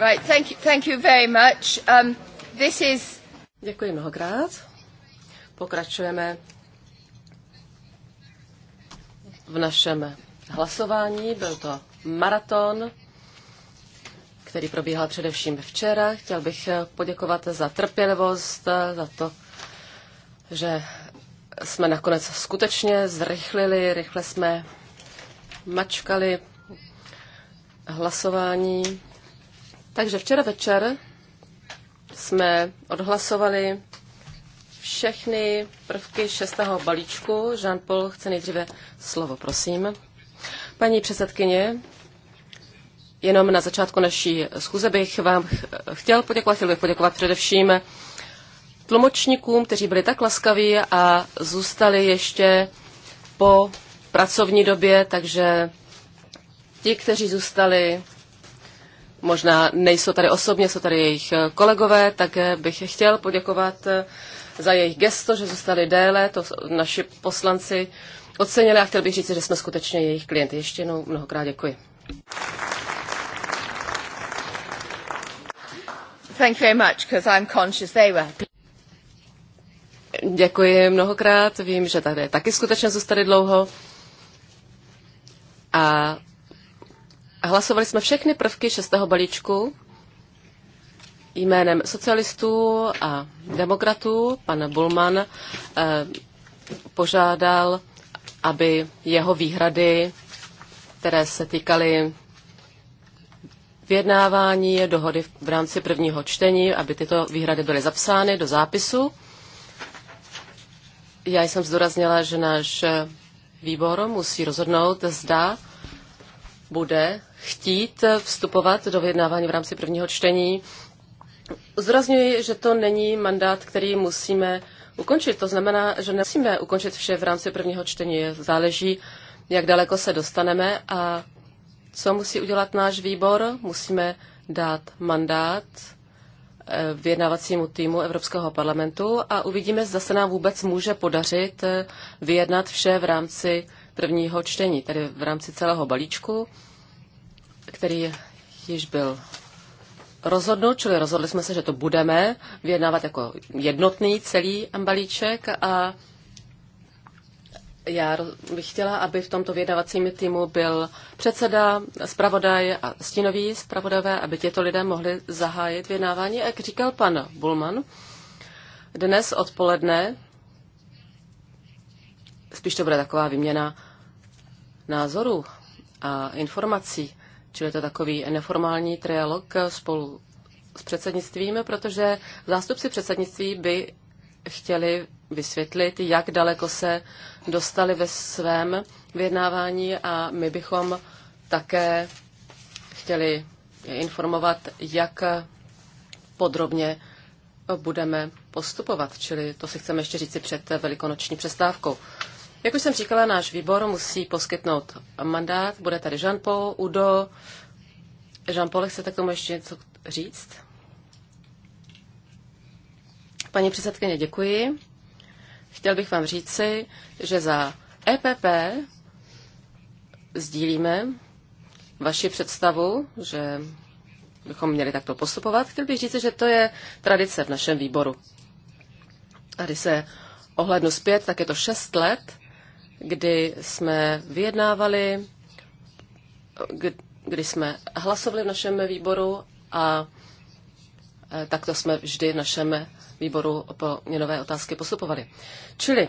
Right, thank you, thank you very much. Um, this is... Děkuji mnohokrát. Pokračujeme v našem hlasování. Byl to maraton, který probíhal především včera. Chtěl bych poděkovat za trpělivost, za to, že jsme nakonec skutečně zrychlili, rychle jsme mačkali hlasování. Takže včera večer jsme odhlasovali všechny prvky šestého balíčku. Jean-Paul chce nejdříve slovo, prosím. Paní předsedkyně, jenom na začátku naší schůze bych vám chtěl poděkovat, chtěl bych poděkovat především tlumočníkům, kteří byli tak laskaví a zůstali ještě po pracovní době, takže ti, kteří zůstali, možná nejsou tady osobně, jsou tady jejich eh, kolegové, tak bych chtěl poděkovat eh, za jejich gesto, že zůstali déle, to naši poslanci ocenili a chtěl bych říct, že jsme skutečně jejich klienty. Ještě jednou mnohokrát děkuji. Thank you very much, I'm conscious they were. Děkuji mnohokrát, vím, že tady taky skutečně zůstali dlouho. A Hlasovali jsme všechny prvky šestého balíčku jménem socialistů a demokratů. Pan Bulman eh, požádal, aby jeho výhrady, které se týkaly vyjednávání dohody v rámci prvního čtení, aby tyto výhrady byly zapsány do zápisu. Já jsem zdůraznila, že náš výbor musí rozhodnout, zda bude chtít vstupovat do vyjednávání v rámci prvního čtení. Zrazňuji, že to není mandát, který musíme ukončit. To znamená, že nemusíme ukončit vše v rámci prvního čtení. Záleží, jak daleko se dostaneme a co musí udělat náš výbor. Musíme dát mandát eh, vyjednávacímu týmu Evropského parlamentu a uvidíme, zda se nám vůbec může podařit eh, vyjednat vše v rámci prvního čtení, tedy v rámci celého balíčku, který již byl rozhodnut, čili rozhodli jsme se, že to budeme vyjednávat jako jednotný celý balíček a já bych chtěla, aby v tomto vědavacím týmu byl předseda, zpravodaj a stínový zpravodajové, aby těto lidé mohli zahájit vyjednávání. A jak říkal pan Bulman, dnes odpoledne, spíš to bude taková výměna názorů a informací, čili je to takový neformální trialog spolu s předsednictvím, protože zástupci předsednictví by chtěli vysvětlit, jak daleko se dostali ve svém vyjednávání a my bychom také chtěli informovat, jak podrobně budeme postupovat, čili to si chceme ještě říci před velikonoční přestávkou. Jak už jsem říkala, náš výbor musí poskytnout mandát. Bude tady Jean-Paul, Udo. Jean-Paul, chcete k tomu ještě něco říct? Paní předsedkyně, děkuji. Chtěl bych vám říci, že za EPP sdílíme vaši představu, že bychom měli takto postupovat. Chtěl bych říci, že to je tradice v našem výboru. A když se ohlednu zpět, tak je to šest let, kdy jsme vyjednávali, kdy jsme hlasovali v našem výboru a e, takto jsme vždy v našem výboru po měnové otázky postupovali. Čili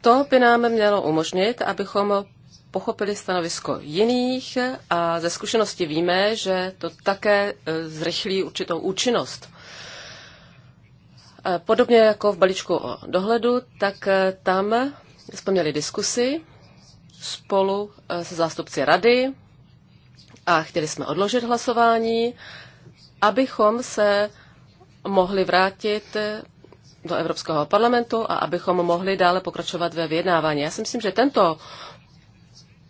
to by nám mělo umožnit, abychom pochopili stanovisko jiných a ze zkušenosti víme, že to také e, zrychlí určitou účinnost Podobně jako v balíčku o dohledu, tak eh, tam jsme měli diskusy spolu eh, se zástupci rady a chtěli jsme odložit hlasování, abychom se mohli vrátit eh, do Evropského parlamentu a abychom mohli dále pokračovat ve vyjednávání. Já si myslím, že tento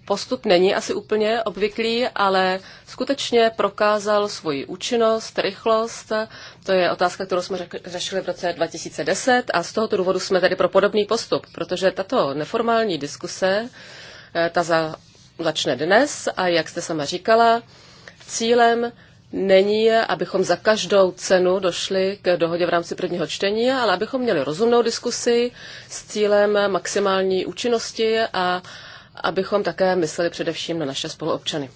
postup není asi úplně obvyklý, ale skutečně prokázal svoji účinnost, rychlost. To je otázka, kterou jsme řešili v roce 2010 a z tohoto důvodu jsme tady pro podobný postup, protože tato neformální diskuse, eh, ta za, začne dnes a jak jste sama říkala, cílem není, abychom za každou cenu došli k dohodě v rámci prvního čtení, ale abychom měli rozumnou diskusi s cílem maximální účinnosti a abychom také mysleli především na naše spoluobčany.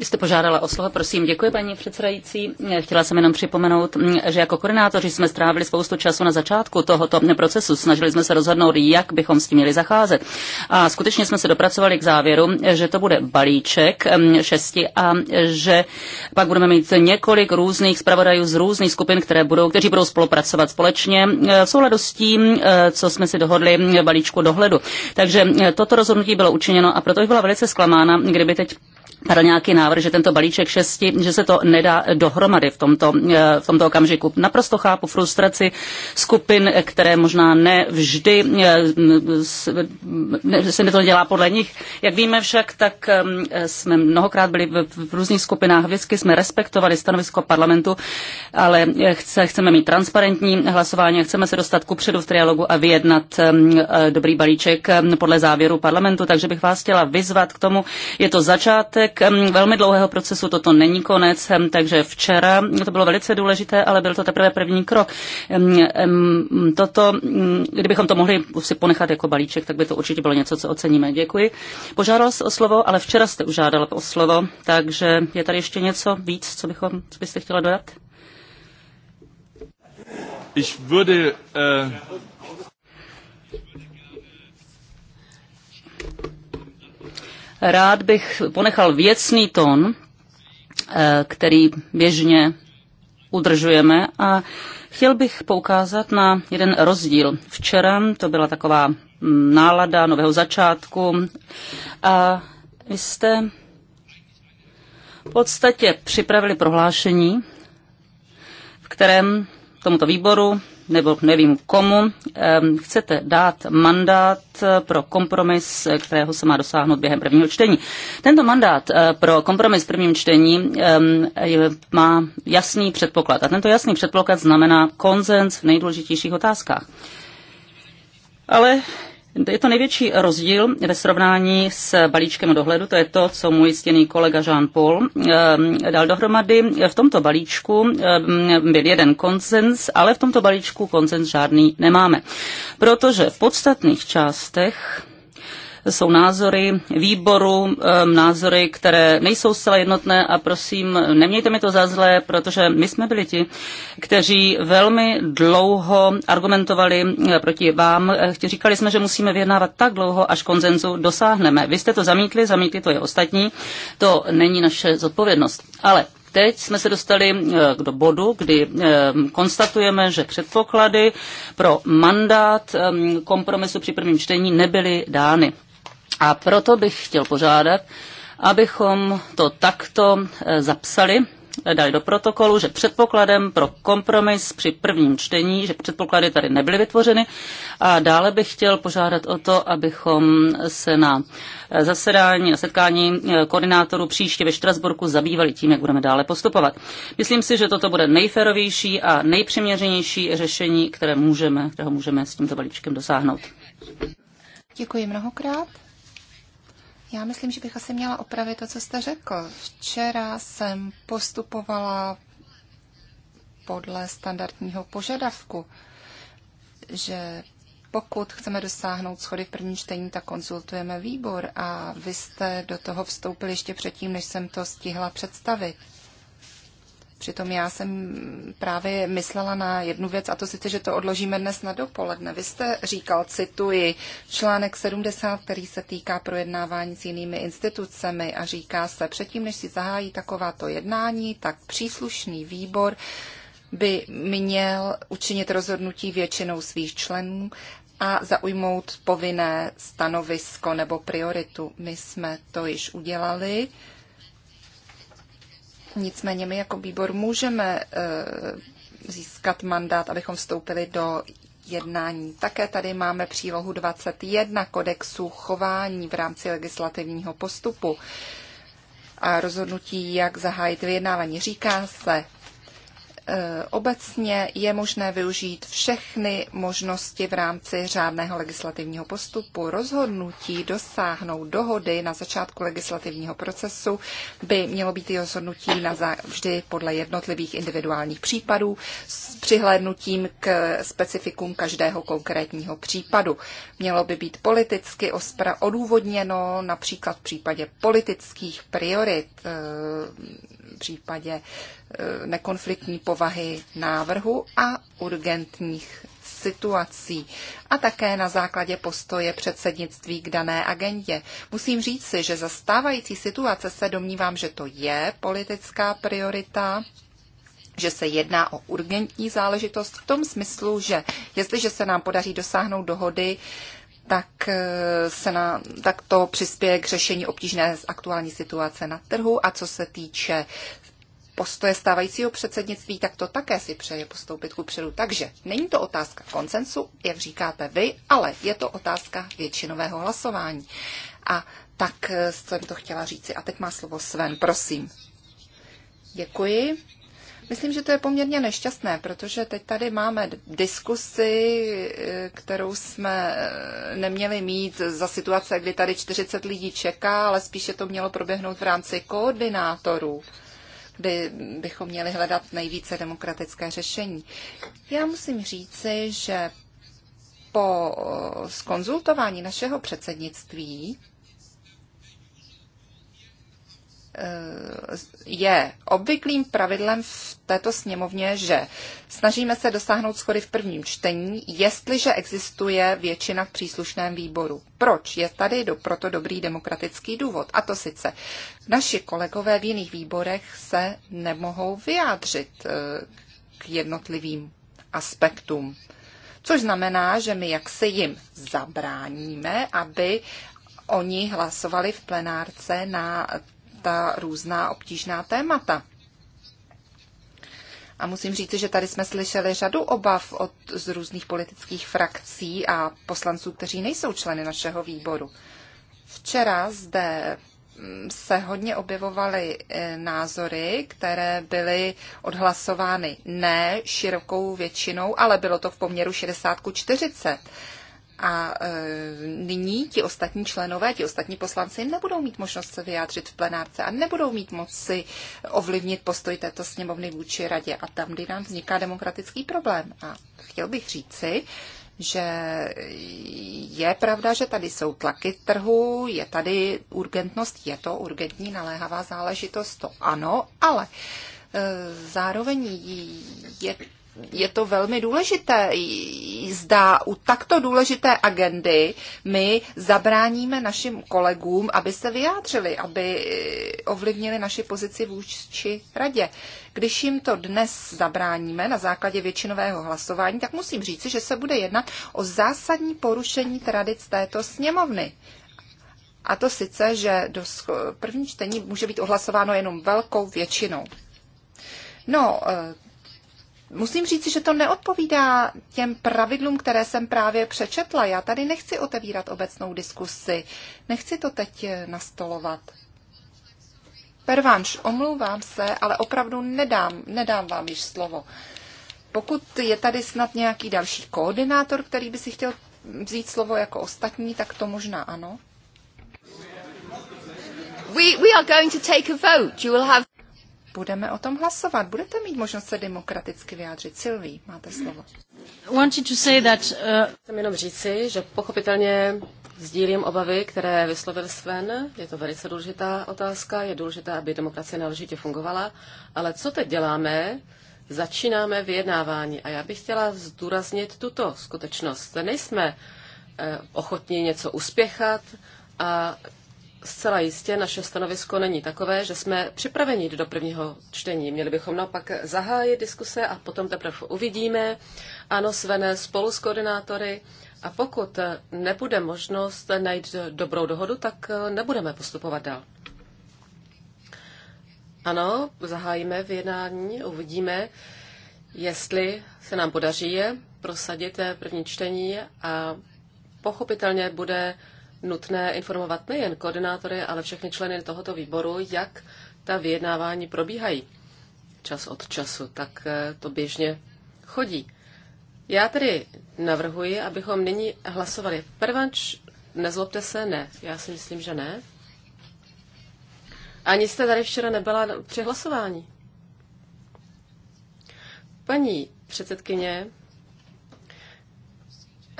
Vy jste požádala o slovo, prosím. Děkuji, paní předsedající. Chtěla jsem jenom připomenout, že jako koordinátoři jsme strávili spoustu času na začátku tohoto procesu. Snažili jsme se rozhodnout, jak bychom s tím měli zacházet. A skutečně jsme se dopracovali k závěru, že to bude balíček šesti a že pak budeme mít několik různých zpravodajů z různých skupin, které budou, kteří budou spolupracovat společně v souladu s tím, co jsme si dohodli v balíčku dohledu. Takže toto rozhodnutí bylo učiněno a proto bych byla velice zklamána, kdyby teď padl nějaký návrh, že tento balíček šesti, že se to nedá dohromady v tomto, eh, v tomto okamžiku. Naprosto chápu frustraci skupin, které možná ne vždy eh, se to dělá podle nich. Jak víme však, tak eh, jsme mnohokrát byli v různých skupinách, vždycky jsme respektovali stanovisko parlamentu, ale chce, chceme mít transparentní hlasování, chceme se dostat ku předu v trialogu a vyjednat dobrý balíček podle závěru parlamentu, takže bych vás chtěla vyzvat k tomu. Je to začátek, výsledek velmi dlouhého procesu, toto není konec, takže včera to bylo velice důležité, ale byl to teprve první krok. Toto, kdybychom to mohli si ponechat jako balíček, tak by to určitě bylo něco, co oceníme. Děkuji. Požádal jste o slovo, ale včera jste užádal o slovo, takže je tady ještě něco víc, co, bychom, co byste chtěla dodat? Ich würde, äh, Rád bych ponechal věcný tón, eh, který běžně udržujeme a chtěl bych poukázat na jeden rozdíl. Včera to byla taková mm, nálada nového začátku a vy jste v podstatě připravili prohlášení, v kterém tomuto výboru nebo nevím komu, chcete dát mandát eh, pro kompromis, kterého se má dosáhnout během prvního čtení. Tento mandát eh, pro kompromis v prvním čtení má jasný předpoklad. A tento jasný předpoklad znamená konzens v nejdůležitějších otázkách. Ale je to největší rozdíl ve srovnání s balíčkem dohledu, to je to, co můj stěný kolega Jean-Paul ehm, dal dohromady. V tomto balíčku ehm, byl jeden konsens, ale v tomto balíčku konsens žádný nemáme, protože v podstatných částech jsou názory výboru, názory, které nejsou zcela jednotné a prosím, nemějte mi to za zlé, protože my jsme byli ti, kteří velmi dlouho argumentovali eh, proti vám. Eh, říkali jsme, že musíme vyjednávat tak dlouho, až konzenzu dosáhneme. Vy jste to zamítli, zamítli to je ostatní. To není naše zodpovědnost. Ale Teď jsme se dostali eh, do bodu, kdy konstatujeme, že předpoklady pro mandát kompromisu při prvním čtení nebyly dány. A proto bych chtěl požádat, abychom to takto eh, zapsali, eh, dali do protokolu, že předpokladem pro kompromis při prvním čtení, že předpoklady tady nebyly vytvořeny. A dále bych chtěl požádat o to, abychom se na eh, zasedání, na setkání koordinátorů příště ve Štrasburku zabývali tím, jak budeme dále postupovat. Myslím si, že toto bude nejferovější a nejpřiměřenější řešení, které můžeme, kterého můžeme s tímto balíčkem dosáhnout. Děkuji mnohokrát. Já myslím, že bych asi měla opravit to, co jste řekl. Včera jsem postupovala podle standardního požadavku, že pokud chceme dosáhnout schody v prvním čtení, tak konzultujeme výbor a vy jste do toho vstoupili ještě předtím, než jsem to stihla představit. Přitom já jsem právě myslela na jednu věc, a to sice, že to odložíme dnes na dopoledne. Vy jste říkal, cituji, článek 70, který se týká projednávání s jinými institucemi a říká se, předtím, než si zahájí takováto jednání, tak příslušný výbor by měl učinit rozhodnutí většinou svých členů a zaujmout povinné stanovisko nebo prioritu. My jsme to již udělali. Nicméně my jako výbor můžeme eh, získat mandát, abychom vstoupili do jednání. Také tady máme přílohu 21 kodexu chování v rámci legislativního postupu a rozhodnutí, jak zahájit vyjednávání. Říká se, Eh, obecně je možné využít všechny možnosti v rámci řádného legislativního postupu. Rozhodnutí dosáhnout dohody na začátku legislativního procesu by mělo být i rozhodnutí na vždy podle jednotlivých individuálních případů s přihlédnutím k specifikům každého konkrétního případu. Mělo by být politicky odůvodněno například v případě politických priorit eh, případě e, nekonfliktní povahy návrhu a urgentních situací a také na základě postoje předsednictví k dané agendě. Musím říct si, že za stávající situace se domnívám, že to je politická priorita, že se jedná o urgentní záležitost v tom smyslu, že jestliže se nám podaří dosáhnout dohody, tak, eh, se na, tak to přispěje k řešení obtížné aktuální situace na trhu. A co se týče postoje stávajícího předsednictví, tak to také si přeje postoupit ku předu. Takže není to otázka koncensu, jak říkáte vy, ale je to otázka většinového hlasování. A tak eh, jsem to chtěla říci. A teď má slovo Sven, prosím. Děkuji. Myslím, že to je poměrně nešťastné, protože teď tady máme diskusi, eh, kterou jsme eh, neměli mít za situace, kdy tady 40 lidí čeká, ale spíše to mělo proběhnout v rámci koordinátorů kdy bychom měli hledat nejvíce demokratické řešení. Já musím říci, že po eh, skonzultování našeho předsednictví je obvyklým pravidlem v této sněmovně, že snažíme se dosáhnout schody v prvním čtení, jestliže existuje většina v příslušném výboru. Proč je tady do, proto dobrý demokratický důvod? A to sice naši kolegové v jiných výborech se nemohou vyjádřit eh, k jednotlivým aspektům. Což znamená, že my jak se jim zabráníme, aby oni hlasovali v plenárce na ta různá obtížná témata. A musím říct, že tady jsme slyšeli řadu obav od, z různých politických frakcí a poslanců, kteří nejsou členy našeho výboru. Včera zde mm, se hodně objevovaly e, názory, které byly odhlasovány ne širokou většinou, ale bylo to v poměru 60 ku 40. A e, nyní ti ostatní členové, ti ostatní poslanci nebudou mít možnost se vyjádřit v plenárce a nebudou mít moci ovlivnit postoj této sněmovny vůči radě. A tam, kdy nám vzniká demokratický problém. A chtěl bych říci, že je pravda, že tady jsou tlaky trhu, je tady urgentnost, je to urgentní naléhavá záležitost, to ano, ale e, zároveň je je to velmi důležité. Zdá u takto důležité agendy my zabráníme našim kolegům, aby se vyjádřili, aby ovlivnili naši pozici vůči radě. Když jim to dnes zabráníme na základě většinového hlasování, tak musím říci, že se bude jednat o zásadní porušení tradic této sněmovny. A to sice, že do první čtení může být ohlasováno jenom velkou většinou. No, eh, Musím říct, že to neodpovídá těm pravidlům, které jsem právě přečetla. Já tady nechci otevírat obecnou diskusi. Nechci to teď nastolovat. Pervanš, omlouvám se, ale opravdu nedám, nedám vám již slovo. Pokud je tady snad nějaký další koordinátor, který by si chtěl vzít slovo jako ostatní, tak to možná ano. We, we are going to take a vote. You will have budeme o tom hlasovat. Budete mít možnost se demokraticky vyjádřit. Silví, máte slovo. Uh, Chci jenom říci, že pochopitelně sdílím obavy, které vyslovil Sven. Je to velice důležitá otázka. Je důležité, aby demokracie náležitě fungovala. Ale co teď děláme? Začínáme vyjednávání a já bych chtěla zdůraznit tuto skutečnost. Nejsme eh, ochotní něco uspěchat a Zcela jistě naše stanovisko není takové, že jsme připraveni do prvního čtení. Měli bychom naopak zahájit diskuse a potom teprve uvidíme. Ano, Svene, spolu s koordinátory. A pokud nebude možnost najít dobrou dohodu, tak nebudeme postupovat dál. Ano, zahájíme vyjednání, uvidíme, jestli se nám podaří prosadit eh, první čtení a pochopitelně bude nutné informovat nejen koordinátory, ale všechny členy tohoto výboru, jak ta vyjednávání probíhají čas od času. Tak eh, to běžně chodí. Já tedy navrhuji, abychom nyní hlasovali. Prvanč, nezlobte se, ne. Já si myslím, že ne. Ani jste tady včera nebyla při hlasování. Paní předsedkyně,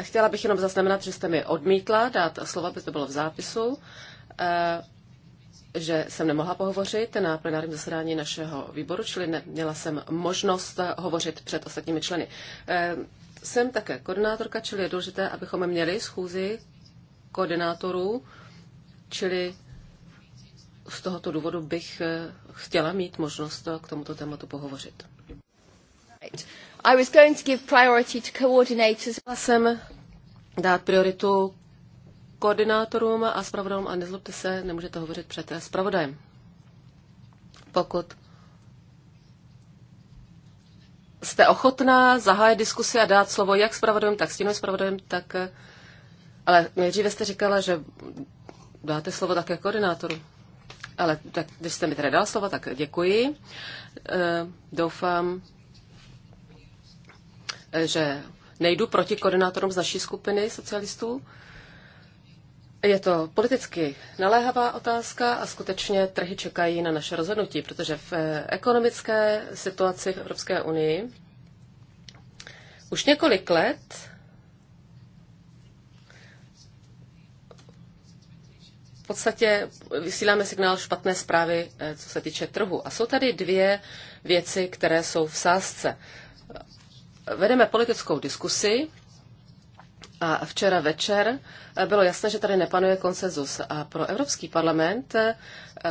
Chtěla bych jenom zaznamenat, že jste mi odmítla dát slova, aby to bylo v zápisu, eh, že jsem nemohla pohovořit na plenárním zasedání našeho výboru, čili neměla jsem možnost hovořit před ostatními členy. Eh, jsem také koordinátorka, čili je důležité, abychom měli schůzi koordinátorů, čili z tohoto důvodu bych eh, chtěla mít možnost k tomuto tématu pohovořit. I was going to give priority to coordinators. Jsem dát prioritu koordinátorům a zpravodajům a nezlobte se, nemůžete hovořit před zpravodajem. Pokud jste ochotná zahájit diskusi a dát slovo jak zpravodajům, tak stínovým zpravodajům, tak... Ale nejdříve jste říkala, že dáte slovo také koordinátoru. Ale tak, když jste mi teda dala slovo, tak děkuji. E, doufám, že nejdu proti koordinátorům z naší skupiny socialistů. Je to politicky naléhavá otázka a skutečně trhy čekají na naše rozhodnutí, protože v eh, ekonomické situaci v Evropské unii už několik let v podstatě vysíláme signál špatné zprávy, eh, co se týče trhu. A jsou tady dvě věci, které jsou v sázce vedeme politickou diskusi a včera večer bylo jasné, že tady nepanuje konsenzus. A pro Evropský parlament, eh,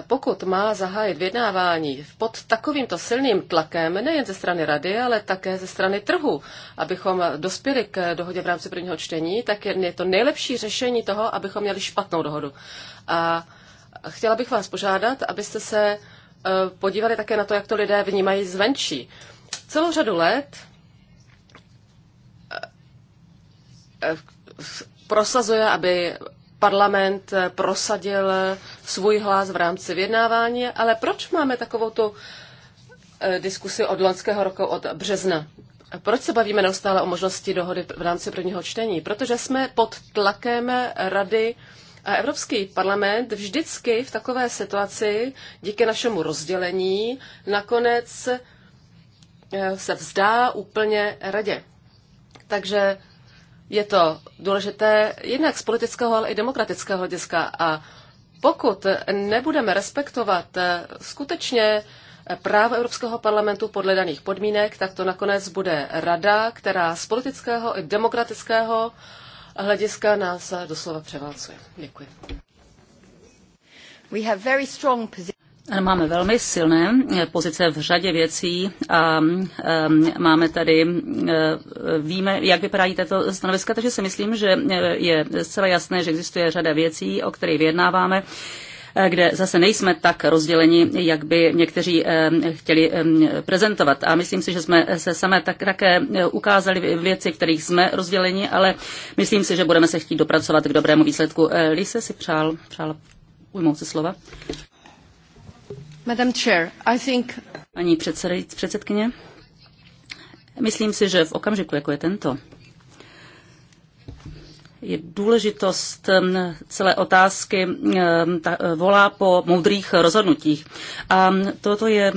pokud má zahájit vyjednávání pod takovýmto silným tlakem, nejen ze strany rady, ale také ze strany trhu, abychom dospěli k dohodě v rámci prvního čtení, tak je to nejlepší řešení toho, abychom měli špatnou dohodu. A chtěla bych vás požádat, abyste se eh, podívali také na to, jak to lidé vnímají zvenčí. Celou řadu let prosazuje, aby parlament prosadil svůj hlas v rámci vyjednávání, ale proč máme takovou tu eh, diskusi od loňského roku, od března? Proč se bavíme neustále o možnosti dohody v rámci prvního čtení? Protože jsme pod tlakem Rady a Evropský parlament vždycky v takové situaci, díky našemu rozdělení, nakonec eh, se vzdá úplně radě. Takže je to důležité jednak z politického, ale i demokratického hlediska. A pokud nebudeme respektovat eh, skutečně eh, právo Evropského parlamentu podle daných podmínek, tak to nakonec bude rada, která z politického i demokratického hlediska nás eh, doslova převálcuje. Děkuji. We have very strong Máme velmi silné eh, pozice v řadě věcí a ehm, máme tady, eh, víme, jak vypadají tato stanoviska, takže si myslím, že eh, je zcela jasné, že existuje řada věcí, o kterých vyjednáváme kde zase nejsme tak rozděleni, jak by někteří ehm, chtěli ehm, prezentovat. A myslím si, že jsme se samé tak, také ukázali věci, v kterých jsme rozděleni, ale myslím si, že budeme se chtít dopracovat k dobrému výsledku. Lise si přál, přál ujmout se slova. Paní předsedkyně, myslím si, že v okamžiku, jako je tento, je důležitost um, celé otázky um, uh, volá po moudrých rozhodnutích. A um, toto je,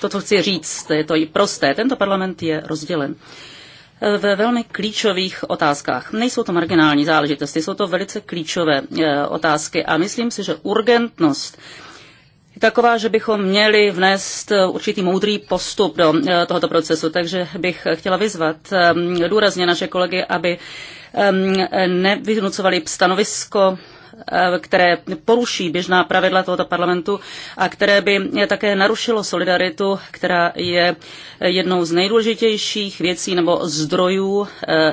to, co chci říct, je to i prosté. Tento parlament je rozdělen uh, ve velmi klíčových otázkách. Nejsou to marginální záležitosti, jsou to velice klíčové uh, otázky a myslím si, že urgentnost je taková, že bychom měli vnést eh, určitý moudrý postup do eh, tohoto procesu. Takže bych chtěla vyzvat eh, důrazně naše kolegy, aby nevyhnucovali stanovisko které poruší běžná pravidla tohoto parlamentu a které by také narušilo solidaritu, která je jednou z nejdůležitějších věcí nebo zdrojů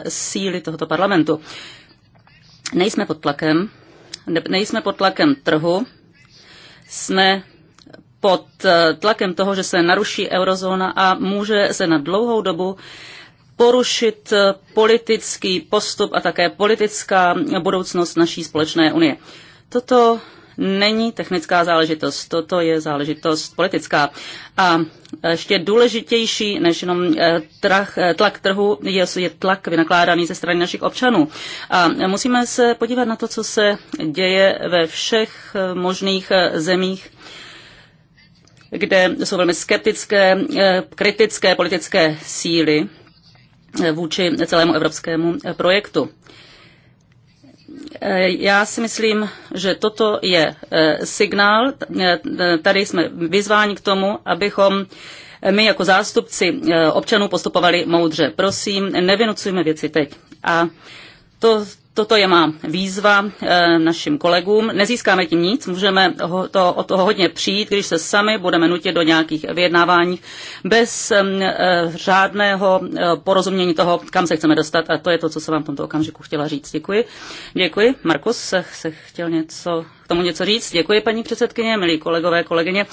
síly tohoto parlamentu. Nejsme pod tlakem, nejsme pod tlakem trhu, jsme pod eh, tlakem toho, že se naruší eurozóna a může se na dlouhou dobu porušit eh, politický postup a také politická budoucnost naší společné unie. Toto není technická záležitost, toto je záležitost politická. A ještě důležitější než jenom eh, trach, eh, tlak trhu je, je tlak vynakládaný ze strany našich občanů. A musíme se podívat na to, co se děje ve všech eh, možných zemích kde jsou velmi skeptické, kritické politické síly vůči celému evropskému projektu. Eh, já si myslím, že toto je eh, signál. Eh, tady jsme vyzváni k tomu, abychom my jako zástupci občanů postupovali moudře. Prosím, nevinucujme věci teď. A to, toto je má výzva eh, našim kolegům. Nezískáme tím nic, můžeme to, o toho hodně přijít, když se sami budeme nutit do nějakých vyjednávání bez eh, řádného eh, porozumění toho, kam se chceme dostat. A to je to, co jsem vám v tomto okamžiku chtěla říct. Děkuji. Děkuji. Markus se chtěl něco, k tomu něco říct. Děkuji, paní předsedkyně, milí kolegové, kolegyně.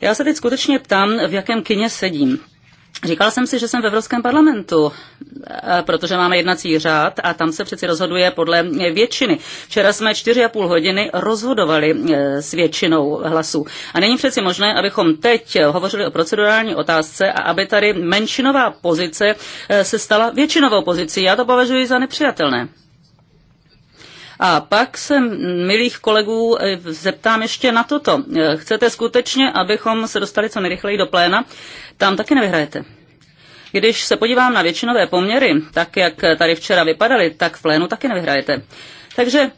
Já se teď skutečně ptám, v jakém kině sedím Říkala jsem si, že jsem v Evropském parlamentu, e, protože máme jednací řád a tam se přeci rozhoduje podle většiny. Včera jsme čtyři a půl hodiny rozhodovali e, s většinou hlasů. A není přeci možné, abychom teď hovořili o procedurální otázce a aby tady menšinová pozice e, se stala většinovou pozicí. Já to považuji za nepřijatelné. A pak se milých kolegů e, zeptám ještě na toto. E, chcete skutečně, abychom se dostali co nejrychleji do pléna? Tam taky nevyhrajete. Když se podívám na většinové poměry, tak jak tady včera vypadaly, tak v plénu taky nevyhrajete. Takže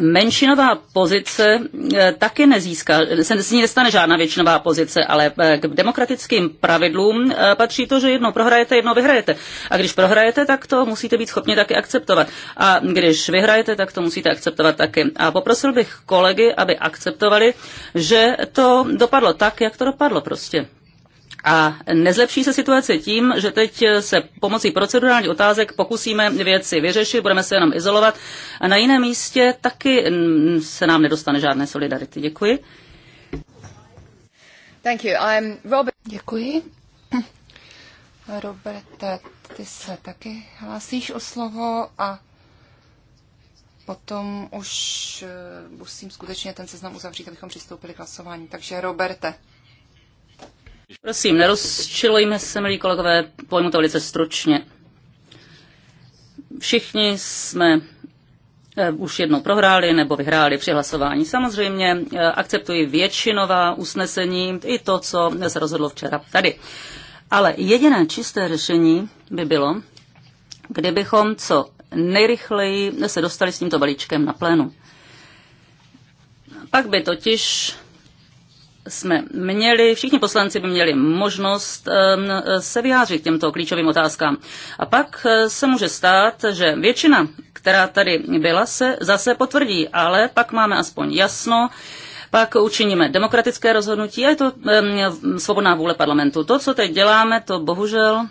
menšinová pozice eh, taky nezíská, se z ní nestane žádná většinová pozice, ale eh, k demokratickým pravidlům eh, patří to, že jedno prohrajete, jedno vyhrajete. A když prohrajete, tak to musíte být schopni taky akceptovat. A když vyhrajete, tak to musíte akceptovat taky. A poprosil bych kolegy, aby akceptovali, že to dopadlo tak, jak to dopadlo prostě. A nezlepší se situace tím, že teď se pomocí procedurálních otázek pokusíme věci vyřešit, budeme se jenom izolovat a na jiném místě taky se nám nedostane žádné solidarity. Děkuji. Thank you. I'm Robert. Děkuji. Roberte, ty se taky hlásíš o slovo a potom už eh, musím skutečně ten seznam uzavřít, abychom přistoupili k hlasování. Takže Roberte. Prosím, nerozčilujme se, milí kolegové, pojmu to velice stručně. Všichni jsme eh, už jednou prohráli nebo vyhráli při hlasování. Samozřejmě eh, akceptuji většinová usnesení i to, co se rozhodlo včera tady. Ale jediné čisté řešení by bylo, kdybychom co nejrychleji se dostali s tímto balíčkem na plénu. Pak by totiž jsme měli, všichni poslanci by měli možnost se vyjádřit k těmto klíčovým otázkám. A pak eh, se může stát, že většina, která tady byla, se zase potvrdí, ale pak máme aspoň jasno, pak učiníme demokratické rozhodnutí a je to svobodná vůle parlamentu. To, co teď děláme, to bohužel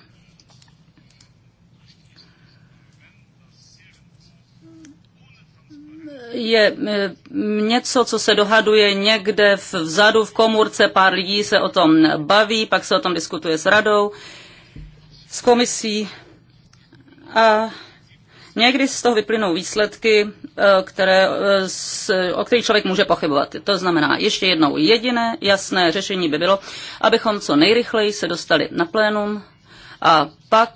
je eh, něco, co se dohaduje někde vzadu v komůrce, pár lidí se o tom baví, pak se o tom diskutuje s radou, s komisí a někdy z toho vyplynou výsledky, eh, které, eh, o kterých člověk může pochybovat. To znamená, ještě jednou jediné jasné řešení by bylo, abychom co nejrychleji se dostali na plénum a pak,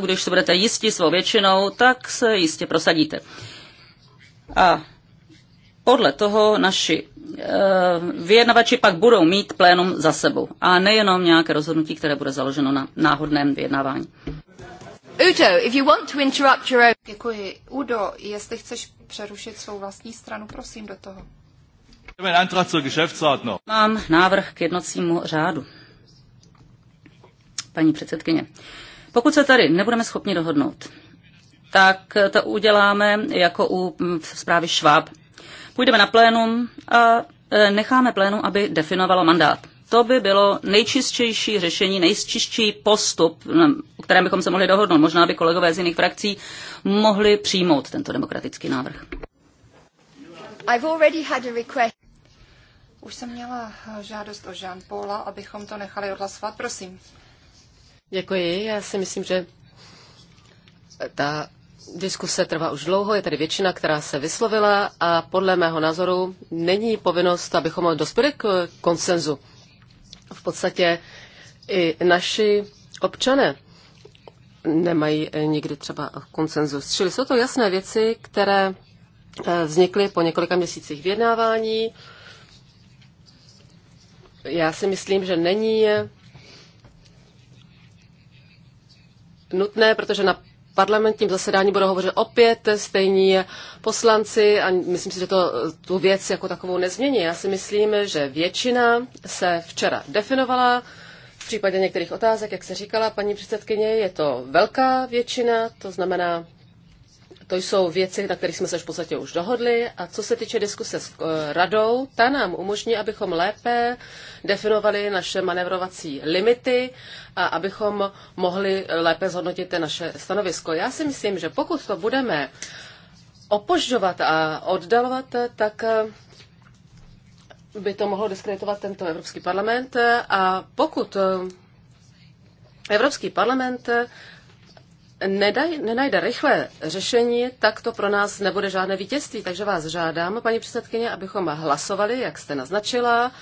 když se budete jistí svou většinou, tak se jistě prosadíte. A podle toho naši eh, vyjednavači pak budou mít plénum za sebou a nejenom nějaké rozhodnutí, které bude založeno na náhodném vyjednávání. Udo, if you want to interrupt your own... Děkuji. Udo, jestli chceš přerušit svou vlastní stranu, prosím do toho. Mám návrh k jednocímu řádu. Paní předsedkyně, pokud se tady nebudeme schopni dohodnout, tak to uděláme jako u mm, zprávy Schwab půjdeme na plénum a e, necháme plénum, aby definovalo mandát. To by bylo nejčistější řešení, nejčistší postup, o kterém bychom se mohli dohodnout. Možná by kolegové z jiných frakcí mohli přijmout tento demokratický návrh. I've had a Už jsem měla žádost o Jean Paula, abychom to nechali odhlasovat, prosím. Děkuji, já si myslím, že ta Diskuse trvá už dlouho, je tady většina, která se vyslovila a podle mého názoru není povinnost, abychom dospěli k konsenzu. V podstatě i naši občané nemají nikdy třeba konsenzus. Čili jsou to jasné věci, které eh, vznikly po několika měsících vyjednávání. Já si myslím, že není nutné, protože na parlamentním zasedání budou hovořit opět stejní poslanci a myslím si, že to tu věc jako takovou nezmění. Já si myslím, že většina se včera definovala. V případě některých otázek, jak se říkala paní předsedkyně, je to velká většina, to znamená to jsou věci, na kterých jsme se v podstatě už dohodli. A co se týče diskuse s eh, radou, ta nám umožní, abychom lépe definovali naše manevrovací limity a abychom mohli lépe zhodnotit naše stanovisko. Já si myslím, že pokud to budeme opožďovat a oddalovat, tak eh, by to mohlo diskreditovat tento Evropský parlament. A pokud eh, Evropský parlament nedaj, nenajde rychlé řešení, tak to pro nás nebude žádné vítězství. Takže vás žádám, paní předsedkyně, abychom hlasovali, jak jste naznačila,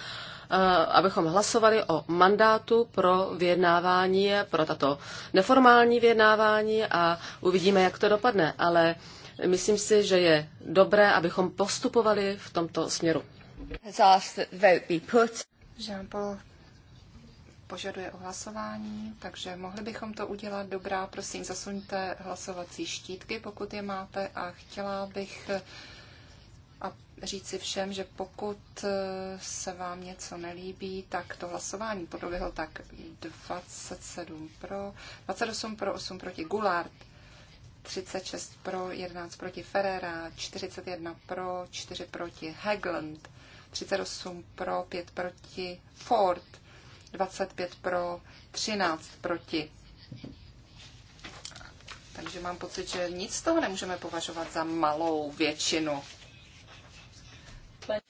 eh, abychom hlasovali o mandátu pro vyjednávání, pro tato neformální vyjednávání a uvidíme, jak to dopadne. Ale myslím si, že je dobré, abychom postupovali v tomto směru. Jean-Paul požaduje o hlasování, takže mohli bychom to udělat. Dobrá, prosím, zasuňte hlasovací štítky, pokud je máte a chtěla bych a říci všem, že pokud eh, se vám něco nelíbí, tak to hlasování podoběhlo tak 27 pro, 28 pro, 8 proti Gulard, 36 pro, 11 proti Ferrera, 41 pro, 4 proti Hegland, 38 pro, 5 proti Ford, 25 pro, 13 proti. Takže mám pocit, že nic z toho nemůžeme považovat za malou většinu.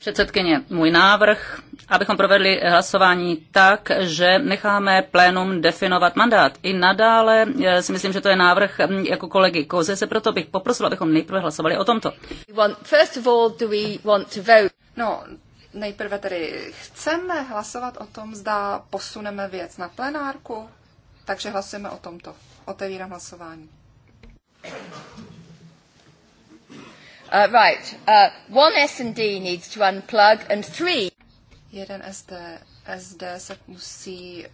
Předsedkyně, můj návrh, abychom provedli hlasování tak, že necháme plénum definovat mandát. I nadále eh, si myslím, že to je návrh mm, jako kolegy Koze, se proto bych poprosil, abychom nejprve hlasovali o tomto. No, Nejprve tedy chceme hlasovat o tom, zda posuneme věc na plenárku, takže hlasujeme o tomto. Otevírám hlasování. Uh, right. Uh, one S&D needs to unplug and three. Jeden SD, SD se musí...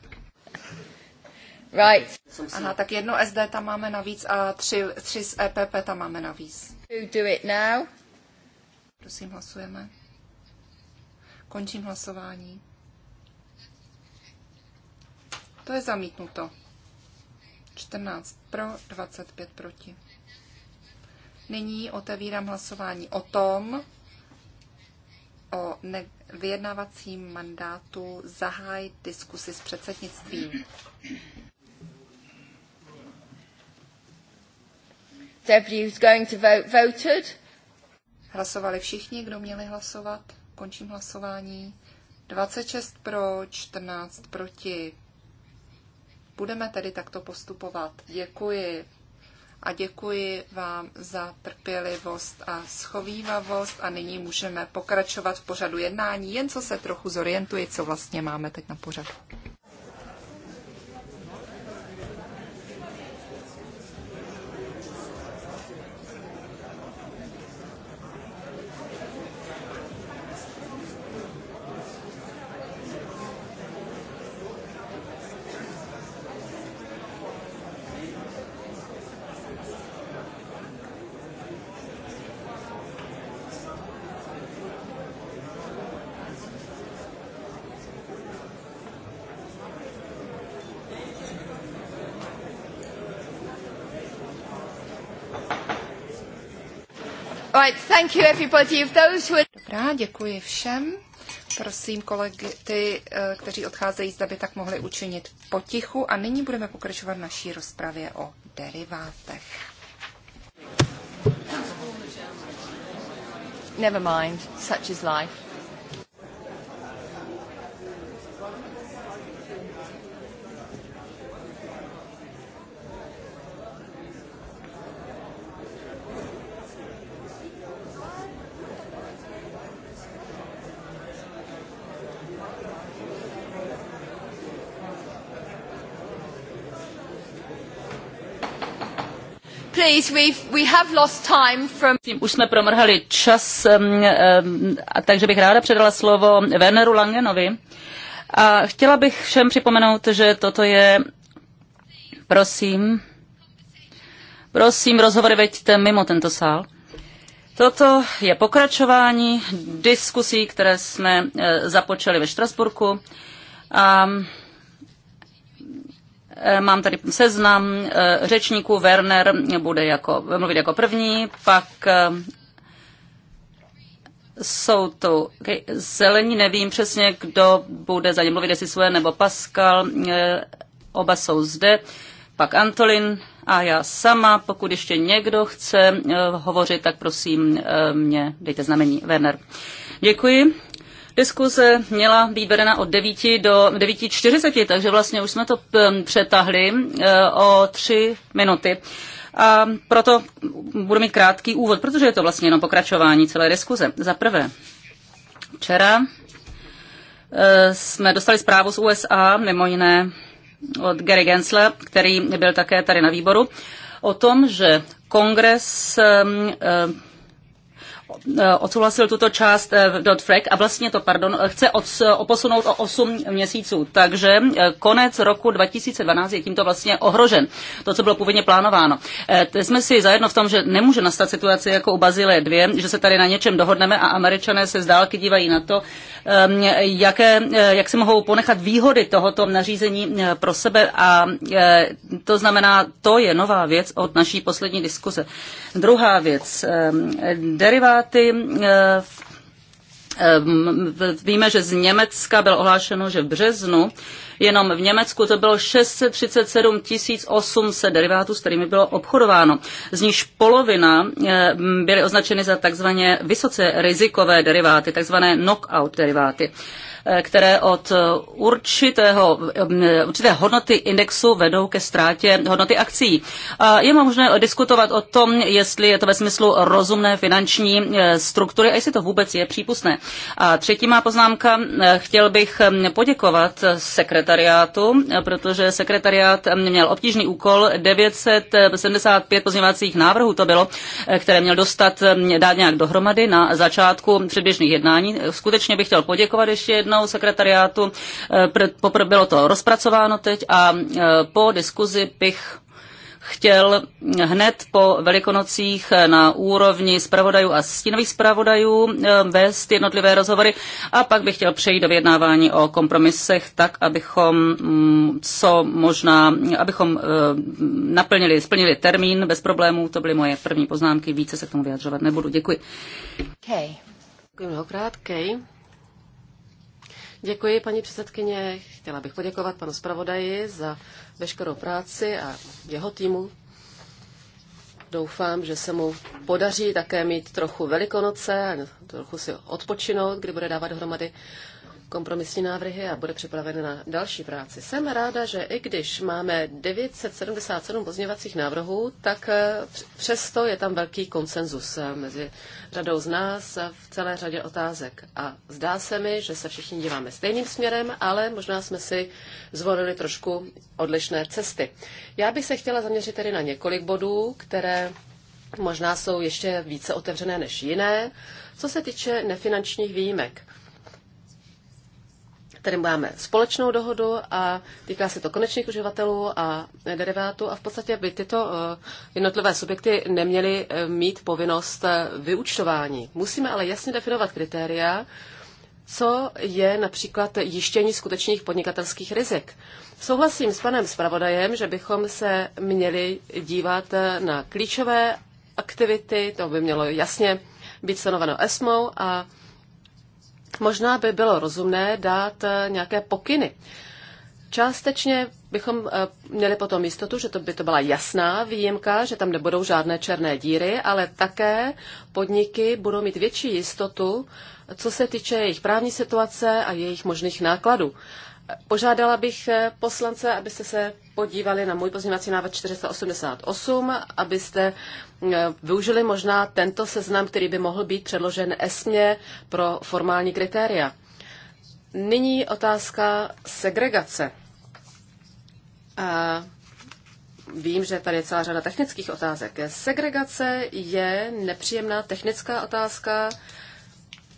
Right. Aha, tak jedno SD tam máme navíc a tři, tři z EPP tam máme navíc. Who do it now? Prosím, hlasujeme. Končím hlasování. To je zamítnuto. 14 pro, 25 proti. Nyní otevírám hlasování o tom, o ne- vyjednávacím mandátu zahájit diskusy s předsednictvím. who's going to vote voted. Hlasovali všichni, kdo měli hlasovat. Končím hlasování. 26 pro, 14 proti. Budeme tedy takto postupovat. Děkuji. A děkuji vám za trpělivost a schovývavost. A nyní můžeme pokračovat v pořadu jednání, jen co se trochu zorientuji, co vlastně máme teď na pořadu. Thank you everybody. Those who... are... Dobrá, děkuji všem. Prosím kolegy, ty, eh, kteří odcházejí, zda by tak mohli učinit potichu. A nyní budeme pokračovat v naší rozpravě o derivátech. Never mind, such is life. Tím už jsme promrhali čas, takže bych ráda předala slovo Werneru Langenovi. A chtěla bych všem připomenout, že toto je, prosím, prosím, rozhovory veďte mimo tento sál. Toto je pokračování diskusí, které jsme eh, započali ve Štrasburku. Um, Mám tady seznam eh, řečníků. Werner bude jako, mluvit jako první, pak eh, jsou to zelení, nevím přesně, kdo bude za ně mluvit, jestli svoje nebo Pascal, eh, oba jsou zde, pak Antolin a já sama. Pokud ještě někdo chce hovořit, tak prosím mě dejte znamení. Werner. Děkuji. Diskuze měla být vedena od 9 do 9.40, takže vlastně už jsme to přetahli eh, o tři minuty. A proto budu mít krátký úvod, protože je to vlastně jenom pokračování celé diskuze. Za prvé, včera eh, jsme dostali zprávu z USA, mimo jiné od Gary Gensle, který byl také tady na výboru, o tom, že kongres eh, Eh, odsouhlasil tuto část eh, dodd frack a vlastně to, pardon, eh, chce oposunout o 8 měsíců. Takže konec roku 2012 je tímto vlastně ohrožen. To, co bylo původně plánováno. Teď jsme si zajedno v tom, že nemůže nastat situace jako u Bazile 2, že se tady na něčem dohodneme a američané se z dálky dívají na to, ehm, jaké, jak si mohou ponechat výhody tohoto nařízení pro sebe a to znamená, to je nová věc od naší poslední diskuse. Druhá věc, ehm, derivát státy eh, eh, Víme, že z Německa bylo ohlášeno, že v březnu jenom v Německu to bylo 637 800 derivátů, s kterými bylo obchodováno. Z níž polovina eh, byly označeny za takzvaně vysoce rizikové deriváty, takzvané knockout deriváty které od eh, určitého, mm, eh, určité hodnoty indexu vedou ke ztrátě hodnoty akcí. A je možné diskutovat o tom, jestli je to ve smyslu rozumné finanční eh, struktury a jestli to vůbec je přípustné. A třetí má poznámka, chtěl bych mm, poděkovat sekretariátu, protože sekretariát mm, měl obtížný úkol 975 pozměňovacích návrhů to bylo, které měl dostat, dát nějak dohromady na začátku předběžných jednání. Skutečně bych chtěl poděkovat ještě jednou navrhnout sekretariátu. Eh, Poprvé bylo to rozpracováno teď a eh, po diskuzi bych chtěl hned po Velikonocích eh, na úrovni zpravodajů a stínových zpravodajů vést jednotlivé rozhovory a pak bych chtěl přejít do vyjednávání o kompromisech tak, abychom mm, co možná, abychom naplnili, splnili termín bez problémů. To byly moje první poznámky, více se k tomu vyjadřovat nebudu. Děkuji. Okay. Děkuji mnohokrát, Kej. Okay. Děkuji, paní předsedkyně. Chtěla bych poděkovat panu zpravodaji za veškerou práci a jeho týmu. Doufám, že se mu podaří také mít trochu velikonoce a trochu si odpočinout, kdy bude dávat dohromady kompromisní návrhy a bude připraven na další práci. Jsem ráda, že i když máme 977 pozměňovacích návrhů, tak eh, přesto je tam velký konsenzus eh, mezi řadou z nás v celé řadě otázek. A zdá se mi, že se všichni díváme stejným směrem, ale možná jsme si zvolili trošku odlišné cesty. Já bych se chtěla zaměřit tedy na několik bodů, které možná jsou ještě více otevřené než jiné. Co se týče nefinančních výjimek, Tady máme společnou dohodu a týká se to konečných uživatelů a derivátů a v podstatě by tyto eh, jednotlivé subjekty neměly eh, mít povinnost eh, vyučtování. Musíme ale jasně definovat kritéria, co je například jištění skutečných podnikatelských rizik. Souhlasím s panem zpravodajem, že bychom se měli dívat na klíčové aktivity, to by mělo jasně být stanoveno ESMO a Možná by bylo rozumné dát eh, nějaké pokyny. Částečně bychom eh, měli potom jistotu, že to by to byla jasná výjimka, že tam nebudou žádné černé díry, ale také podniky budou mít větší jistotu, co se týče jejich právní situace a jejich možných nákladů. Požádala bych eh, poslance, abyste se podívali na můj pozměňovací návrh 488, abyste eh, využili možná tento seznam, který by mohl být předložen ESMě pro formální kritéria. Nyní otázka segregace. A vím, že tady je celá řada technických otázek. Segregace je nepříjemná technická otázka,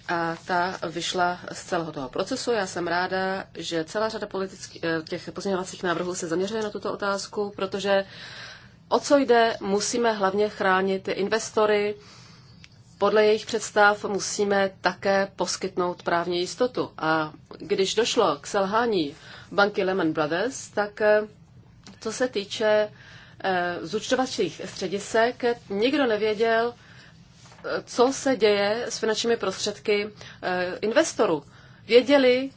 a ta vyšla z celého toho procesu. Já jsem ráda, že celá řada politických, eh, těch pozměňovacích návrhů se zaměřuje na tuto otázku, protože o co jde, musíme hlavně chránit ty investory. Podle jejich představ musíme také poskytnout právní jistotu. A když došlo k selhání banky Lehman Brothers, tak eh, co se týče eh, zúčtovacích středisek, nikdo nevěděl, co se děje s finančními prostředky eh, investorů. Věděli,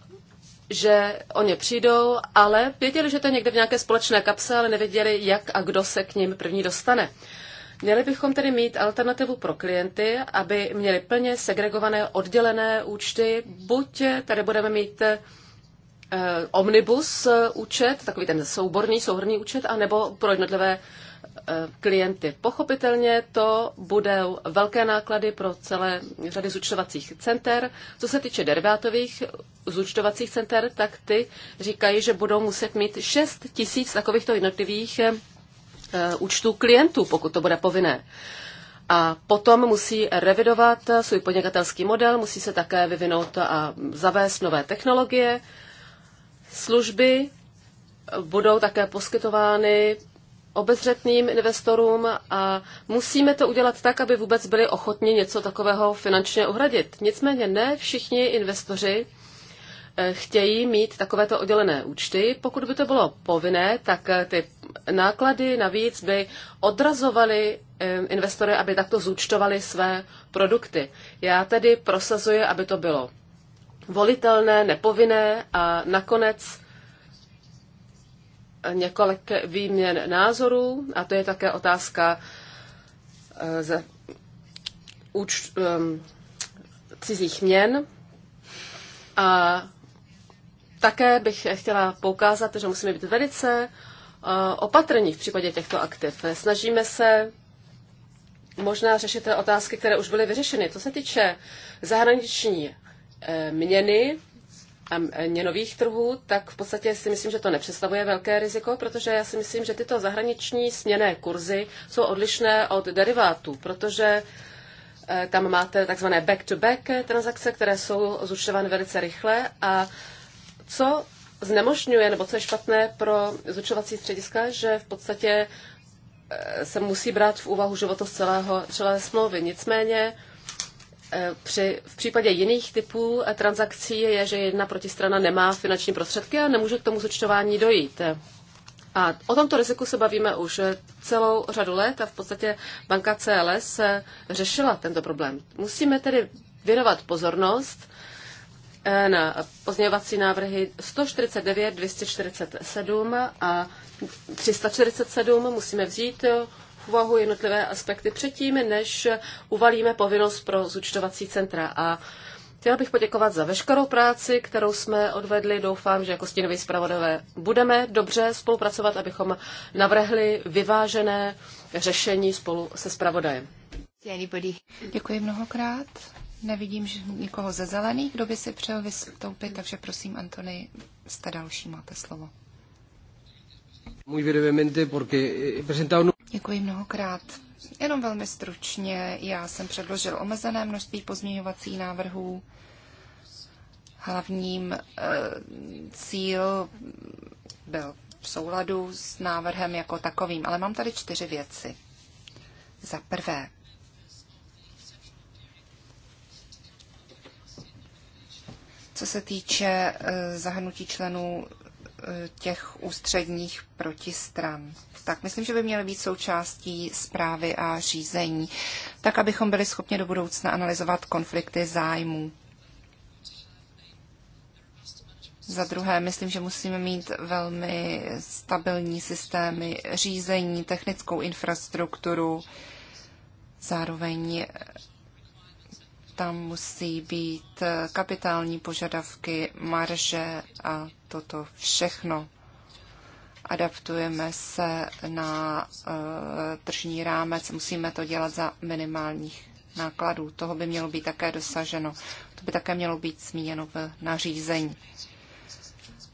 že o ně přijdou, ale věděli, že to je někde v nějaké společné kapse, ale nevěděli, jak a kdo se k ním první dostane. Měli bychom tedy mít alternativu pro klienty, aby měli plně segregované, oddělené účty. Buď tady budeme mít eh, omnibus účet, takový ten souborný, souhrný účet, anebo pro jednotlivé Eh, klienty. Pochopitelně to budou velké náklady pro celé řady zúčtovacích center. Co se týče derivátových zúčtovacích center, tak ty říkají, že budou muset mít 6 tisíc takovýchto jednotlivých eh, eh, účtů klientů, pokud to bude povinné. A potom musí revidovat svůj podnikatelský model, musí se také vyvinout a zavést nové technologie, služby budou také poskytovány obezřetným investorům a musíme to udělat tak, aby vůbec byli ochotni něco takového finančně uhradit. Nicméně ne všichni investoři eh, chtějí mít takovéto oddělené účty. Pokud by to bylo povinné, tak eh, ty náklady navíc by odrazovaly eh, investory, aby takto zúčtovali své produkty. Já tedy prosazuji, aby to bylo volitelné, nepovinné a nakonec několik výměn názorů a to je také otázka eh, z úč, um, cizích měn. A také bych chtěla poukázat, že musíme být velice eh, opatrní v případě těchto aktiv. Snažíme se možná řešit otázky, které už byly vyřešeny. Co se týče zahraniční eh, měny, E, měnových trhů, tak v podstatě si myslím, že to nepředstavuje velké riziko, protože já si myslím, že tyto zahraniční směné kurzy jsou odlišné od derivátů, protože e, tam máte takzvané back-to-back transakce, které jsou zúčtovány velice rychle a co znemožňuje, nebo co je špatné pro zúčtovací střediska, že v podstatě e, se musí brát v úvahu životost celého, celé smlouvy. Nicméně Eh, při, v případě jiných typů eh, transakcí je, že jedna protistrana nemá finanční prostředky a nemůže k tomu zúčtování dojít. A o tomto riziku se bavíme už celou řadu let a v podstatě banka CLS eh, řešila tento problém. Musíme tedy věnovat pozornost na pozměňovací návrhy 149, 247 a 347. Musíme vzít v úvahu jednotlivé aspekty předtím, než uvalíme povinnost pro zúčtovací centra. A Chtěla bych poděkovat za veškerou práci, kterou jsme odvedli. Doufám, že jako stínoví zpravodové budeme dobře spolupracovat, abychom navrhli vyvážené řešení spolu se zpravodajem. Děkuji mnohokrát. Nevidím že nikoho ze zelených, kdo by si přel vystoupit, takže prosím, Antony, jste další, máte slovo. Muy brevemente, porque he presentado... Děkuji mnohokrát. Jenom velmi stručně, já jsem předložil omezené množství pozměňovacích návrhů. Hlavním e, cíl byl v souladu s návrhem jako takovým, ale mám tady čtyři věci. Za prvé, co se týče eh, zahrnutí členů těch ústředních protistran. Tak myslím, že by měly být součástí zprávy a řízení, tak abychom byli schopni do budoucna analyzovat konflikty zájmů. Za druhé, myslím, že musíme mít velmi stabilní systémy řízení, technickou infrastrukturu, zároveň tam musí být eh, kapitální požadavky, marže a toto všechno. Adaptujeme se na uh, tržní rámec, musíme to dělat za minimálních nákladů. Toho by mělo být také dosaženo. To by také mělo být zmíněno v nařízení.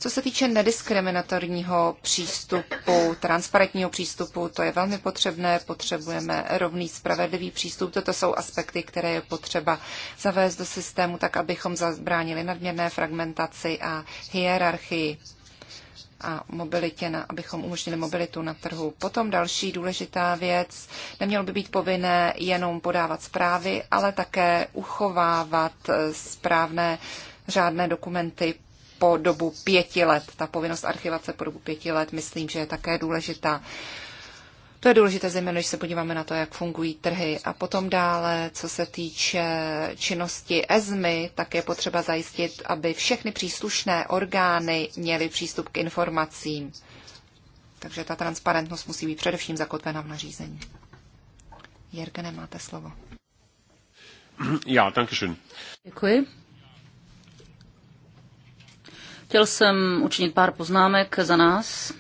Co se týče nediskriminatorního přístupu, transparentního přístupu, to je velmi potřebné, potřebujeme rovný, spravedlivý přístup. Toto jsou aspekty, které je potřeba zavést do systému, tak abychom zabránili nadměrné fragmentaci a hierarchii a mobilitě, na, abychom umožnili mobilitu na trhu. Potom další důležitá věc, nemělo by být povinné jenom podávat zprávy, ale také uchovávat eh, správné řádné dokumenty po dobu pěti let. Ta povinnost archivace po dobu pěti let, myslím, že je také důležitá. To je důležité zejména, když se podíváme na to, jak fungují trhy. A potom dále, co se týče činnosti ESMY, tak je potřeba zajistit, aby všechny příslušné orgány měly přístup k informacím. Takže ta transparentnost musí být především zakotvena v nařízení. Jergene, máte slovo. danke schön. Děkuji. Chtěl jsem učinit pár poznámek za nás.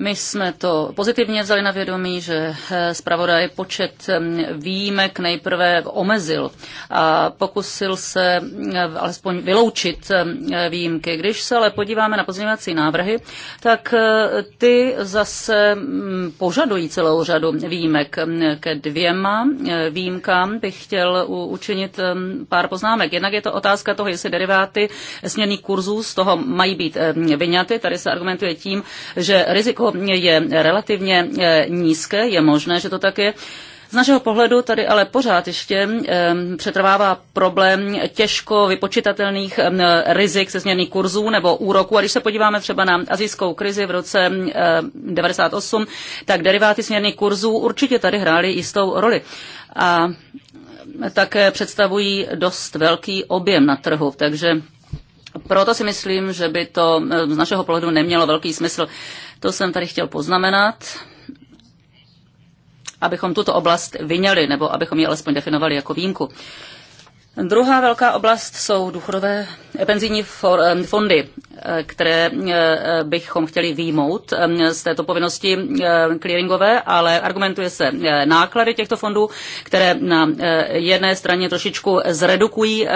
My jsme to pozitivně vzali na vědomí, že eh, zpravodaj počet mm, výjimek nejprve omezil a pokusil se mm, alespoň vyloučit mm, výjimky. Když se ale podíváme na pozměňovací návrhy, tak eh, ty zase požadují celou řadu výjimek. Ke dvěma eh, výjimkám bych chtěl učinit pár poznámek. Jednak je to otázka toho, jestli deriváty směrných kurzů z toho mají být vyňaty. Tady se argumentuje tím, že riziko je relativně eh, nízké, je možné, že to tak je. Z našeho pohledu tady ale pořád ještě eh, přetrvává problém těžko vypočitatelných eh, rizik se změny kurzů nebo úroků. A když se podíváme třeba na azijskou krizi v roce 98, tak deriváty směrných kurzů určitě tady hrály jistou roli. A také představují dost velký objem na trhu, takže proto si myslím, že by to z našeho pohledu nemělo velký smysl to jsem tady chtěl poznamenat, abychom tuto oblast vyněli, nebo abychom ji alespoň definovali jako výjimku. Druhá velká oblast jsou důchodové eh, penzijní eh, fondy, eh, které bychom chtěli výjmout z této povinnosti clearingové, ale argumentuje se náklady těchto fondů, které na jedné straně trošičku zredukují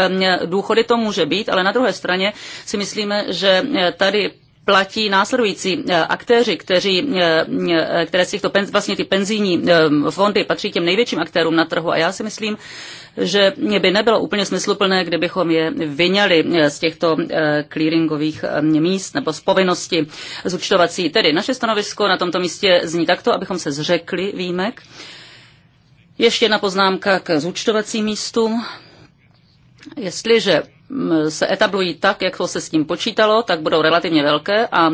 důchody, to může být, ale na druhé straně si myslíme, že tady platí následující eh, aktéři, kteří, eh, eh, které z těchto penz, vlastně ty penzijní fondy patří těm největším aktérům na trhu a já si myslím, že by nebylo úplně smysluplné, kdybychom je vyňali z těchto clearingových míst nebo z povinnosti zúčtovací. Tedy naše stanovisko na tomto místě zní takto, abychom se zřekli výjimek. Ještě jedna poznámka k zúčtovacím místům. Jestliže se etablují tak, jak to se s tím počítalo, tak budou relativně velké a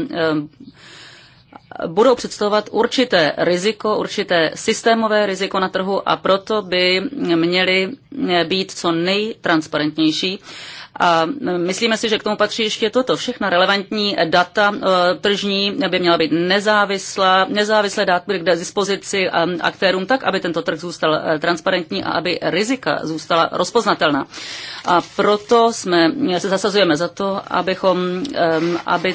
budou představovat určité riziko, určité systémové riziko na trhu a proto by měly eh, být co nejtransparentnější. A eh, myslíme si, že k tomu patří ještě toto. Všechna relevantní data eh, tržní by měla být nezávislá, nezávislé dát k dispozici aktérům tak, aby tento trh zůstal transparentní a aby rizika zůstala rozpoznatelná. A proto jsme se zasazujeme za to, abychom, aby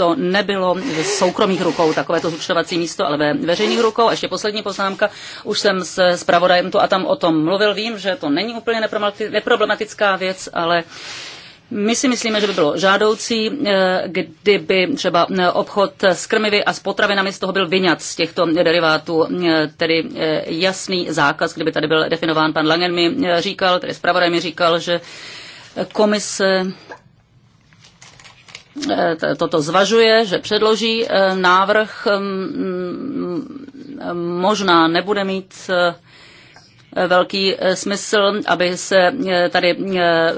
to nebylo v soukromých rukou, takovéto zúčtovací místo, ale ve veřejných rukou. A ještě poslední poznámka, už jsem s zpravodajem tu a tam o tom mluvil, vím, že to není úplně neproblematická věc, ale my si myslíme, že by bylo žádoucí, eh, kdyby třeba eh, obchod s krmivy a s potravinami z toho byl vyňat z těchto derivátů, eh, tedy jasný zákaz, kdyby tady byl definován pan Langen mi říkal, tedy zpravodaj mi říkal, že komise Eh, toto zvažuje, že předloží eh, návrh, mm, mm, možná nebude mít eh, velký smysl, aby se tady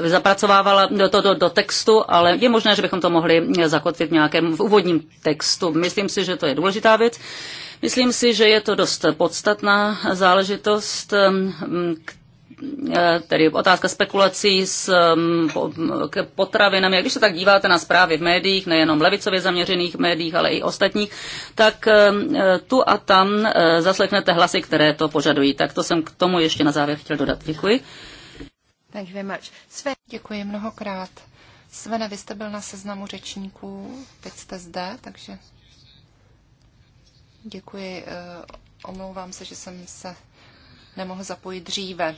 zapracovávala do, do, do textu, ale je možné, že bychom to mohli zakotvit v nějakém v úvodním textu. Myslím si, že to je důležitá věc. Myslím si, že je to dost podstatná záležitost, Eh, tedy otázka spekulací s mm, mm, potravinami. Když se tak díváte na zprávy v médiích, nejenom levicově zaměřených médiích, ale i ostatních, tak mm, eh, tu a tam eh, zaslechnete hlasy, které to požadují. Tak to jsem k tomu ještě na závěr chtěl dodat. Děkuji. Thank you very much. Sven, děkuji mnohokrát. Svene, vy jste byl na seznamu řečníků, teď jste zde, takže děkuji. Omlouvám se, že jsem se nemohl zapojit dříve.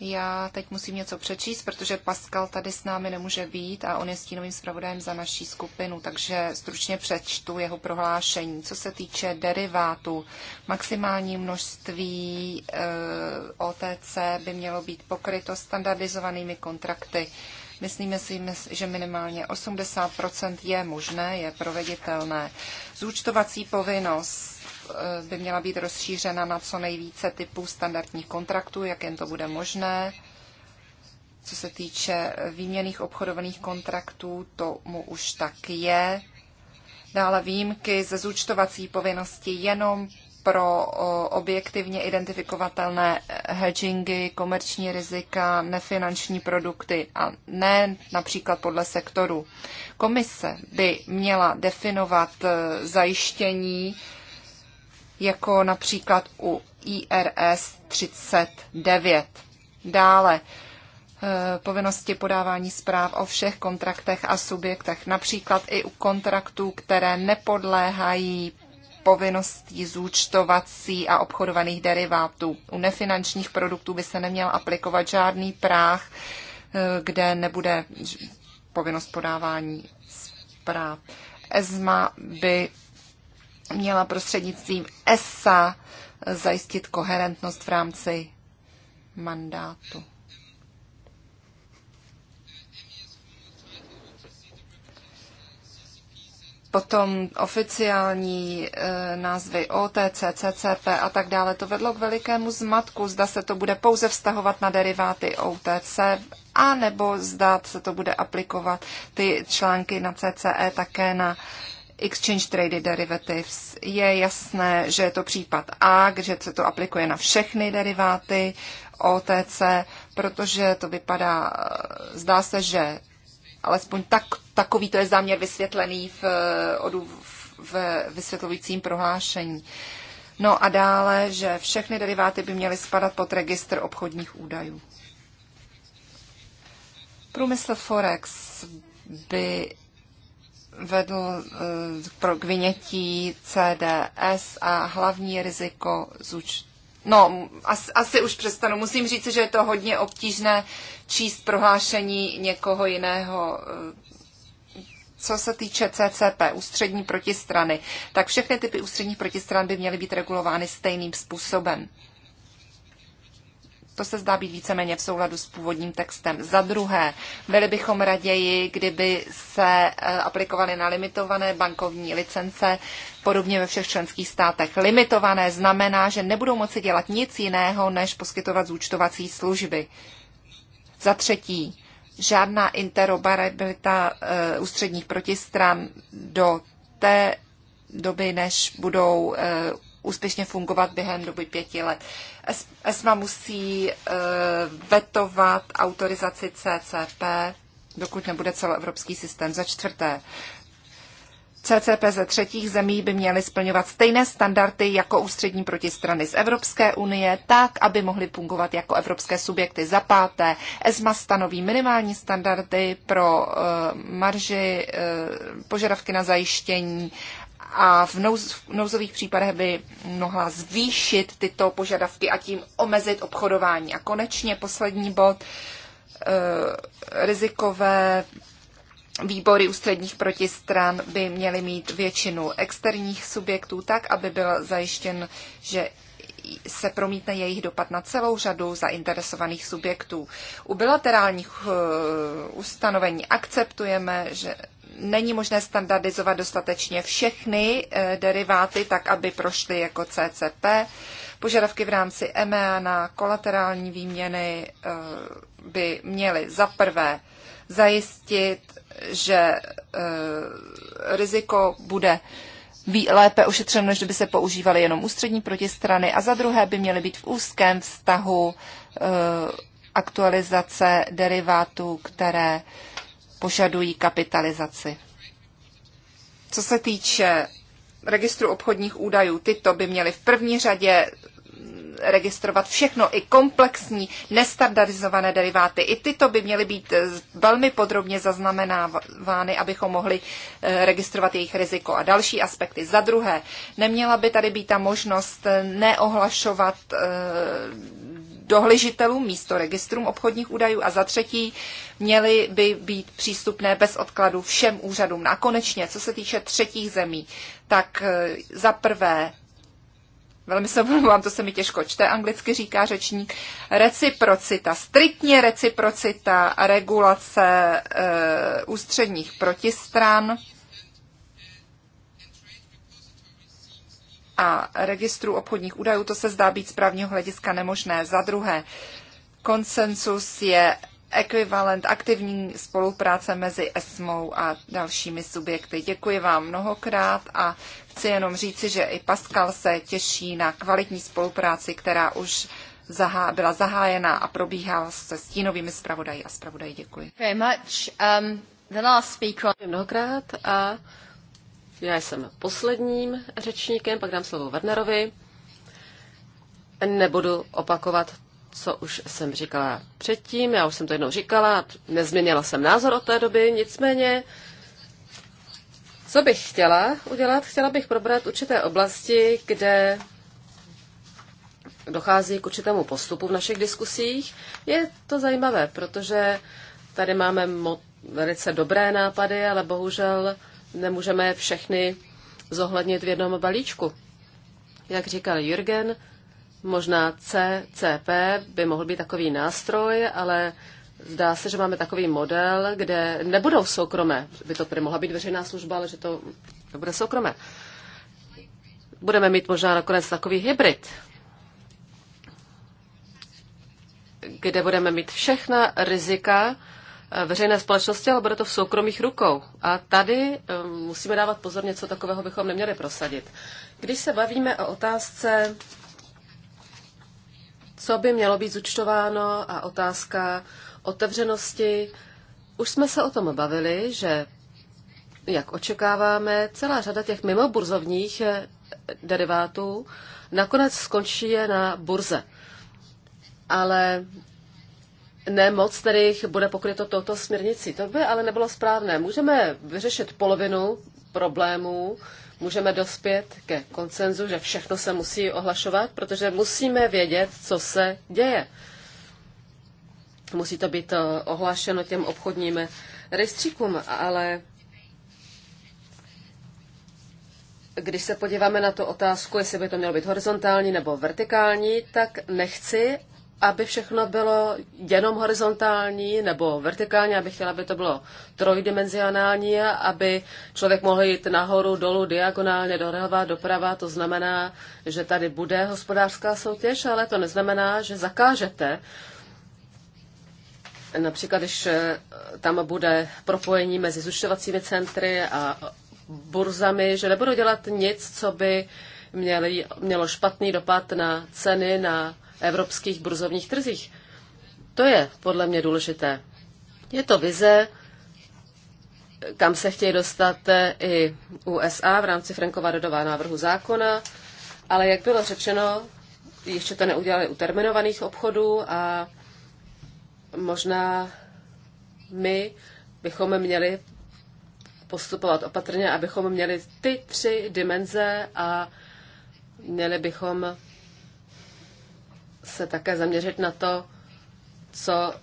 Já teď musím něco přečíst, protože Pascal tady s námi nemůže být a on je stínovým zpravodajem za naší skupinu, takže stručně přečtu jeho prohlášení. Co se týče derivátu, maximální množství e, eh, OTC by mělo být pokryto standardizovanými kontrakty. Myslíme si, že minimálně 80 je možné, je proveditelné. Zúčtovací povinnost Eh, by měla být rozšířena na co nejvíce typů standardních kontraktů, jak jen to bude možné. Co se týče výměných obchodovaných kontraktů, to mu už tak je. Dále výjimky ze zúčtovací povinnosti jenom pro objektivně identifikovatelné hedgingy, komerční rizika, nefinanční produkty a ne například podle sektoru. Komise by měla definovat eh, zajištění jako například u IRS 39. Dále eh, povinnosti podávání zpráv o všech kontraktech a subjektech, například i u kontraktů, které nepodléhají povinností zúčtovací a obchodovaných derivátů. U nefinančních produktů by se neměl aplikovat žádný práh, eh, kde nebude povinnost podávání zpráv. ESMA by měla prostřednictvím ESA zajistit koherentnost v rámci mandátu. potom oficiální e, názvy OTC, CCP a tak dále, to vedlo k velikému zmatku, zda se to bude pouze vztahovat na deriváty OTC, a nebo zda se to bude aplikovat ty články na CCE také na exchange traded derivatives. Je jasné, že je to případ A, že se to aplikuje na všechny deriváty OTC, protože to vypadá, eh, zdá se, že alespoň tak, takový to je záměr vysvětlený eh, v, v vysvětlujícím prohlášení. No a dále, že všechny deriváty by měly spadat pod registr obchodních údajů. Průmysl Forex by vedl eh, k vynětí CDS a hlavní riziko zúč... No, asi, asi už přestanu. Musím říct, že je to hodně obtížné číst prohlášení někoho jiného. Eh, co se týče CCP, ústřední protistrany, tak všechny typy ústředních protistran by měly být regulovány stejným způsobem. To se zdá být víceméně v souladu s původním textem. Za druhé, byli bychom raději, kdyby se e, aplikovaly na limitované bankovní licence, podobně ve všech členských státech. Limitované znamená, že nebudou moci dělat nic jiného, než poskytovat zúčtovací služby. Za třetí, žádná interoperabilita e, ústředních protistran do té doby, než budou e, úspěšně fungovat během doby pěti let. ESMA musí e, vetovat autorizaci CCP, dokud nebude celoevropský systém. Za čtvrté, CCP ze třetích zemí by měly splňovat stejné standardy jako ústřední protistrany z Evropské unie, tak, aby mohly fungovat jako evropské subjekty. Za páté, ESMA stanoví minimální standardy pro uh, marži, uh, požadavky na zajištění a v, nouz, v nouzových případech by mohla zvýšit tyto požadavky a tím omezit obchodování. A konečně poslední bod, eh, rizikové výbory ústředních protistran by měly mít většinu externích subjektů tak, aby byl zajištěn, že se promítne jejich dopad na celou řadu zainteresovaných subjektů. U bilaterálních uh, ustanovení akceptujeme, že není možné standardizovat dostatečně všechny eh, deriváty tak, aby prošly jako CCP. Požadavky v rámci EMEA na kolaterální výměny eh, by měly za prvé zajistit, že eh, riziko bude lépe ošetřeno, než by se používaly jenom ústřední protistrany a za druhé by měly být v úzkém vztahu aktualizace derivátů, které požadují kapitalizaci. Co se týče registru obchodních údajů, tyto by měly v první řadě registrovat všechno, i komplexní, nestandardizované deriváty. I tyto by měly být eh, velmi podrobně zaznamenávány, abychom mohli eh, registrovat jejich riziko a další aspekty. Za druhé, neměla by tady být ta možnost eh, neohlašovat dohležitelům místo registrům obchodních údajů a za třetí měly by být přístupné bez odkladu všem úřadům. A konečně, co se týče třetích zemí, tak e, za prvé velmi se omlouvám, to se mi těžko čte, anglicky říká řečník, reciprocita, striktně reciprocita regulace e, ústředních protistran, a registru obchodních údajů, to se zdá být z právního hlediska nemožné. Za druhé, konsensus je ekvivalent aktivní spolupráce mezi ESMou a dalšími subjekty. Děkuji vám mnohokrát a chci jenom říci, že i Pascal se těší na kvalitní spolupráci, která už zahá, byla zahájena a probíhá se stínovými zpravodaji a zpravodaji. Děkuji. Very much. Um, the last speaker... Mnohokrát a já jsem posledním řečníkem, pak dám slovo Wernerovi. Nebudu opakovat, co už jsem říkala předtím. Já už jsem to jednou říkala, nezměnila jsem názor od té doby, nicméně co bych chtěla udělat? Chtěla bych probrat určité oblasti, kde dochází k určitému postupu v našich diskusích. Je to zajímavé, protože tady máme velice dobré nápady, ale bohužel nemůžeme všechny zohlednit v jednom balíčku. Jak říkal Jürgen, možná CCP by mohl být takový nástroj, ale zdá se, že máme takový model, kde nebudou soukromé, by to tedy mohla být veřejná služba, ale že to nebude soukromé. Budeme mít možná nakonec takový hybrid, kde budeme mít všechna rizika, Eh, veřejné společnosti, ale bude to v soukromých rukou. A tady eh, musíme dávat pozor, něco takového bychom neměli prosadit. Když se bavíme o otázce, co by mělo být zúčtováno a otázka otevřenosti, už jsme se o tom bavili, že jak očekáváme, celá řada těch mimoburzovních eh, derivátů nakonec skončí je na burze. Ale nemoc, tedy bude pokryto touto směrnicí. To by ale nebylo správné. Můžeme vyřešit polovinu problémů, můžeme dospět ke koncenzu, že všechno se musí ohlašovat, protože musíme vědět, co se děje. Musí to být eh, ohlášeno těm obchodním rejstříkům, ale když se podíváme na tu otázku, jestli by to mělo být horizontální nebo vertikální, tak nechci, aby všechno bylo jenom horizontální nebo vertikální, aby chtěla, aby to bylo trojdimenzionální, aby člověk mohl jít nahoru, dolů, diagonálně, doleva, doprava. To znamená, že tady bude hospodářská soutěž, ale to neznamená, že zakážete Například, když eh, tam bude propojení mezi zušťovacími centry a burzami, že nebudou dělat nic, co by měli, mělo špatný dopad na ceny, na evropských burzovních trzích. To je podle mě důležité. Je to vize, kam se chtějí dostat eh, i USA v rámci Frankova Rodová návrhu zákona, ale jak bylo řečeno, ještě to neudělali u terminovaných obchodů a možná my bychom měli postupovat opatrně, abychom měli ty tři dimenze a měli bychom se také zaměřit na to, co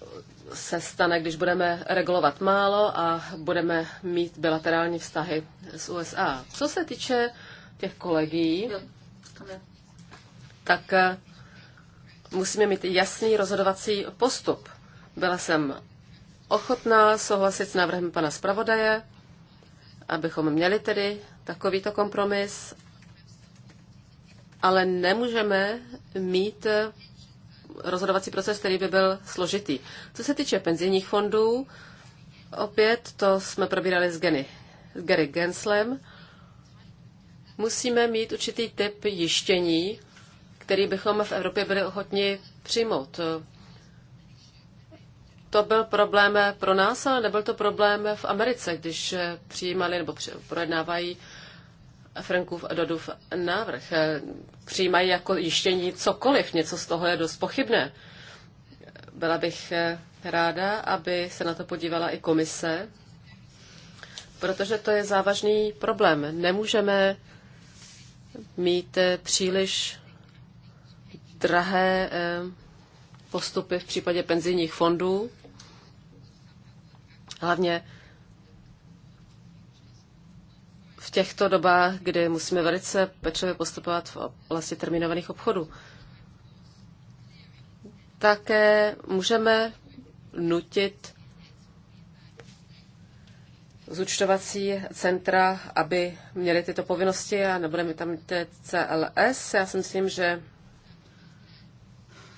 se stane, když budeme regulovat málo a budeme mít bilaterální vztahy s USA. Co se týče těch kolegií, tak eh, musíme mít jasný rozhodovací postup. Byla jsem ochotná souhlasit s návrhem pana zpravodaje, abychom měli tedy takovýto kompromis, ale nemůžeme mít rozhodovací proces, který by byl složitý. Co se týče penzijních fondů, opět to jsme probírali s, Geny, s Gary Genslem. Musíme mít určitý typ jištění, který bychom v Evropě byli ochotni přijmout. To byl problém pro nás, ale nebyl to problém v Americe, když přijímali nebo projednávají Frankův Dodův návrh. Eh, přijímají jako jištění cokoliv, něco z toho je dost pochybné. Byla bych eh, ráda, aby se na to podívala i komise, protože to je závažný problém. Nemůžeme mít eh, příliš drahé postupy v případě penzijních fondů, hlavně v těchto dobách, kdy musíme velice pečlivě postupovat v oblasti terminovaných obchodů. Také můžeme nutit zúčtovací centra, aby měly tyto povinnosti a nebudeme tam mít CLS. Já si myslím, že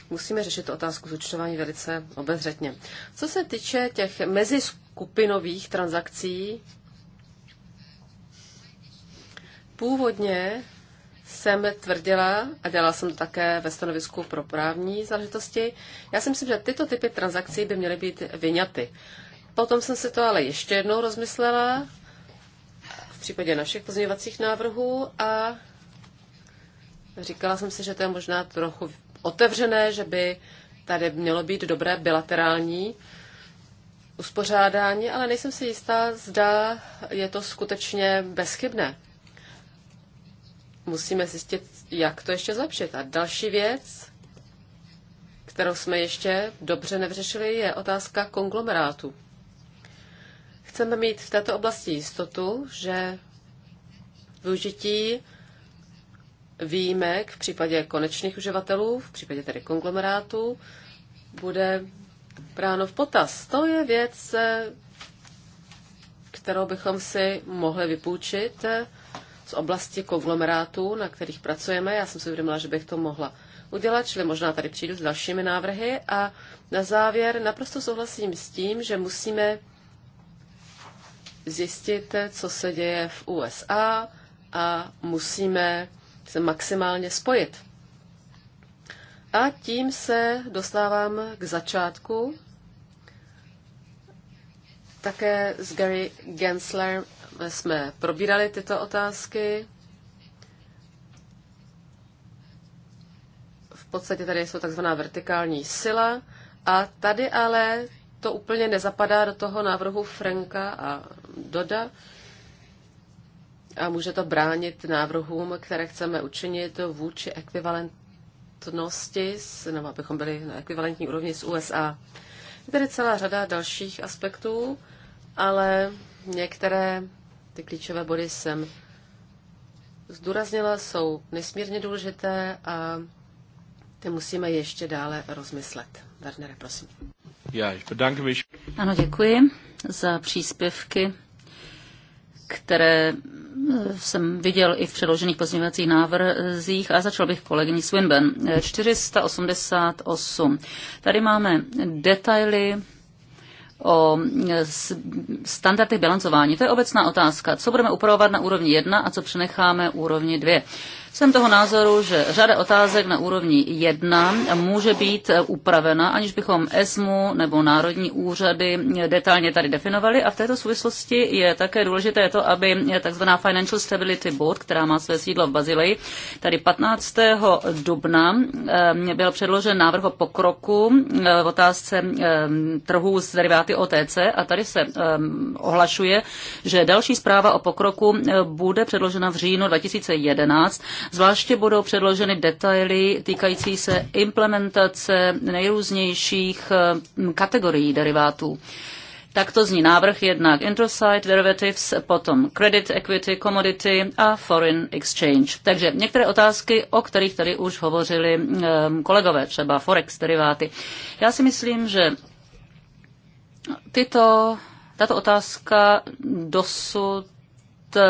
musíme řešit otázku zúčtování velice obezřetně. Co se týče těch meziskupinových transakcí, Původně jsem tvrdila, a dělala jsem to také ve stanovisku pro právní záležitosti, já si myslím, že tyto typy transakcí by měly být vyňaty. Potom jsem si to ale ještě jednou rozmyslela v případě našich pozměňovacích návrhů a říkala jsem si, že to je možná trochu otevřené, že by tady mělo být dobré bilaterální uspořádání, ale nejsem si jistá, zda je to skutečně bezchybné musíme zjistit, jak to ještě zlepšit. A další věc, kterou jsme ještě dobře nevřešili, je otázka konglomerátu. Chceme mít v této oblasti jistotu, že využití výjimek v případě konečných uživatelů, v případě tedy konglomerátů, bude bráno v potaz. To je věc, kterou bychom si mohli vypůjčit z oblasti konglomerátů, na kterých pracujeme. Já jsem si uvědomila, že bych to mohla udělat, čili možná tady přijdu s dalšími návrhy. A na závěr naprosto souhlasím s tím, že musíme zjistit, co se děje v USA a musíme se maximálně spojit. A tím se dostávám k začátku také s Gary Gensler, jsme probírali tyto otázky. V podstatě tady jsou takzvaná vertikální sila a tady ale to úplně nezapadá do toho návrhu Franka a Doda a může to bránit návrhům, které chceme učinit vůči ekvivalentnosti, s, nebo abychom byli na ekvivalentní úrovni s USA. Je tady celá řada dalších aspektů, ale některé ty klíčové body jsem zdůraznila, jsou nesmírně důležité a ty musíme ještě dále rozmyslet. Wernere, prosím. Já, bedanke mich. Ano, děkuji za příspěvky, které eh, jsem viděl i v předložených pozměňovacích návrzích a začal bych kolegyní Swinburne. 488. Eh, Tady máme detaily o standardech bilancování. To je obecná otázka. Co budeme upravovat na úrovni 1 a co přenecháme úrovni 2. Jsem toho názoru, že řada otázek na úrovni 1 může být eh, upravena, aniž bychom ESMU nebo národní úřady eh, detailně tady definovali. A v této souvislosti je také důležité to, aby eh, tzv. Financial Stability Board, která má své sídlo v Bazileji, tady 15. dubna byl předložen návrh o pokroku v otázce trhu s deriváty OTC a tady se ohlašuje, že další zpráva o pokroku bude předložena v říjnu 2011 Zvláště budou předloženy detaily týkající se implementace nejrůznějších hm, kategorií derivátů. Tak to zní návrh jednak Intraside Derivatives, potom Credit Equity Commodity a Foreign Exchange. Takže některé otázky, o kterých tady už hovořili hm, kolegové, třeba Forex deriváty. Já si myslím, že tyto, tato otázka dosud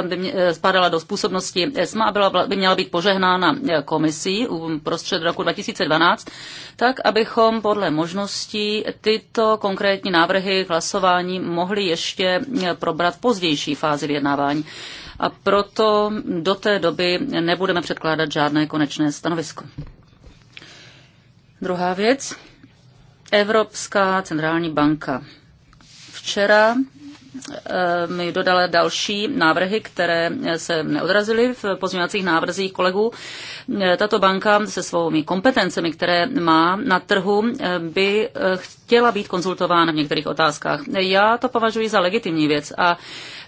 by eh, spadala do způsobnosti ESMA a byla, by měla být požehnána eh, komisí um, prostřed roku 2012, tak abychom podle možností tyto konkrétní návrhy k hlasování mohli ještě eh, probrat v pozdější fázi vyjednávání. A proto do té doby nebudeme předkládat žádné konečné stanovisko. Druhá věc. Evropská centrální banka. Včera Eh, mi dodala další návrhy, které se neodrazily v pozměňovacích návrzích kolegů. Eh, tato banka se svými kompetencemi, které má na trhu, eh, by chtěla být konzultována v některých otázkách. Já to považuji za legitimní věc a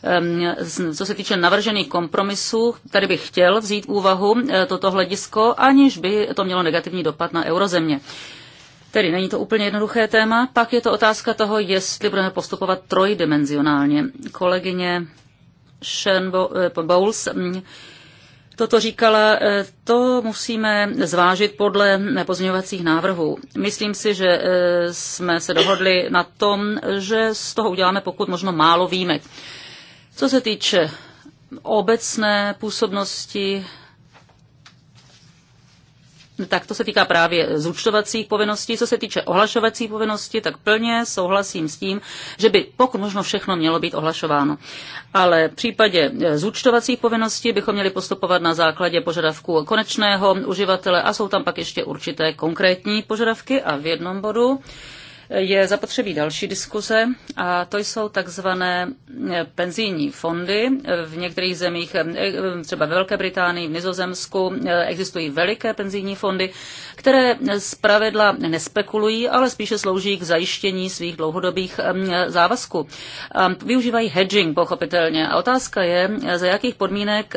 ehm, co se týče navržených kompromisů, tady bych chtěl vzít v úvahu toto hledisko, aniž by to mělo negativní dopad na eurozemě. Tedy není to úplně jednoduché téma. Pak je to otázka toho, jestli budeme postupovat trojdimenzionálně. Kolegyně Shen eh, Bowles mm, toto říkala, eh, to musíme zvážit podle pozměňovacích návrhů. Myslím si, že eh, jsme se dohodli na tom, že z toho uděláme pokud možno málo výjimek. Co se týče obecné působnosti tak to se týká právě zúčtovacích povinností. Co se týče ohlašovací povinnosti, tak plně souhlasím s tím, že by pokud možno všechno mělo být ohlašováno. Ale v případě e, zúčtovacích povinností bychom měli postupovat na základě požadavků konečného uživatele a jsou tam pak ještě určité konkrétní požadavky a v jednom bodu je zapotřebí další diskuze a to jsou takzvané eh, penzijní fondy. V některých zemích, eh, eh, třeba ve Velké Británii, v Nizozemsku, existují veliké penzijní fondy, které zpravidla nespekulují, ale spíše slouží k zajištění svých dlouhodobých závazků. Využívají hedging, pochopitelně. A otázka je, za jakých podmínek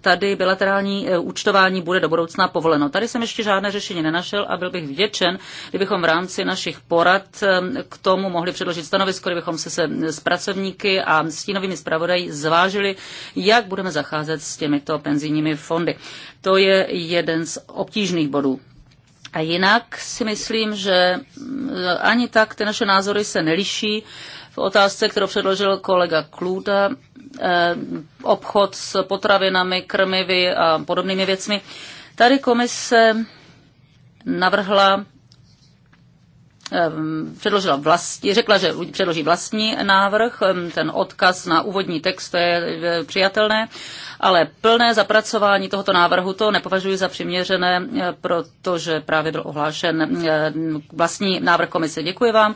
tady bilaterální účtování bude do budoucna povoleno. Tady jsem ještě žádné řešení nenašel a byl bych vděčen, kdybychom v rámci našich porad příklad ehm, k tomu mohli předložit stanovisko, kdybychom se, se s pracovníky a stínovými zpravodají zvážili, jak budeme zacházet s těmito penzijními fondy. To je jeden z obtížných bodů. A jinak si myslím, že mm, ani tak ty naše názory se neliší. V otázce, kterou předložil kolega Kluda, ehm, obchod s potravinami, krmivy a podobnými věcmi, tady komise navrhla Ehm, předložila vlastní, řekla, že předloží vlastní návrh, ehm, ten odkaz na úvodní text je přijatelné, ale plné zapracování tohoto návrhu to nepovažuji za přiměřené, eh, protože právě byl ohlášen eh, vlastní návrh komise. Děkuji vám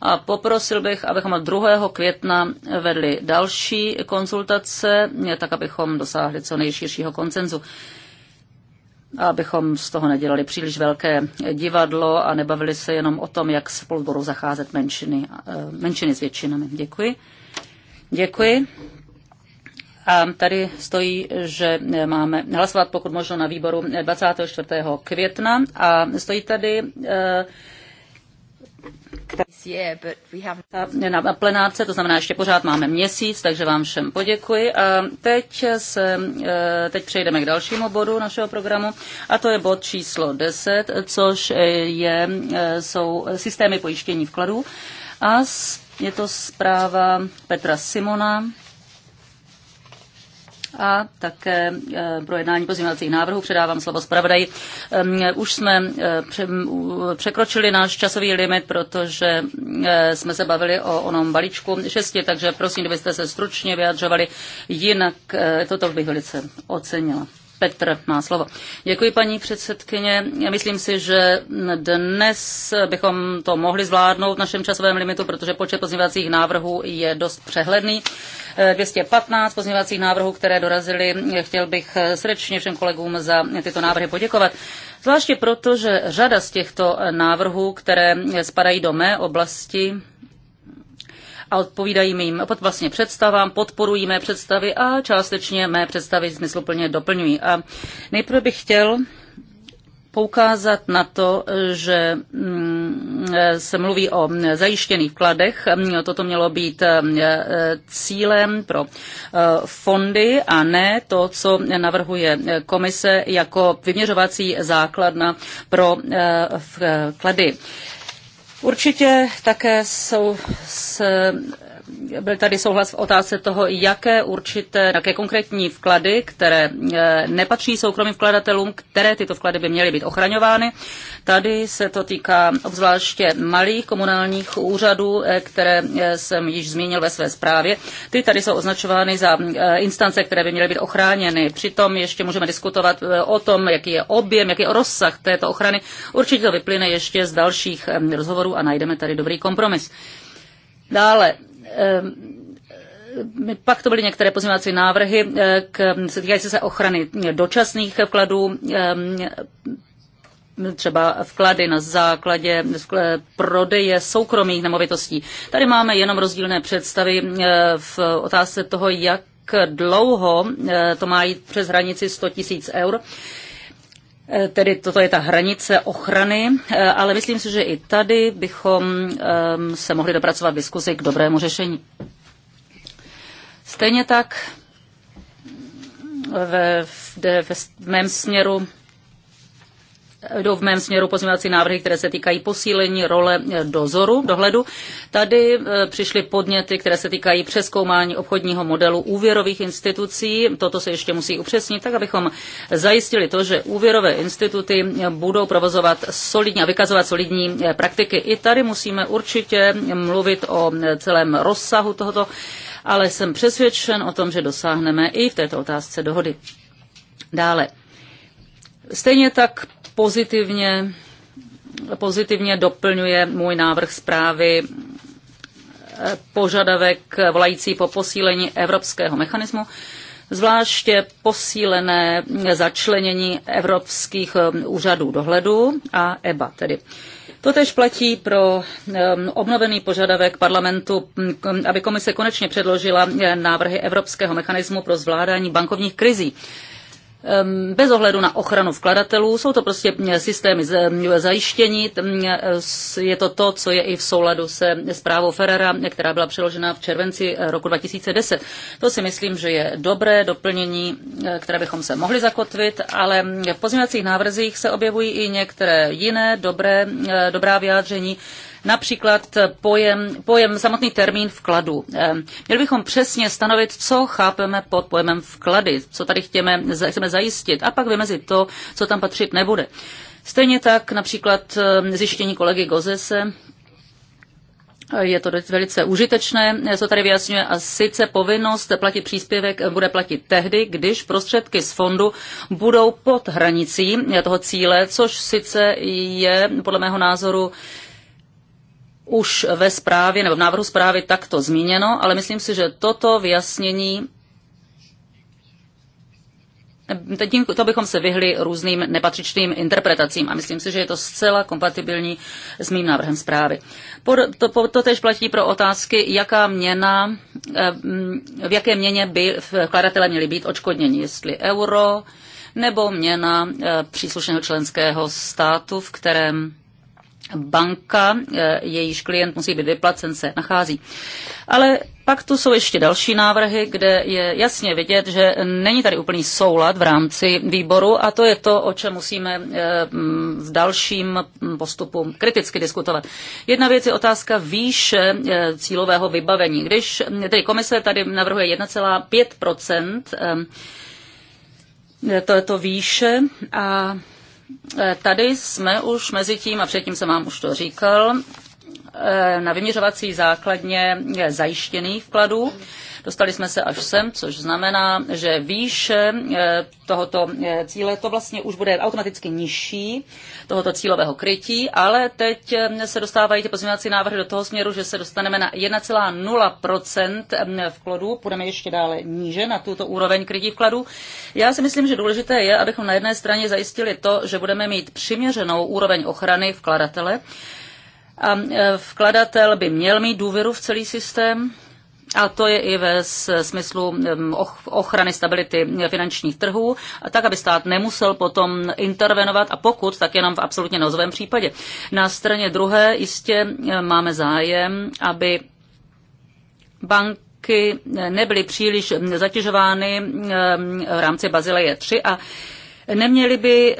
a poprosil bych, abychom 2. května vedli další konzultace, eh, tak abychom dosáhli co nejširšího koncenzu abychom z toho nedělali příliš velké divadlo a nebavili se jenom o tom, jak spolu budou zacházet menšiny, eh, menšiny s většinami. Děkuji. Děkuji. A tady stojí, že máme hlasovat pokud možno na výboru 24. května a stojí tady eh, na plenárce, to znamená, ještě pořád máme měsíc, takže vám všem poděkuji. A teď, se, e, teď přejdeme k dalšímu bodu našeho programu a to je bod číslo 10, což je, e, jsou systémy pojištění vkladů. A je to zpráva Petra Simona, a také eh, projednání pozměňovacích návrhů. Předávám slovo zpravodaji. Ehm, už jsme eh, překročili náš časový limit, protože eh, jsme se bavili o onom balíčku šesti, takže prosím, kdybyste se stručně vyjadřovali, jinak toto bych velice ocenila. Petr má slovo. Děkuji, paní předsedkyně. Já myslím si, že dnes bychom to mohli zvládnout v našem časovém limitu, protože počet pozměňovacích návrhů je dost přehledný. Eh, 215 pozměňovacích návrhů, které dorazily. Chtěl bych srdečně všem kolegům za tyto návrhy poděkovat. Zvláště proto, že řada z těchto návrhů, které spadají do mé oblasti, a odpovídají mým vlastně představám, podporují mé představy a částečně mé představy smysluplně doplňují. A nejprve bych chtěl poukázat na to, že mm, se mluví o zajištěných vkladech. Toto mělo být e, cílem pro e, fondy a ne to, co navrhuje komise jako vyměřovací základna pro e, vklady. Určitě také jsou s byl tady souhlas v otázce toho, jaké určité, jaké konkrétní vklady, které eh, nepatří soukromým vkladatelům, které tyto vklady by měly být ochraňovány. Tady se to týká obzvláště malých komunálních úřadů, eh, které eh, jsem již zmínil ve své zprávě. Ty tady jsou označovány za instance, které by měly být ochráněny. Přitom ještě můžeme diskutovat o tom, jaký je objem, jaký je rozsah této ochrany. Určitě to vyplyne ještě z dalších rozhovorů a najdeme tady dobrý kompromis. Dále Ehm, ehm, pak to byly některé pozměňovací návrhy eh, k, se týkající se ochrany dočasných vkladů, ehm, třeba vklady na základě prodeje soukromých nemovitostí. Tady máme jenom rozdílné představy eh, v otázce toho, jak dlouho eh, to má jít přes hranici 100 000 eur. Eh, tedy toto je ta hranice ochrany, eh, ale myslím si, že i tady bychom ehm, se mohli dopracovat v diskuzi k dobrému řešení. Stejně tak ve, v, v, mém směru jdou v mém směru pozměňovací návrhy, které se týkají posílení role eh, dozoru, dohledu. Tady eh, přišly podněty, které se týkají přeskoumání obchodního modelu úvěrových institucí. Toto se ještě musí upřesnit, tak abychom zajistili to, že úvěrové instituty eh, budou provozovat solidní a vykazovat solidní praktiky. I tady musíme určitě mluvit o celém rozsahu tohoto, ale jsem přesvědčen o tom, že dosáhneme i v této otázce dohody. Dále. Stejně tak pozitivně, pozitivně doplňuje můj návrh zprávy eh, požadavek volající po posílení evropského mechanismu, zvláště posílené začlenění evropských eh, úřadů dohledu a EBA tedy. Totež platí pro eh, obnovený požadavek parlamentu, hm, aby komise konečně předložila návrhy Evropského mechanismu pro zvládání bankovních krizí. Ehm, bez ohledu na ochranu vkladatelů. Jsou to prostě eh, systémy ehm, zajištění. Ehm, je to to, co je i v souladu se zprávou Ferrera, která byla přeložena v červenci eh, roku 2010. To si myslím, že je dobré doplnění, eh, které bychom se mohli zakotvit, ale v pozměňovacích návrzích se objevují i některé jiné dobré, dobrá vyjádření, Například pojem, pojem samotný termín vkladu. Ehm, měli bychom přesně stanovit, co chápeme pod pojmem vklady, co tady chtěme, chceme zajistit a pak vymezit to, co tam patřit nebude. Stejně tak například ehm, zjištění kolegy Gozese, je to velice užitečné, co tady vyjasňuje, a sice povinnost platit příspěvek bude platit tehdy, když prostředky z fondu budou pod hranicí toho cíle, což sice je podle mého názoru už ve zprávě nebo v návrhu zprávy takto zmíněno, ale myslím si, že toto vyjasnění eh, to bychom se vyhli různým nepatřičným interpretacím a myslím si, že je to zcela kompatibilní s mým návrhem zprávy. To, po, to tež platí pro otázky, jaká měna, eh, v jaké měně by vkladatelé měli být očkodněni, jestli euro nebo měna eh, příslušného členského státu, v kterém banka, eh, jejíž klient musí být vyplacen, se nachází. Ale pak tu jsou ještě další návrhy, kde je jasně vidět, že není tady úplný soulad v rámci výboru a to je to, o čem musíme eh, mm, v dalším postupu kriticky diskutovat. Jedna věc je otázka výše eh, cílového vybavení. Když tedy komise tady navrhuje 1,5 to výše a Eh, tady jsme už mezi tím, a předtím jsem vám už to říkal, eh, na vyměřovací základně zajištěných vkladů. Dostali jsme se až sem, což znamená, že výše eh, tohoto eh, cíle to vlastně už bude automaticky nižší, tohoto cílového krytí, ale teď eh, se dostávají ty pozměňovací návrhy do toho směru, že se dostaneme na 1,0 vkladů, půjdeme ještě dále níže na tuto úroveň krytí vkladů. Já si myslím, že důležité je, abychom na jedné straně zajistili to, že budeme mít přiměřenou úroveň ochrany vkladatele, a vkladatel by měl mít důvěru v celý systém, a to je i ve smyslu ochrany stability finančních trhů, tak aby stát nemusel potom intervenovat a pokud, tak jenom v absolutně nozovém případě. Na straně druhé jistě máme zájem, aby bank nebyly příliš zatěžovány v rámci Bazileje 3 a neměly by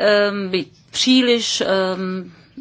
být příliš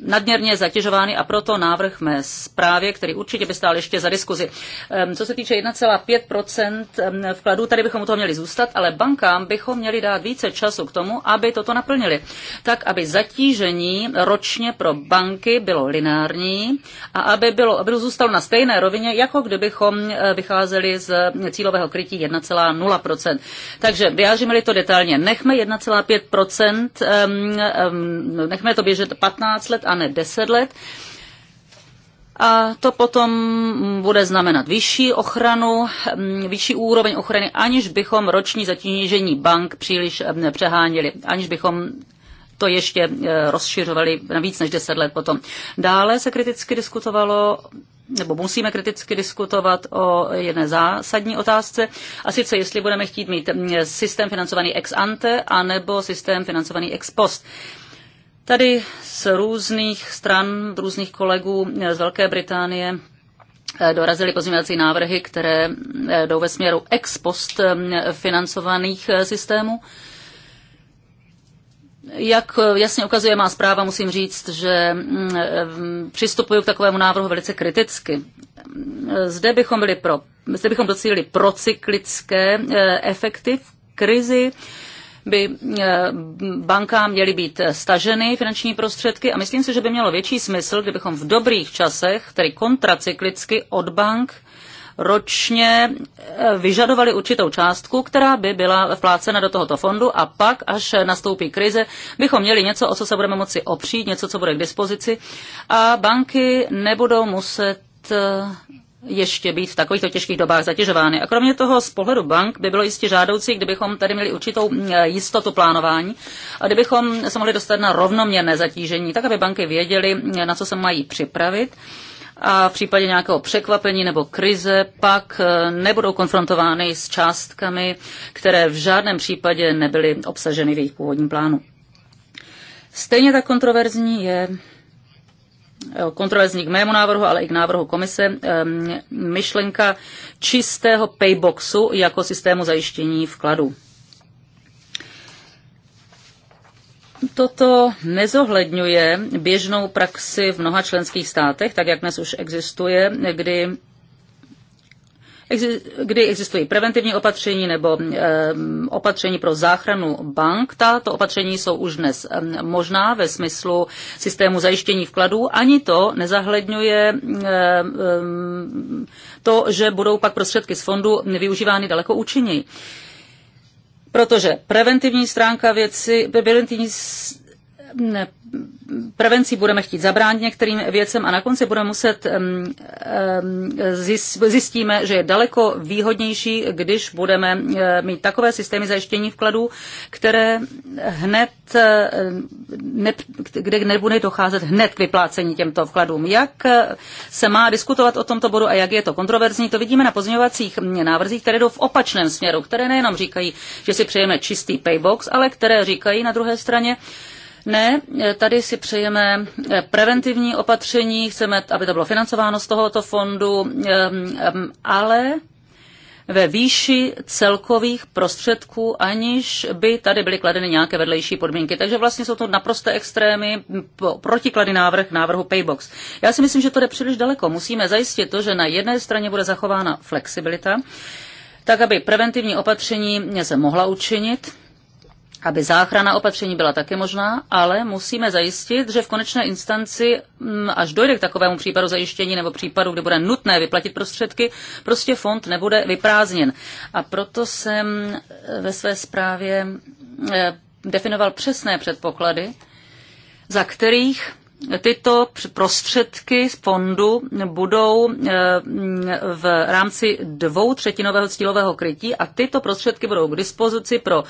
nadměrně zatěžovány a proto návrh mé zprávě, který určitě by stál ještě za diskuzi. Ehm, co se týče 1,5 ehm, vkladů, tady bychom u toho měli zůstat, ale bankám bychom měli dát více času k tomu, aby toto naplnili. Tak, aby zatížení ročně pro banky bylo lineární a aby, bylo, aby zůstalo na stejné rovině, jako kdybychom eh, vycházeli z cílového krytí 1,0 Takže vyjádříme-li to detailně, nechme 1,5 ehm, nechme to běžet 15 let a ne 10 let. A to potom bude znamenat vyšší ochranu, mm, vyšší úroveň ochrany, aniž bychom roční zatížení bank příliš mm, přeháněli, aniž bychom to ještě e, rozšiřovali na víc než 10 let potom. Dále se kriticky diskutovalo nebo musíme kriticky diskutovat o jedné zásadní otázce, a sice jestli budeme chtít mít mm, systém financovaný ex ante, anebo systém financovaný ex post. Uh, Tady z různých stran, různých kolegů z Velké Británie eh, dorazily pozměňovací návrhy, které eh, jdou ve směru ex post eh, financovaných systémů. Jak jasně ukazuje má zpráva, musím říct, že mm, přistupuju k takovému návrhu velice kriticky. Zde bychom byli pro, zde bychom docílili procyklické efekty v krizi by eh, bankám měly být eh, staženy finanční prostředky a myslím si, že by mělo větší smysl, kdybychom v dobrých časech, tedy kontracyklicky od bank, ročně eh, vyžadovali určitou částku, která by byla vplácena do tohoto fondu a pak, až nastoupí krize, bychom měli něco, o co se budeme moci opřít, něco, co bude k dispozici a banky nebudou muset ještě být v takovýchto těžkých dobách zatěžovány. A kromě toho z pohledu bank by bylo jistě žádoucí, kdybychom tady měli určitou mm, eh, jistotu plánování a kdybychom se mohli dostat na rovnoměrné zatížení, tak aby banky věděly, eh, na co se mají připravit a v případě nějakého překvapení nebo krize pak eh, nebudou konfrontovány s částkami, které v žádném případě nebyly obsaženy v jejich původním plánu. Stejně tak kontroverzní je kontroverzní k mému návrhu, ale i k návrhu komise, myšlenka čistého payboxu jako systému zajištění vkladu Toto nezohledňuje běžnou praxi v mnoha členských státech, tak jak dnes už existuje, kdy kdy existují preventivní opatření nebo eh, opatření pro záchranu bank. Tato opatření jsou už dnes ehm, možná ve smyslu systému zajištění vkladů. Ani to nezahledňuje eh, ehm, to, že budou pak prostředky z fondu využívány daleko účinněji. Protože preventivní stránka věci, preventivní prevencí budeme chtít zabránit některým věcem a na konci budeme muset zjistíme, že je daleko výhodnější, když budeme eh, mít takové systémy zajištění vkladů, které hned, eh, ne, kde nebude docházet hned k vyplácení těmto vkladům. Jak eh, se má diskutovat o tomto bodu a jak je to kontroverzní, to vidíme na pozměňovacích návrzích, které jdou v opačném směru, které nejenom říkají, že si přejeme čistý paybox, ale které říkají na druhé straně, ne, tady si přejeme eh, preventivní opatření, chceme, aby to bylo financováno z tohoto fondu, ehm, ehm, ale ve výši celkových prostředků, aniž by tady byly kladeny nějaké vedlejší podmínky. Takže vlastně jsou to naprosté extrémy, protiklady návrh návrhu Paybox. Já si myslím, že to jde příliš daleko. Musíme zajistit to, že na jedné straně bude zachována flexibilita, tak aby preventivní opatření se mohla učinit, aby záchrana opatření byla také možná, ale musíme zajistit, že v konečné instanci, mm, až dojde k takovému případu zajištění nebo případu, kde bude nutné vyplatit prostředky, prostě fond nebude vyprázdněn. A proto jsem eh, ve své zprávě eh, definoval přesné předpoklady, za kterých tyto prostředky z fondu budou eh, v rámci dvou třetinového cílového krytí a tyto prostředky budou k dispozici pro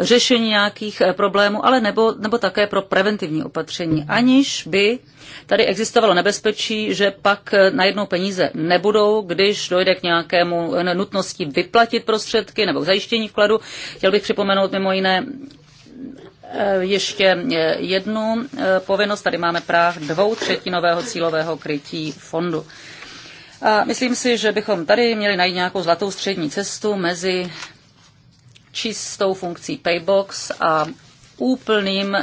řešení nějakých eh, problémů, ale nebo, nebo také pro preventivní opatření, aniž by tady existovalo nebezpečí, že pak eh, najednou peníze nebudou, když dojde k nějakému nutnosti vyplatit prostředky nebo k zajištění vkladu. Chtěl bych připomenout mimo jiné Eh, ještě eh, jednu eh, povinnost. Tady máme práh třetinového cílového krytí fondu. A myslím si, že bychom tady měli najít nějakou zlatou střední cestu mezi čistou funkcí Paybox a úplným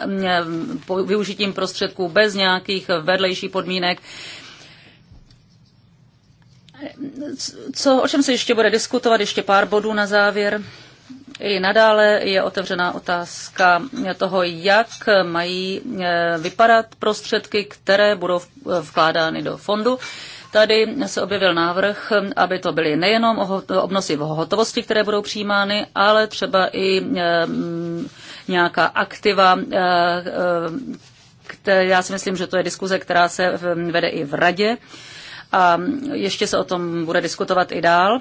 využitím prostředků bez nějakých vedlejších podmínek. Co, o čem se ještě bude diskutovat, ještě pár bodů na závěr. I nadále je otevřená otázka toho, jak mají eh, vypadat prostředky, které budou eh, vkládány do fondu. Tady se objevil návrh, aby to byly nejenom obnosy v hotovosti, které budou přijímány, ale třeba i eh, mm, nějaká aktiva, které já si myslím, že to je diskuze, která se vede i v radě a ještě se o tom bude diskutovat i dál.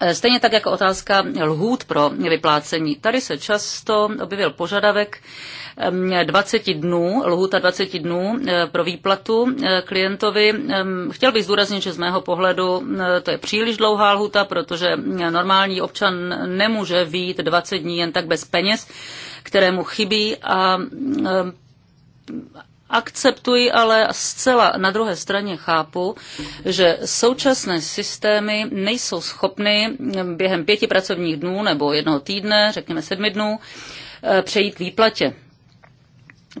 Eh, stejně tak jako otázka lhůt pro vyplácení. Tady se často objevil požadavek 20 ehm, dnů, lhůta 20 dnů eh, pro výplatu eh, klientovi. Ehm, chtěl bych zdůraznit, že z mého pohledu to je příliš dlouhá lhůta, protože normální občan nemůže výjít 20 dní jen tak bez peněz, kterému chybí a ehm, akceptuji, ale zcela na druhé straně chápu, že současné systémy nejsou schopny během pěti pracovních dnů nebo jednoho týdne, řekněme sedmi dnů, eh, přejít k výplatě.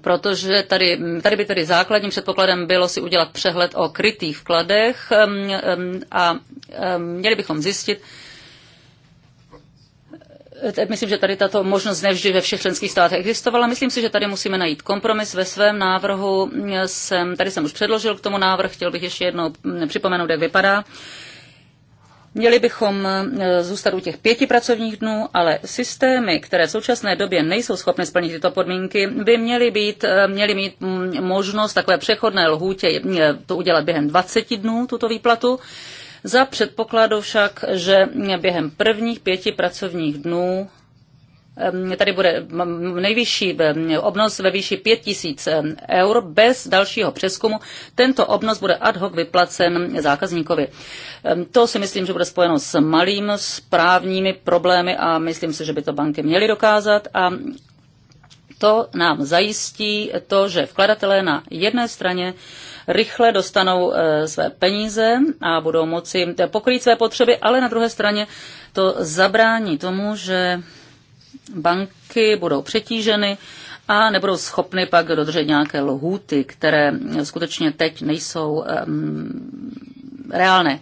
Protože tady, tady by tedy základním předpokladem bylo si udělat přehled o krytých vkladech ehm, ehm, a ehm, měli bychom zjistit, Myslím, že tady tato možnost nevždy ve všech členských státech existovala. Myslím si, že tady musíme najít kompromis ve svém návrhu. Jsem, tady jsem už předložil k tomu návrh, chtěl bych ještě jednou připomenout, jak vypadá. Měli bychom zůstat u těch pěti pracovních dnů, ale systémy, které v současné době nejsou schopny splnit tyto podmínky, by měly, být, e, měly mít možnost takové přechodné lhůtě to udělat během 20 dnů, tuto výplatu. Za předpokladu však, že během prvních pěti pracovních dnů tady bude nejvyšší obnos ve výši 5000 eur bez dalšího přeskumu. Tento obnos bude ad hoc vyplacen zákazníkovi. To si myslím, že bude spojeno s malým správními problémy a myslím si, že by to banky měly dokázat a to nám zajistí to, že vkladatelé na jedné straně rychle dostanou eh, své peníze a budou moci pokrýt své potřeby, ale na druhé straně to zabrání tomu, že banky budou přetíženy a nebudou schopny pak dodržet nějaké lhůty, které skutečně teď nejsou um, reálné.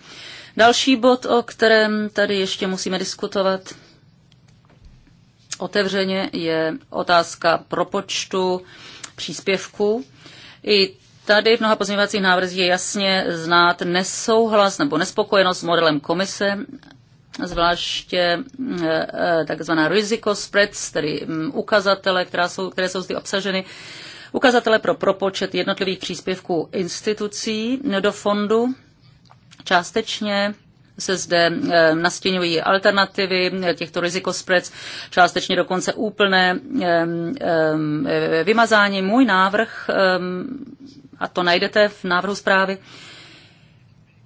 Další bod, o kterém tady ještě musíme diskutovat otevřeně, je otázka propočtu příspěvků. I Tady v mnoha pozměňovacích návrzích je jasně znát nesouhlas nebo nespokojenost s modelem komise, zvláště eh, eh, takzvaná riziko spreads, tedy mm, ukazatele, která jsou, které jsou zde obsaženy, ukazatele pro propočet jednotlivých příspěvků institucí do fondu. Částečně se zde eh, nastěňují alternativy těchto rizikospreads, částečně dokonce úplné vymazání. Můj návrh a to najdete v návrhu zprávy.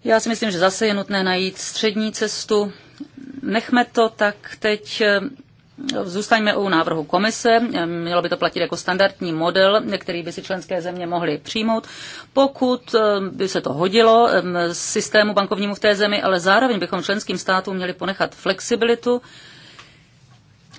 Já si myslím, že zase je nutné najít střední cestu. Nechme to tak teď eh, Zůstaňme u návrhu komise. Eh, mělo by to platit jako standardní model, který by si členské země mohly přijmout, pokud eh, by se to hodilo systému bankovnímu v té zemi, ale zároveň bychom členským státům měli ponechat flexibilitu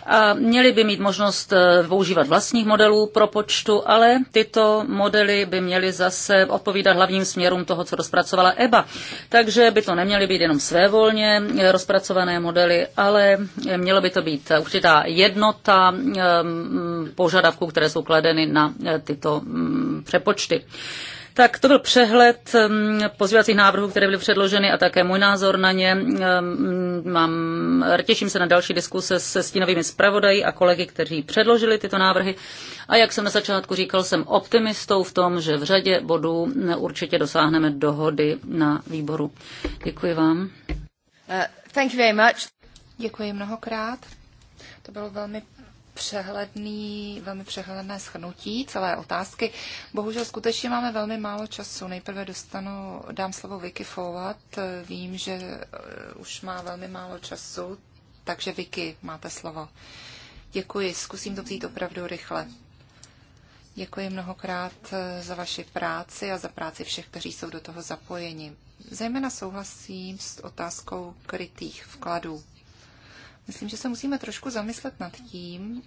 a měli by mít možnost e, používat vlastních modelů pro počtu, ale tyto modely by měly zase odpovídat hlavním směrům toho, co rozpracovala EBA. Takže by to neměly být jenom svévolně e, rozpracované modely, ale mělo by to být určitá jednota e, požadavků, které jsou kladeny na tyto přepočty. Tak to byl přehled mm, pozvěvacích návrhů, které byly předloženy a také můj názor na ně. Mm, mám, těším se na další diskuse se stínovými zpravodají a kolegy, kteří předložili tyto návrhy. A jak jsem na začátku říkal, jsem optimistou v tom, že v řadě bodů určitě dosáhneme dohody na výboru. Děkuji vám. Uh, thank you very much. Děkuji mnohokrát. To bylo velmi přehledný, velmi přehledné schrnutí celé otázky. Bohužel skutečně máme velmi málo času. Nejprve dostanu, dám slovo Vicky Fowat. Vím, že eh, už má velmi málo času, takže Vicky, máte slovo. Děkuji, zkusím to vzít opravdu rychle. Děkuji mnohokrát eh, za vaši práci a za práci všech, kteří jsou do toho zapojeni. Zejména souhlasím s otázkou krytých vkladů. Myslím, že se musíme trošku zamyslet nad tím,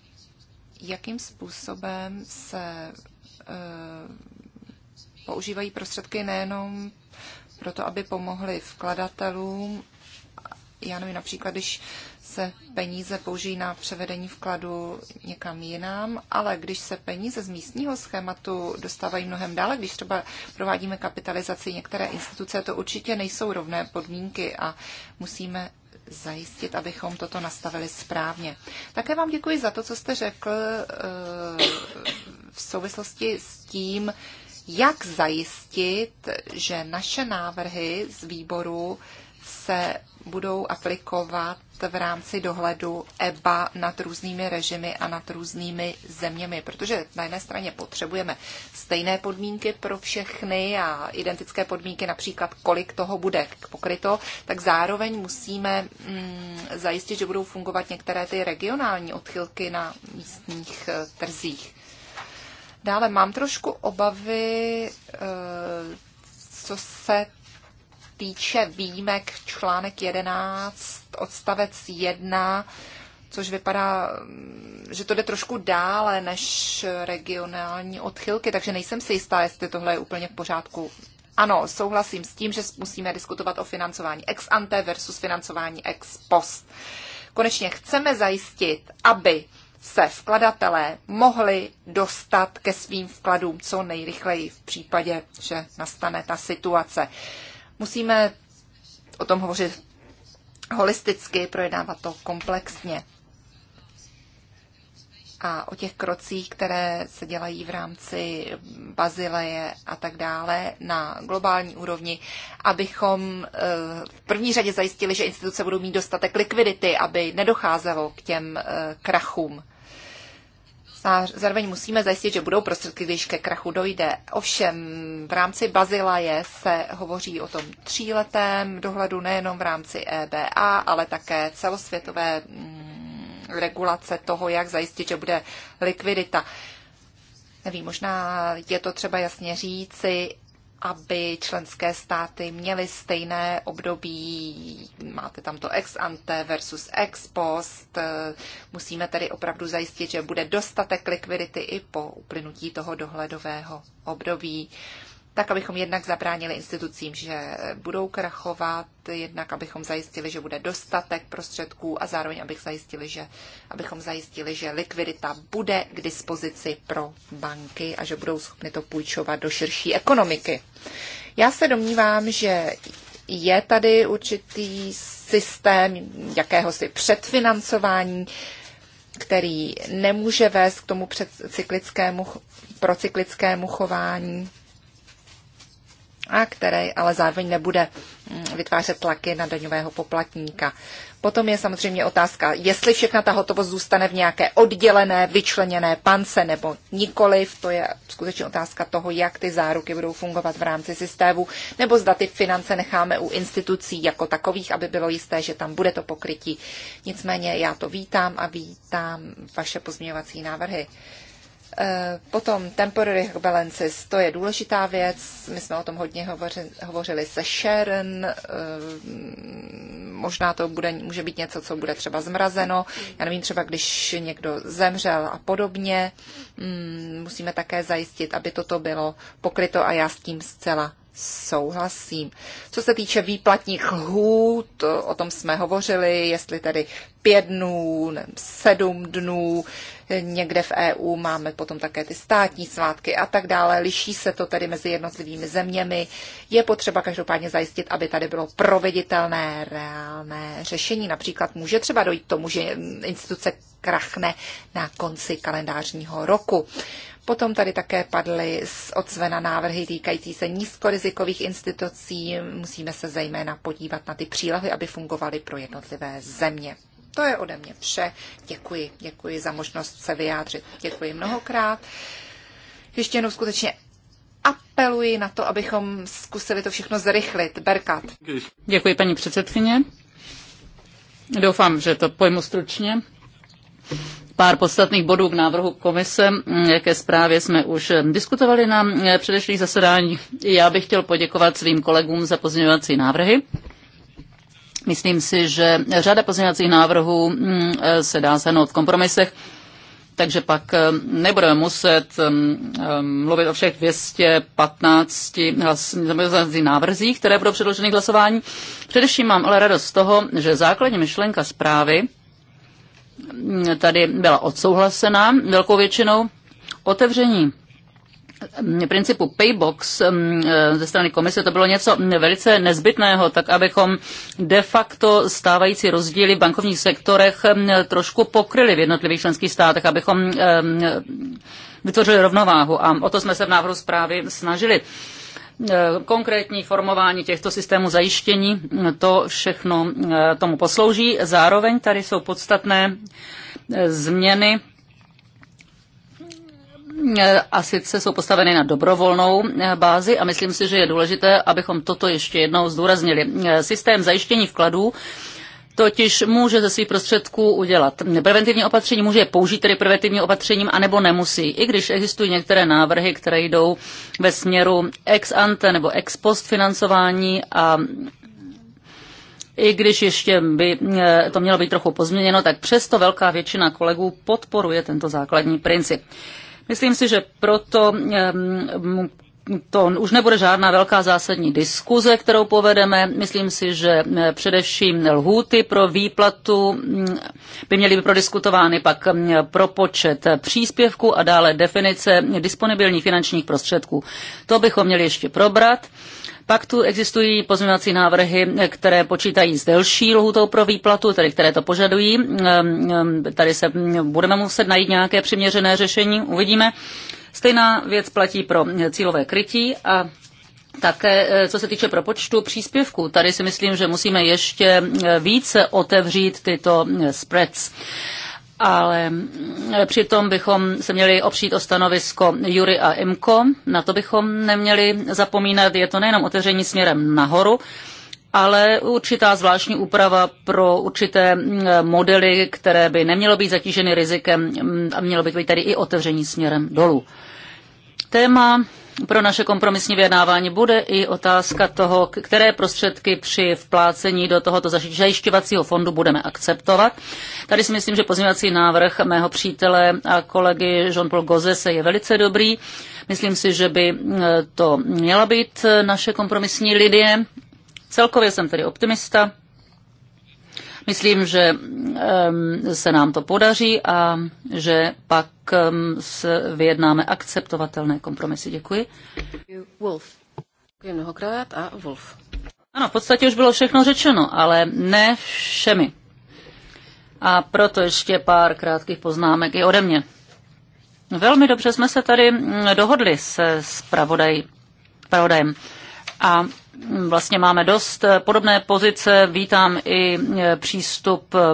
jakým způsobem se eh, používají prostředky nejenom proto, aby pomohly vkladatelům. Já nevím, například, když se peníze použijí na převedení vkladu někam jinam, ale když se peníze z místního schématu dostávají mnohem dále, když třeba provádíme kapitalizaci některé instituce, to určitě nejsou rovné podmínky a musíme zajistit, abychom toto nastavili správně. Také vám děkuji za to, co jste řekl eh, v souvislosti s tím, jak zajistit, že naše návrhy z výboru se budou aplikovat v rámci dohledu EBA nad různými režimy a nad různými zeměmi, protože na jedné straně potřebujeme stejné podmínky pro všechny a identické podmínky, například kolik toho bude pokryto, tak zároveň musíme mm, zajistit, že budou fungovat některé ty regionální odchylky na místních eh, trzích. Dále mám trošku obavy, eh, co se týče výjimek článek 11 odstavec 1, což vypadá, že to jde trošku dále než regionální odchylky, takže nejsem si jistá, jestli tohle je úplně v pořádku. Ano, souhlasím s tím, že musíme diskutovat o financování ex ante versus financování ex post. Konečně chceme zajistit, aby se vkladatelé mohli dostat ke svým vkladům co nejrychleji v případě, že nastane ta situace. Musíme o tom hovořit holisticky, projednávat to komplexně. A o těch krocích, které se dělají v rámci Bazileje a tak dále na globální úrovni, abychom eh, v první řadě zajistili, že instituce budou mít dostatek likvidity, aby nedocházelo k těm eh, krachům. Zároveň musíme zajistit, že budou prostředky, když ke krachu dojde. Ovšem v rámci Bazilaje se hovoří o tom tříletém dohledu nejenom v rámci EBA, ale také celosvětové mm, regulace toho, jak zajistit, že bude likvidita. Nevím, možná je to třeba jasně říci aby členské státy měly stejné období, máte tam to ex ante versus ex post, eh, musíme tedy opravdu zajistit, že bude dostatek likvidity i po uplynutí toho dohledového období tak abychom jednak zabránili institucím, že budou krachovat, jednak abychom zajistili, že bude dostatek prostředků a zároveň abych zajistili, že, abychom zajistili, že likvidita bude k dispozici pro banky a že budou schopny to půjčovat do širší ekonomiky. Já se domnívám, že je tady určitý systém jakéhosi předfinancování, který nemůže vést k tomu cyklickému, procyklickému chování a který ale zároveň nebude mm, vytvářet tlaky na daňového poplatníka. Potom je samozřejmě otázka, jestli všechna ta hotovost zůstane v nějaké oddělené, vyčleněné pance nebo nikoliv. To je skutečně otázka toho, jak ty záruky budou fungovat v rámci systému, nebo zda ty finance necháme u institucí jako takových, aby bylo jisté, že tam bude to pokrytí. Nicméně já to vítám a vítám vaše pozměňovací návrhy. Eh, potom temporary balances, to je důležitá věc, my jsme o tom hodně hovořili, hovořili se Sharon, eh, možná to bude, může být něco, co bude třeba zmrazeno, já nevím, třeba když někdo zemřel a podobně, mm, musíme také zajistit, aby toto bylo pokryto a já s tím zcela souhlasím. Co se týče výplatních lhůt, o tom jsme hovořili, jestli tedy pět dnů, sedm dnů, někde v EU máme potom také ty státní svátky a tak dále. Liší se to tedy mezi jednotlivými zeměmi. Je potřeba každopádně zajistit, aby tady bylo proveditelné, reálné řešení. Například může třeba dojít k tomu, že instituce krachne na konci kalendářního roku. Potom tady také padly od Svena návrhy týkající se nízkorizikových institucí. Musíme se zejména podívat na ty přílohy, aby fungovaly pro jednotlivé země. To je ode mě vše. Děkuji. Děkuji za možnost se vyjádřit. Děkuji mnohokrát. Ještě jednou skutečně apeluji na to, abychom zkusili to všechno zrychlit. Berkat. Děkuji, paní předsedkyně. Doufám, že to pojmu stručně. Pár podstatných bodů k návrhu komise, jaké zprávě jsme už diskutovali na předešlých zasedáních. Já bych chtěl poděkovat svým kolegům za pozměňovací návrhy. Myslím si, že řada pozměňovacích návrhů mm, se dá zhrnout v kompromisech, takže pak mm, nebudeme muset mm, mluvit o všech 215 hlasovacích návrzích, které budou předloženy k hlasování. Především mám ale radost z toho, že základní myšlenka zprávy tady byla odsouhlasena velkou většinou. Otevření principu paybox mm, eh, ze strany komise, to bylo něco velice nezbytného, tak abychom de facto stávající rozdíly v bankovních sektorech mm, trošku pokryli v jednotlivých členských státech, abychom mm, eh, vytvořili rovnováhu a o to jsme se v návrhu zprávy snažili. Eh, konkrétní formování těchto systémů zajištění, eh, to všechno eh, tomu poslouží. Zároveň tady jsou podstatné změny a sice jsou postaveny na dobrovolnou bázi a myslím si, že je důležité, abychom toto ještě jednou zdůraznili. Systém zajištění vkladů totiž může ze svých prostředků udělat preventivní opatření, může je použít tedy preventivním opatřením, anebo nemusí. I když existují některé návrhy, které jdou ve směru ex ante nebo ex post financování a i když ještě by eh, to mělo být trochu pozměněno, tak přesto velká většina kolegů podporuje tento základní princip. Myslím si, že proto ehm, to už nebude žádná velká zásadní diskuze, kterou povedeme. Myslím si, že eh, především lhůty pro výplatu mm, by měly být prodiskutovány pak mm, pro počet příspěvku a dále definice disponibilních finančních prostředků. To bychom měli ještě probrat. Pak tu existují pozměňovací návrhy, které počítají s delší lhutou pro výplatu, tedy které to požadují. Mm, tady se budeme muset najít nějaké přiměřené řešení, uvidíme. Stejná věc platí pro cílové krytí a také eh, co se týče propočtu příspěvků, tady si myslím, že musíme ještě eh, více otevřít tyto eh, spreads ale mm, přitom bychom se měli opřít o stanovisko Jury a Imko, na to bychom neměli zapomínat, je to nejenom otevření směrem nahoru, ale určitá zvláštní úprava pro určité mm, modely, které by nemělo být zatíženy rizikem mm, a mělo by být tady i otevření směrem dolů. Téma pro naše kompromisní vyjednávání bude i otázka toho, které prostředky při vplácení do tohoto zajišťovacího fondu budeme akceptovat. Tady si myslím, že pozměňovací návrh mého přítele a kolegy Jean-Paul Gozese je velice dobrý. Myslím si, že by mm, to měla být e, naše kompromisní lidie, Celkově jsem tedy optimista. Myslím, že se nám to podaří a že pak se vyjednáme akceptovatelné kompromisy. Děkuji. Wolf. Děkuji mnohokrát a Wolf. Ano, v podstatě už bylo všechno řečeno, ale ne všemi. A proto ještě pár krátkých poznámek i ode mě. Velmi dobře jsme se tady mm, dohodli se Pravodaj, a vlastně máme dost podobné pozice. Vítám i e, přístup e,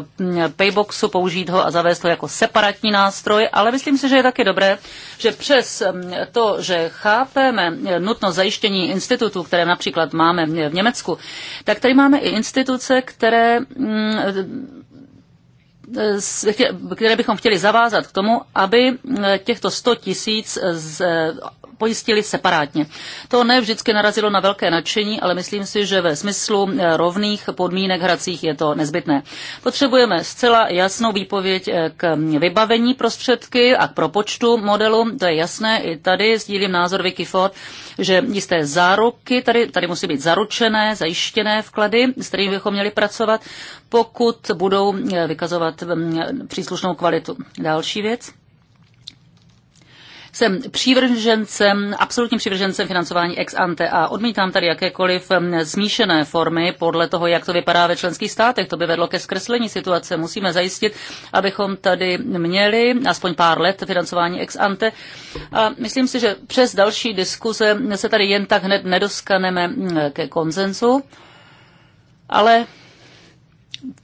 Payboxu, použít ho a zavést ho jako separatní nástroj, ale myslím si, že je taky dobré, že přes e, to, že chápeme nutnost zajištění institutů, které například máme v Německu, tak tady máme i instituce, které mm, které bychom chtěli zavázat k tomu, aby těchto 100 tisíc pojistili separátně. To ne vždycky narazilo na velké nadšení, ale myslím si, že ve smyslu eh, rovných podmínek hracích je to nezbytné. Potřebujeme zcela jasnou výpověď eh, k vybavení prostředky a k propočtu modelu, to je jasné, i tady sdílím názor Vicky Ford, že jisté záruky, tady, tady musí být zaručené, zajištěné vklady, s kterými bychom měli pracovat, pokud budou eh, vykazovat mm, příslušnou kvalitu. Další věc. Jsem přívržencem, absolutním přívržencem financování ex ante a odmítám tady jakékoliv smíšené formy podle toho, jak to vypadá ve členských státech. To by vedlo ke zkreslení situace. Musíme zajistit, abychom tady měli aspoň pár let financování ex ante. A myslím si, že přes další diskuze se tady jen tak hned nedoskaneme ke konsenzu. Ale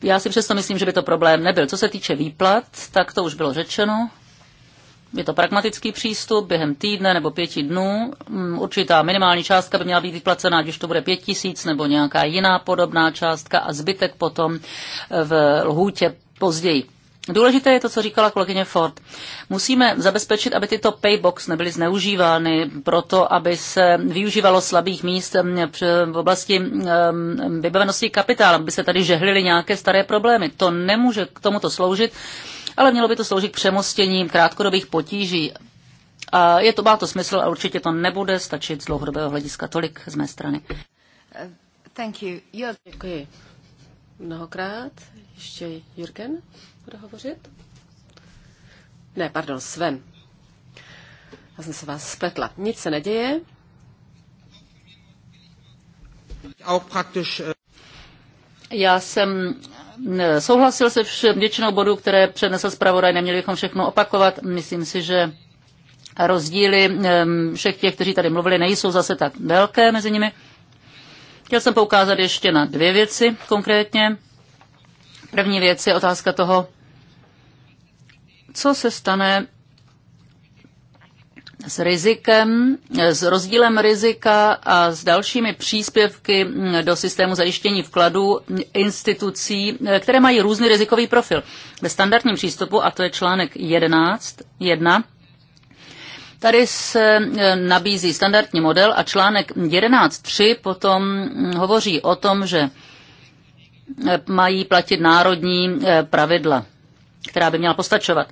já si přesto myslím, že by to problém nebyl. Co se týče výplat, tak to už bylo řečeno. Je to pragmatický přístup během týdne nebo pěti dnů. Mm, určitá minimální částka by měla být vyplacená, když to bude pět tisíc nebo nějaká jiná podobná částka a zbytek potom eh, v lhůtě později. Důležité je to, co říkala kolegyně Ford. Musíme zabezpečit, aby tyto paybox nebyly zneužívány proto, aby se využívalo slabých míst mm, v oblasti mm, vybavenosti kapitálu, aby se tady žehlily nějaké staré problémy. To nemůže k tomuto sloužit ale mělo by to sloužit k přemostění krátkodobých potíží. A je to, má to smysl a určitě to nebude stačit z dlouhodobého hlediska. Tolik z mé strany. Thank you. Jo, děkuji. Mnohokrát. Ještě Jürgen bude hovořit. Ne, pardon, Sven. Já jsem se vás spletla. Nic se neděje. Auch praktisch, äh, Já jsem Eh, souhlasil se všem většinou bodů, které přednesl zpravodaj, neměli bychom všechno opakovat. Myslím si, že rozdíly všech těch, kteří tady mluvili, nejsou zase tak velké mezi nimi. Chtěl jsem poukázat ještě na dvě věci konkrétně. První věc je otázka toho, co se stane s rizikem, s rozdílem rizika a s dalšími příspěvky do systému zajištění vkladů institucí, které mají různý rizikový profil. Ve standardním přístupu, a to je článek 11, 1, Tady se e, nabízí standardní model a článek 11.3 potom hovoří o tom, že e, mají platit národní e, pravidla, která by měla postačovat.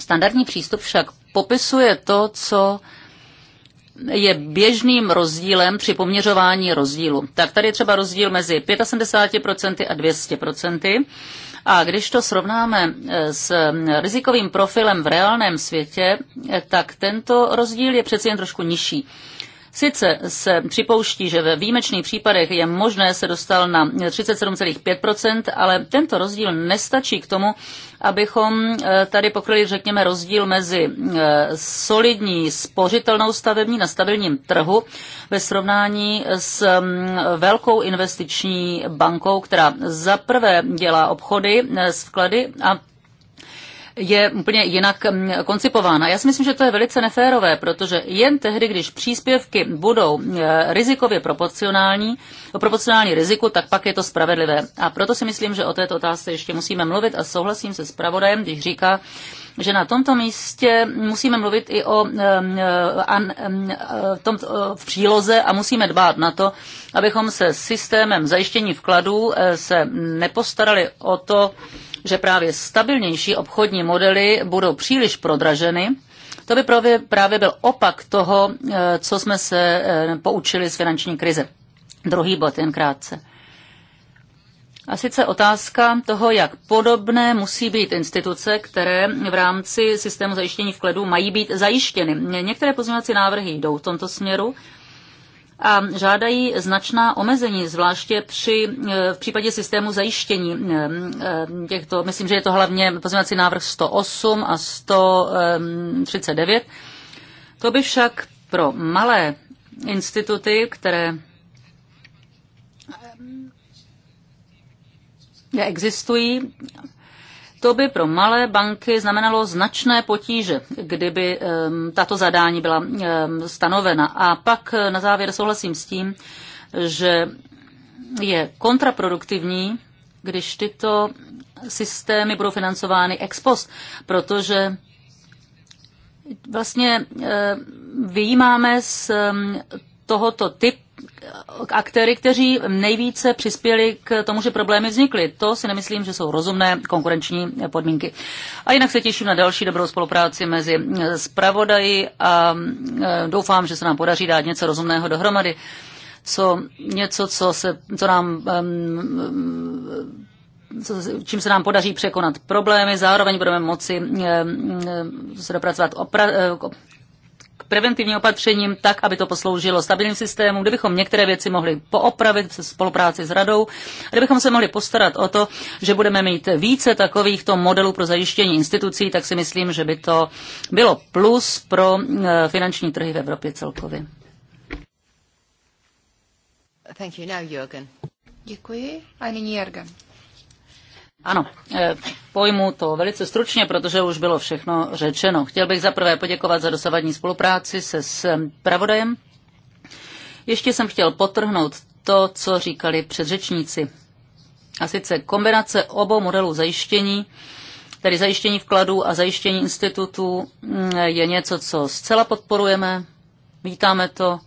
Standardní přístup však popisuje to, co je běžným rozdílem při poměřování rozdílu. Tak tady je třeba rozdíl mezi 75% a 200%. A když to srovnáme e, s rizikovým profilem v reálném světě, e, tak tento rozdíl je přeci jen trošku nižší. Sice se připouští, že ve výjimečných případech je možné se dostal na 37,5%, ale tento rozdíl nestačí k tomu, abychom eh, tady pokryli, řekněme, rozdíl mezi eh, solidní spořitelnou stavební na stabilním trhu ve srovnání s mm, velkou investiční bankou, která zaprvé dělá obchody eh, s vklady a je úplně jinak mm, koncipována. Já si myslím, že to je velice neférové, protože jen tehdy, když příspěvky budou mm, rizikově proporcionální, proporcionální riziku, tak pak je to spravedlivé. A proto si myslím, že o této otázce ještě musíme mluvit a souhlasím se pravodajem, když říká, že na tomto místě musíme mluvit i o mm, eh, a, eh, tom, eh, v příloze a musíme dbát na to, abychom se systémem zajištění vkladů se nepostarali o to, že právě stabilnější obchodní modely budou příliš prodraženy. To by právě, právě byl opak toho, eh, co jsme se eh, poučili z finanční krize. Druhý bod, jen krátce. A sice otázka toho, jak podobné musí být instituce, které v rámci systému zajištění vkladů mají být zajištěny. Některé pozměňovací návrhy jdou v tomto směru a žádají značná omezení, zvláště při, e, v případě systému zajištění e, e, těchto. Myslím, že je to hlavně pozměňovací návrh 108 a 139. To by však pro malé instituty, které existují, to by pro malé banky znamenalo značné potíže, kdyby tato zadání byla stanovena. A pak eh, na závěr souhlasím s tím, že je kontraproduktivní, když tyto systémy budou financovány ex post, protože vlastně eh, vyjímáme z tohoto typu aktéry, kteří nejvíce přispěli k tomu, že problémy vznikly. To si nemyslím, že jsou rozumné konkurenční podmínky. A jinak se těším na další dobrou spolupráci mezi zpravodaji a e, doufám, že se nám podaří dát něco rozumného dohromady, co, něco, co, se, co nám co, čím se nám podaří překonat problémy, zároveň budeme moci se dopracovat opra, e, preventivním opatřením tak, aby to posloužilo stabilním systému, kdybychom některé věci mohli poopravit v spolupráci s radou, kdybychom se mohli postarat o to, že budeme mít více takovýchto modelů pro zajištění institucí, tak si myslím, že by to bylo plus pro eh, finanční trhy v Evropě celkově. Thank you. Now, Jürgen. Děkuji. A nyní Jürgen. Ano, e, pojmu to velice stručně, protože už bylo všechno řečeno. Chtěl bych zaprvé poděkovat za dosavadní spolupráci se s e, pravodajem. Ještě jsem chtěl potrhnout to, co říkali předřečníci. A sice kombinace obou modelů zajištění, tedy zajištění vkladů a zajištění institutů, mm, je něco, co zcela podporujeme, vítáme to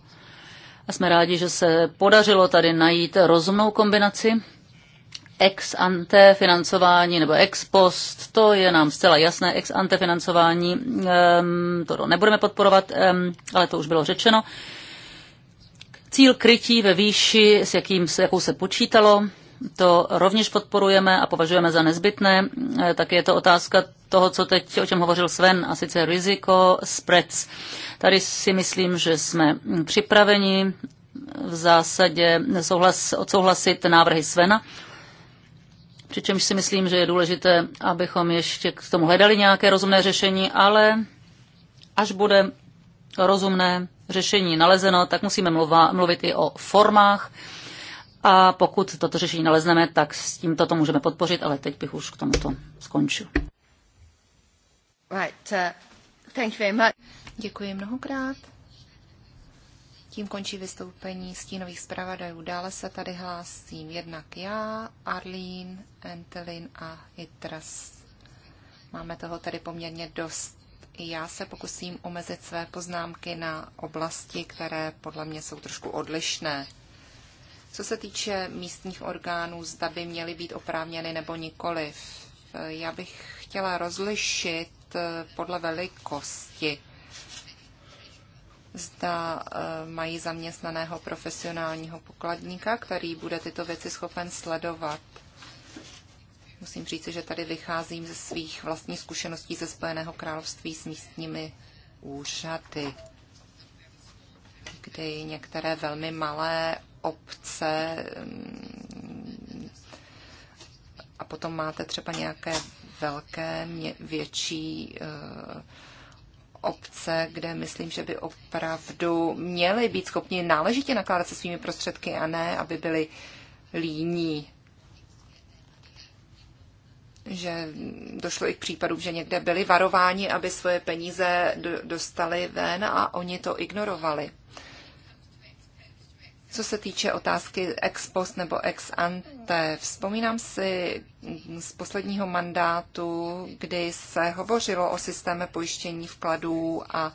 a jsme rádi, že se podařilo tady najít rozumnou kombinaci ex ante financování nebo ex post, to je nám zcela jasné, ex ante financování, ehm, to nebudeme podporovat, ehm, ale to už bylo řečeno. Cíl krytí ve výši, s jakým, s jakou se počítalo, to rovněž podporujeme a považujeme za nezbytné. Eh, tak je to otázka toho, co teď, o čem hovořil Sven, a sice riziko spreads. Tady si myslím, že jsme připraveni v zásadě souhlas, odsouhlasit návrhy Svena Přičemž si myslím, že je důležité, abychom ještě k tomu hledali nějaké rozumné řešení, ale až bude rozumné řešení nalezeno, tak musíme mluva, mluvit i o formách. A pokud toto řešení nalezneme, tak s tímto to můžeme podpořit, ale teď bych už k tomuto skončil. Right, uh, thank you very much. Děkuji mnohokrát. Tím končí vystoupení stínových zpravodajů. Dále se tady hlásím jednak já, Arlín, Entelin a Itras. Máme toho tady poměrně dost. já se pokusím omezit své poznámky na oblasti, které podle mě jsou trošku odlišné. Co se týče místních orgánů, zda by měly být oprávněny nebo nikoliv, já bych chtěla rozlišit eh, podle velikosti zda eh, mají zaměstnaného profesionálního pokladníka, který bude tyto věci schopen sledovat. Musím říct, že tady vycházím ze svých vlastních zkušeností ze Spojeného království s místními úřady, kdy některé velmi malé obce mm, a potom máte třeba nějaké velké, větší eh, obce, kde myslím, že by opravdu měli být schopni náležitě nakládat se svými prostředky a ne, aby byli líní. Že došlo i k případům, že někde byli varováni, aby svoje peníze dostali ven a oni to ignorovali. Co se týče otázky ex post nebo ex ante, vzpomínám si z posledního mandátu, kdy se hovořilo o systému pojištění vkladů a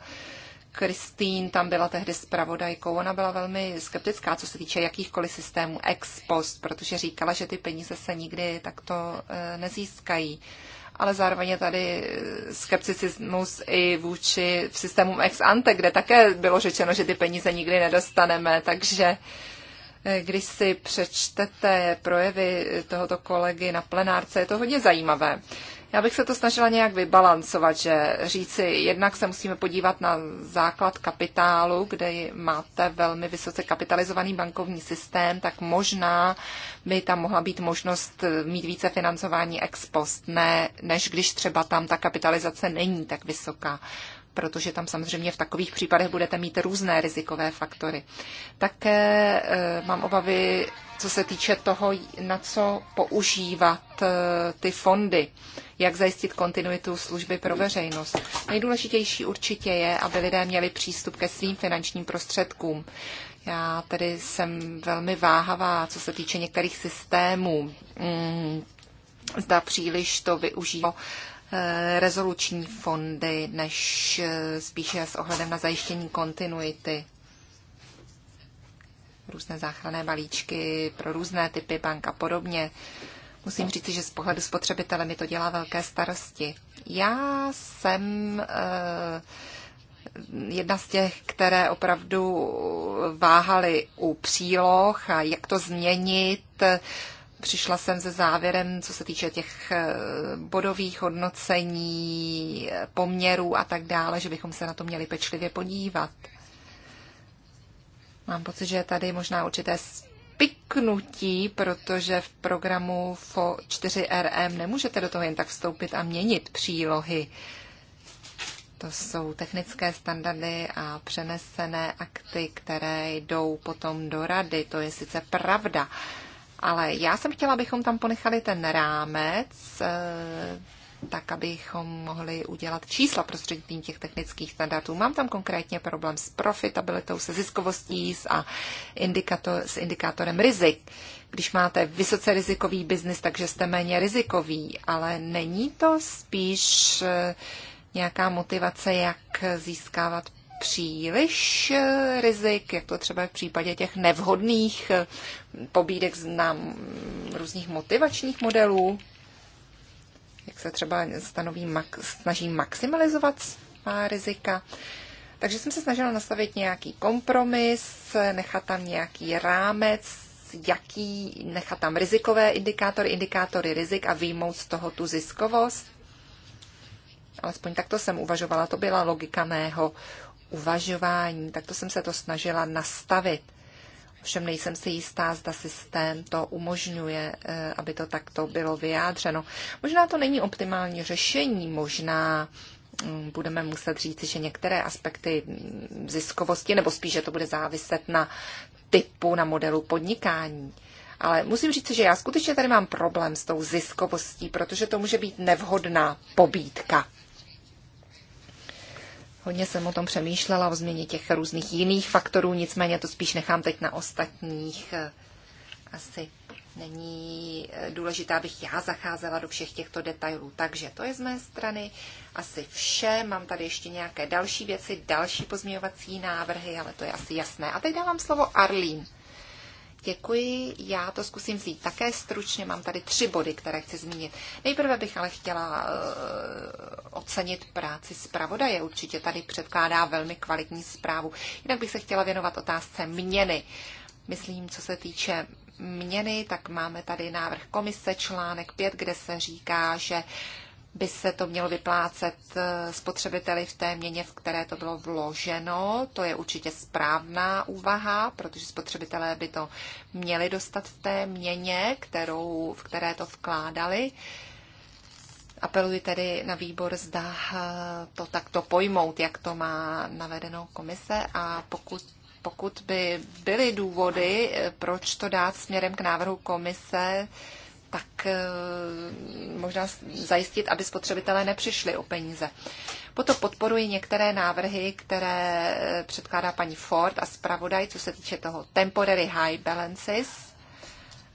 Kristýn tam byla tehdy zpravodajkou. Ona byla velmi skeptická, co se týče jakýchkoliv systémů ex post, protože říkala, že ty peníze se nikdy takto eh, nezískají ale zároveň je tady skepticismus i vůči systémům ex ante, kde také bylo řečeno, že ty peníze nikdy nedostaneme, takže eh, když si přečtete projevy tohoto kolegy na plenárce, je to hodně zajímavé. Já bych se to snažila nějak vybalancovat, že říci, jednak se musíme podívat na základ kapitálu, kde máte velmi vysoce kapitalizovaný bankovní systém, tak možná by tam mohla být možnost mít více financování ex post, ne, než když třeba tam ta kapitalizace není tak vysoká protože tam samozřejmě v takových případech budete mít různé rizikové faktory. Také e, mám obavy co se týče toho, na co používat eh, ty fondy, jak zajistit kontinuitu služby pro veřejnost. Nejdůležitější určitě je, aby lidé měli přístup ke svým finančním prostředkům. Já tedy jsem velmi váhavá, co se týče některých systémů. Mm, zda příliš to využívá eh, rezoluční fondy, než eh, spíše s ohledem na zajištění kontinuity různé záchranné balíčky pro různé typy bank a podobně. Musím říct, že z pohledu spotřebitele mi to dělá velké starosti. Já jsem eh, jedna z těch, které opravdu váhaly u příloh a jak to změnit. Přišla jsem se závěrem, co se týče těch eh, bodových hodnocení, eh, poměrů a tak dále, že bychom se na to měli pečlivě podívat. Mám pocit, že je tady možná určité spiknutí, protože v programu FO 4RM nemůžete do toho jen tak vstoupit a měnit přílohy. To jsou technické standardy a přenesené akty, které jdou potom do rady. To je sice pravda. Ale já jsem chtěla, abychom tam ponechali ten rámec eh, tak abychom mohli udělat čísla prostřednictvím těch technických standardů. Mám tam konkrétně problém s profitabilitou, se ziskovostí a indikator, s indikátorem rizik. Když máte vysoce rizikový biznis, takže jste méně rizikový, ale není to spíš eh, nějaká motivace, jak získávat příliš eh, rizik, jak to třeba v případě těch nevhodných eh, pobídek znám mm, různých motivačních modelů jak se třeba stanoví, snaží maximalizovat svá rizika. Takže jsem se snažila nastavit nějaký kompromis, nechat tam nějaký rámec, jaký nechat tam rizikové indikátory, indikátory rizik a výjmout z toho tu ziskovost. Alespoň takto jsem uvažovala, to byla logika mého uvažování, takto jsem se to snažila nastavit. Všem nejsem si jistá, zda systém to umožňuje, eh, aby to takto bylo vyjádřeno. Možná to není optimální řešení, možná mm, budeme muset říci, že některé aspekty ziskovosti, nebo spíše to bude záviset na typu, na modelu podnikání. Ale musím říct, že já skutečně tady mám problém s tou ziskovostí, protože to může být nevhodná pobídka. Hodně jsem o tom přemýšlela, o změně těch různých jiných faktorů, nicméně to spíš nechám teď na ostatních. Eh, asi není eh, důležité, abych já zacházela do všech těchto detailů. Takže to je z mé strany asi vše. Mám tady ještě nějaké další věci, další pozměňovací návrhy, ale to je asi jasné. A teď dávám slovo Arlín. Děkuji, já to zkusím vzít také stručně, mám tady tři body, které chci zmínit. Nejprve bych ale chtěla uh, ocenit práci zpravodaje, určitě tady předkládá velmi kvalitní zprávu. Jinak bych se chtěla věnovat otázce měny. Myslím, co se týče měny, tak máme tady návrh komise článek 5, kde se říká, že uh, by se to mělo vyplácet eh, spotřebiteli v té měně, v které to bylo vloženo. To je určitě správná úvaha, protože spotřebitelé by to měli dostat v té měně, kterou, v které to vkládali. Apeluji tedy na výbor, zda eh, to takto pojmout, jak to má navedeno komise a pokud pokud by byly důvody, eh, proč to dát směrem k návrhu komise, tak eh, možná zajistit, aby spotřebitelé nepřišli o peníze. Potom podporuji některé návrhy, které eh, předkládá paní Ford a zpravodaj, co se týče toho temporary high balances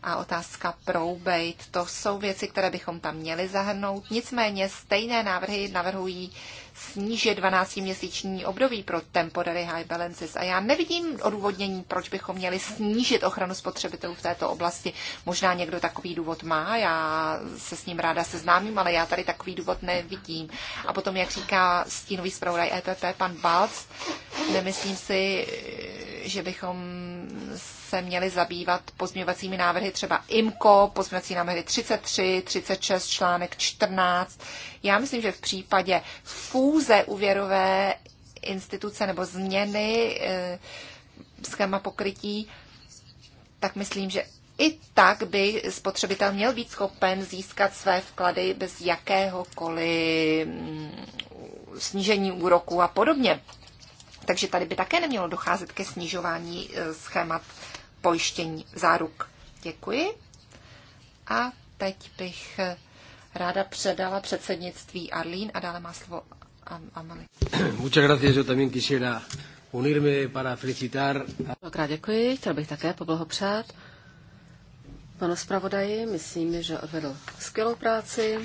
a otázka probate. To jsou věci, které bychom tam měli zahrnout. Nicméně stejné návrhy navrhují sníže 12-měsíční období pro temporary high balances. A já nevidím odůvodnění, proč bychom měli snížit ochranu spotřebitelů v této oblasti. Možná někdo takový důvod má, já se s ním ráda seznámím, ale já tady takový důvod nevidím. A potom, jak říká stínový zpravodaj EPP, pan Balc, nemyslím si, že bychom se měli zabývat pozměňovacími návrhy třeba IMCO, pozměňovací návrhy 33, 36, článek 14. Já myslím, že v případě fůze úvěrové instituce nebo změny e, schéma pokrytí, tak myslím, že i tak by spotřebitel měl být schopen získat své vklady bez jakéhokoliv mm, snížení úroku a podobně. Takže tady by také nemělo docházet ke snižování eh, schémat pojištění záruk. Děkuji. A teď bych eh, ráda předala předsednictví Arlín a dále má slovo Amelie. Muchas gracias, yo también quisiera unirme para felicitar. děkuji, chtěl bych také poblahopřát panu zpravodaji. Myslím, že odvedl skvělou práci,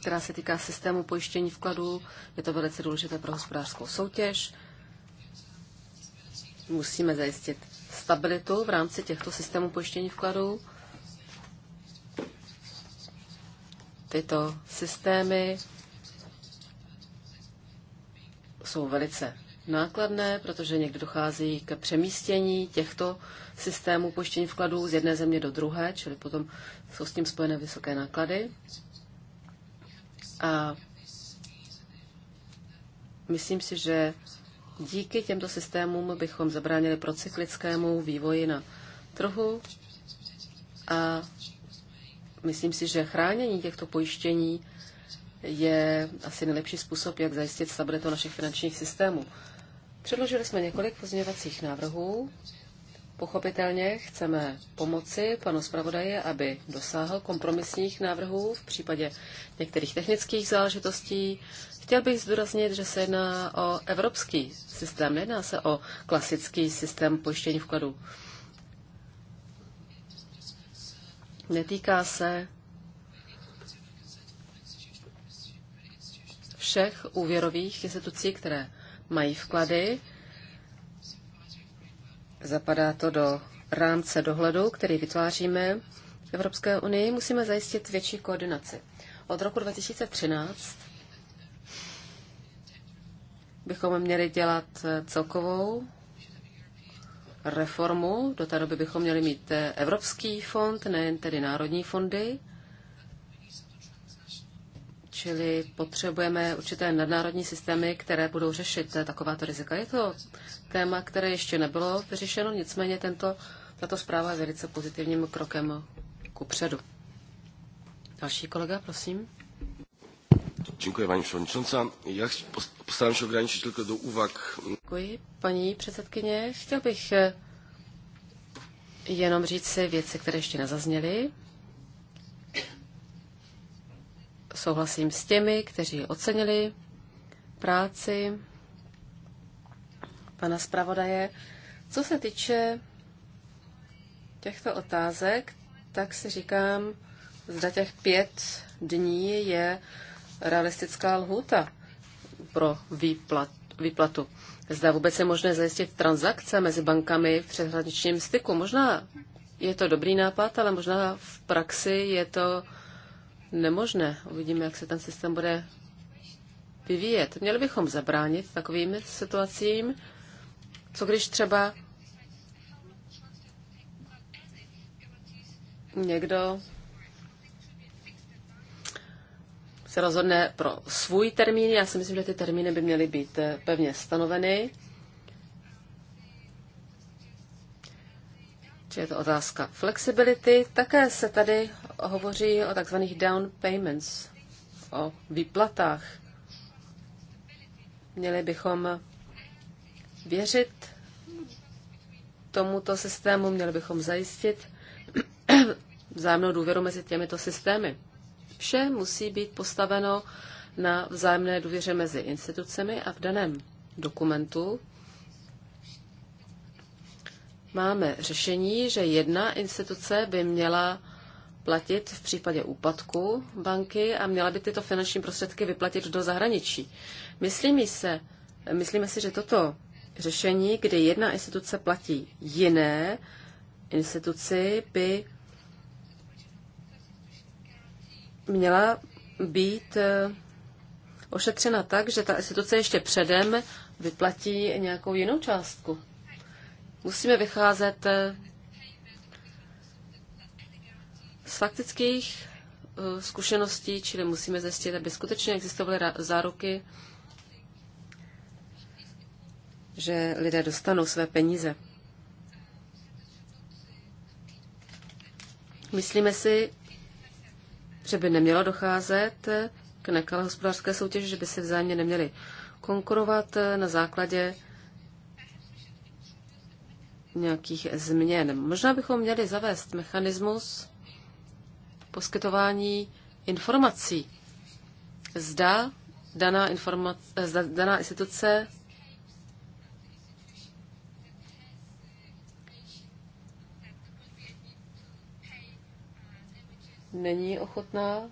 která se týká systému pojištění vkladů. Je to velice důležité pro hospodářskou soutěž. Musíme zajistit stabilitu v rámci těchto systémů pojištění vkladů. Tyto systémy jsou velice nákladné, protože někdy dochází k přemístění těchto systémů pojištění vkladů z jedné země do druhé, čili potom jsou s tím spojené vysoké náklady. A myslím si, že díky těmto systémům bychom zabránili procyklickému vývoji na trhu a myslím si, že chránění těchto pojištění je asi nejlepší způsob, jak zajistit stabilitu našich finančních systémů. Předložili jsme několik pozměňovacích návrhů. Pochopitelně chceme pomoci panu zpravodaji, aby dosáhl kompromisních návrhů v případě některých technických záležitostí. Chtěl bych zdůraznit, že se jedná o evropský systém, nejedná se o klasický systém pojištění vkladů. netýká se všech úvěrových institucí, které mají vklady. Zapadá to do rámce dohledu, který vytváříme v Evropské unii. Musíme zajistit větší koordinaci. Od roku 2013 bychom měli dělat celkovou reformu. Do té doby bychom měli mít eh, Evropský fond, nejen tedy národní fondy. Čili potřebujeme určité nadnárodní systémy, které budou řešit eh, takováto rizika. Je to téma, které ještě nebylo vyřešeno, nicméně tento, tato zpráva je velice pozitivním krokem ku předu. Další kolega, prosím. Dziękuję Pani Przewodnicząca. Já postaram se ograničit tylko do úvah. paní předsedkyně. Chtěl bych e, jenom říct si věci, které ještě nezazněly. Souhlasím s těmi, kteří ocenili práci pana zpravodaje. Co se týče těchto otázek, tak si říkám, zda těch pět dní je realistická lhůta pro výplat, výplatu. Zda vůbec je možné zajistit transakce mezi bankami v přeshraničním styku. Možná je to dobrý nápad, ale možná v praxi je to nemožné. Uvidíme, jak se ten systém bude vyvíjet. Měli bychom zabránit takovým situacím, co když třeba někdo se rozhodne pro svůj termín. Já si myslím, že ty termíny by měly být eh, pevně stanoveny. Čili je to otázka flexibility. Také se tady hovoří o takzvaných down payments, o výplatách. Měli bychom věřit tomuto systému, měli bychom zajistit vzájemnou důvěru mezi těmito systémy. Vše musí být postaveno na vzájemné důvěře mezi institucemi a v daném dokumentu máme řešení, že jedna instituce by měla platit v případě úpadku banky a měla by tyto finanční prostředky vyplatit do zahraničí. Myslíme, se, myslíme si, že toto řešení, kdy jedna instituce platí jiné instituci, by měla být eh, ošetřena tak, že ta instituce ještě předem vyplatí nějakou jinou částku. Musíme vycházet eh, z faktických eh, zkušeností, čili musíme zjistit, aby skutečně existovaly záruky, že lidé dostanou své peníze. Myslíme si, že by nemělo docházet k nekalé hospodářské soutěži, že by si vzájemně neměli konkurovat na základě nějakých změn. Možná bychom měli zavést mechanismus poskytování informací. Zda daná, informace, zda daná instituce není ochotná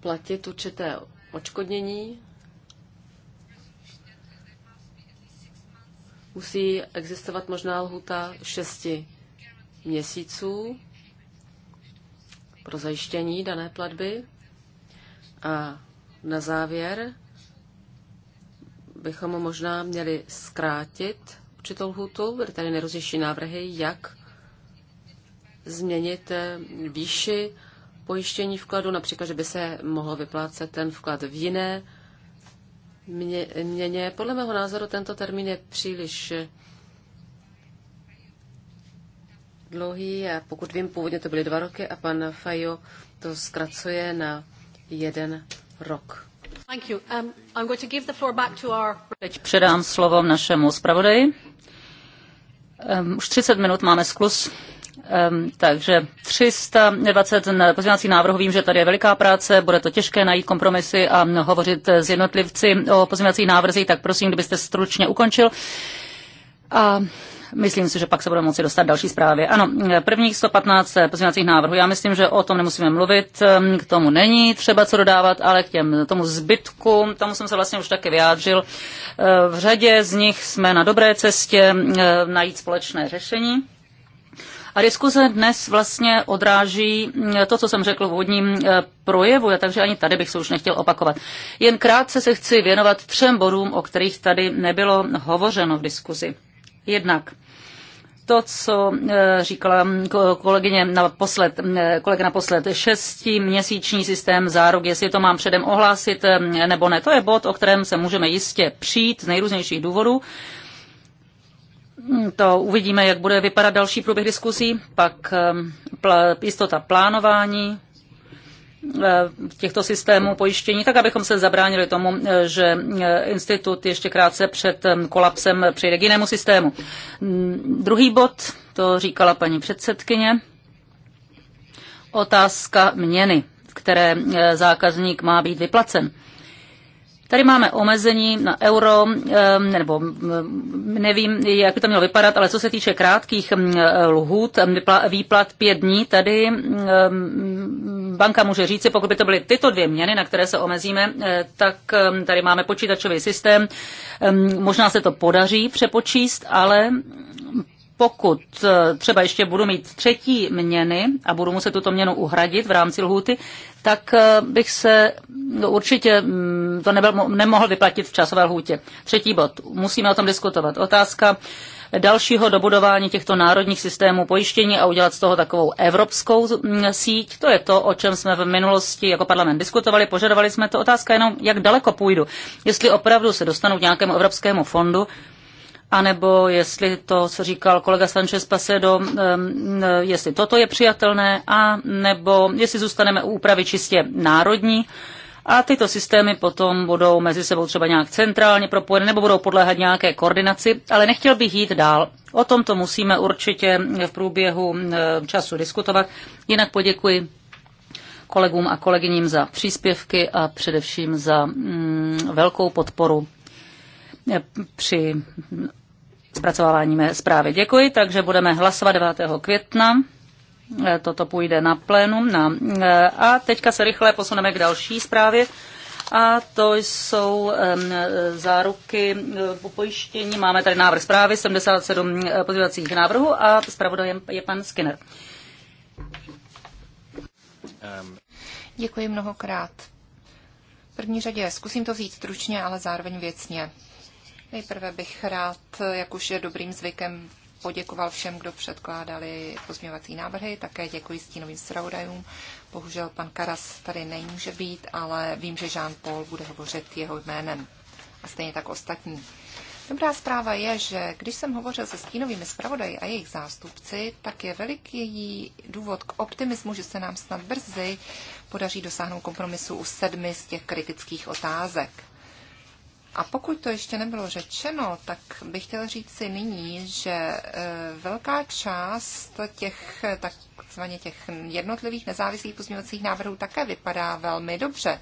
platit určité očkodnění, musí existovat možná lhuta 6 měsíců pro zajištění dané platby. A na závěr bychom možná měli zkrátit určitou lhutu, byly tady nejrůznější návrhy, jak změnit eh, výši pojištění vkladu, například, že by se mohl vyplácet ten vklad v jiné měně. Podle mého názoru tento termín je příliš dlouhý a pokud vím, původně to byly dva roky a pan Fajo to zkracuje na jeden rok. Um, Teď předám slovo našemu zpravodaji. Um, už 30 minut máme sklus takže 320 pozměňovacích návrhů. Vím, že tady je veliká práce, bude to těžké najít kompromisy a hovořit s jednotlivci o pozměňovacích návrzích, tak prosím, kdybyste stručně ukončil. A myslím si, že pak se budeme moci dostat další zprávy. Ano, prvních 115 pozměňovacích návrhů. Já myslím, že o tom nemusíme mluvit, k tomu není třeba co dodávat, ale k těm, tomu zbytku, tomu jsem se vlastně už taky vyjádřil. V řadě z nich jsme na dobré cestě najít společné řešení. A diskuze dnes vlastně odráží mm, to, co jsem řekl v úvodním eh, projevu, takže ani tady bych se už nechtěl opakovat. Jen krátce se chci věnovat třem bodům, o kterých tady nebylo hovořeno v diskuzi. Jednak to, co eh, říkala mm, kolegyně naposled, mm, kolega naposled, šestiměsíční systém záruk, jestli to mám předem ohlásit eh, nebo ne. To je bod, o kterém se můžeme jistě přijít z nejrůznějších důvodů to uvidíme, jak bude vypadat další průběh diskuzí, pak ehm, jistota plánování, ehm, těchto systémů pojištění, tak abychom se zabránili tomu, eh, že eh, institut ještě krátce před ehm, kolapsem přejde k jinému systému. Mm, druhý bod, to říkala paní předsedkyně, otázka měny, které eh, zákazník má být vyplacen. Tady máme omezení na euro, nebo nevím, jak by to mělo vypadat, ale co se týče krátkých lhůt, výplat pět dní, tady banka může říci, pokud by to byly tyto dvě měny, na které se omezíme, eh, tak tady máme počítačový systém. Možná se to podaří přepočíst, ale pokud e, třeba ještě budu mít třetí měny a budu muset tuto měnu uhradit v rámci lhůty, tak e, bych se no, určitě mm, to nebyl, nemohl vyplatit v časové lhůtě. Třetí bod. Musíme o tom diskutovat. Otázka dalšího dobudování těchto národních systémů pojištění a udělat z toho takovou evropskou mm, síť. To je to, o čem jsme v minulosti jako parlament diskutovali, požadovali jsme to. Otázka jenom, jak daleko půjdu. Jestli opravdu se dostanu k nějakému evropskému fondu, anebo jestli to, co říkal kolega Sanchez Pasedo, jestli toto je přijatelné, a nebo jestli zůstaneme u úpravy čistě národní, a tyto systémy potom budou mezi sebou třeba nějak centrálně propojeny nebo budou podléhat nějaké koordinaci, ale nechtěl bych jít dál. O tom to musíme určitě v průběhu času diskutovat. Jinak poděkuji kolegům a kolegyním za příspěvky a především za velkou podporu při zpracovávání mé zprávy. Děkuji, takže budeme hlasovat 9. května. Eh, Toto půjde na plénum. Na, eh, a teďka se rychle posuneme k další zprávě. A to jsou záruky eh, po pojištění. Máme tady návrh zprávy, 77 pozivacích návrhů a zpravodajem je pan Skinner. Děkuji mnohokrát. V první řadě zkusím to říct stručně, ale zároveň věcně. Nejprve bych rád, jak už je dobrým zvykem, poděkoval všem, kdo předkládali pozměňovací návrhy. Také děkuji stínovým zpravodajům. Bohužel pan Karas tady nemůže být, ale vím, že Jean-Paul bude hovořit jeho jménem a stejně tak ostatní. Dobrá zpráva je, že když jsem hovořil se stínovými zpravodaji a jejich zástupci, tak je veliký důvod k optimismu, že se nám snad brzy podaří dosáhnout kompromisu u sedmi z těch kritických otázek. A pokud to ještě nebylo řečeno, tak bych chtěl říct si nyní, že e, velká část těch e, takzvaně těch jednotlivých nezávislých pozměňovacích návrhů také vypadá velmi dobře.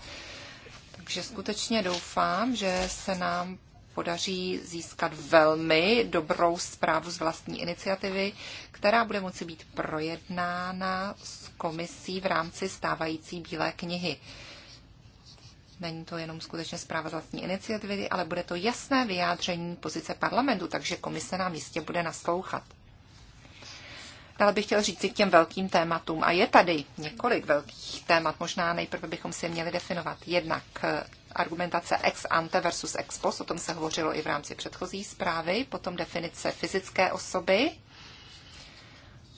Takže skutečně doufám, že se nám podaří získat velmi dobrou zprávu z vlastní iniciativy, která bude moci být projednána s komisí v rámci stávající Bílé knihy. Není to jenom skutečně zpráva vlastní iniciativy, ale bude to jasné vyjádření pozice parlamentu, takže komise nám jistě bude naslouchat. Dále bych chtěl říct si k těm velkým tématům. A je tady několik velkých témat. Možná nejprve bychom si je měli definovat. Jednak eh, argumentace ex ante versus ex post, o tom se hovořilo i v rámci předchozí zprávy, potom definice fyzické osoby,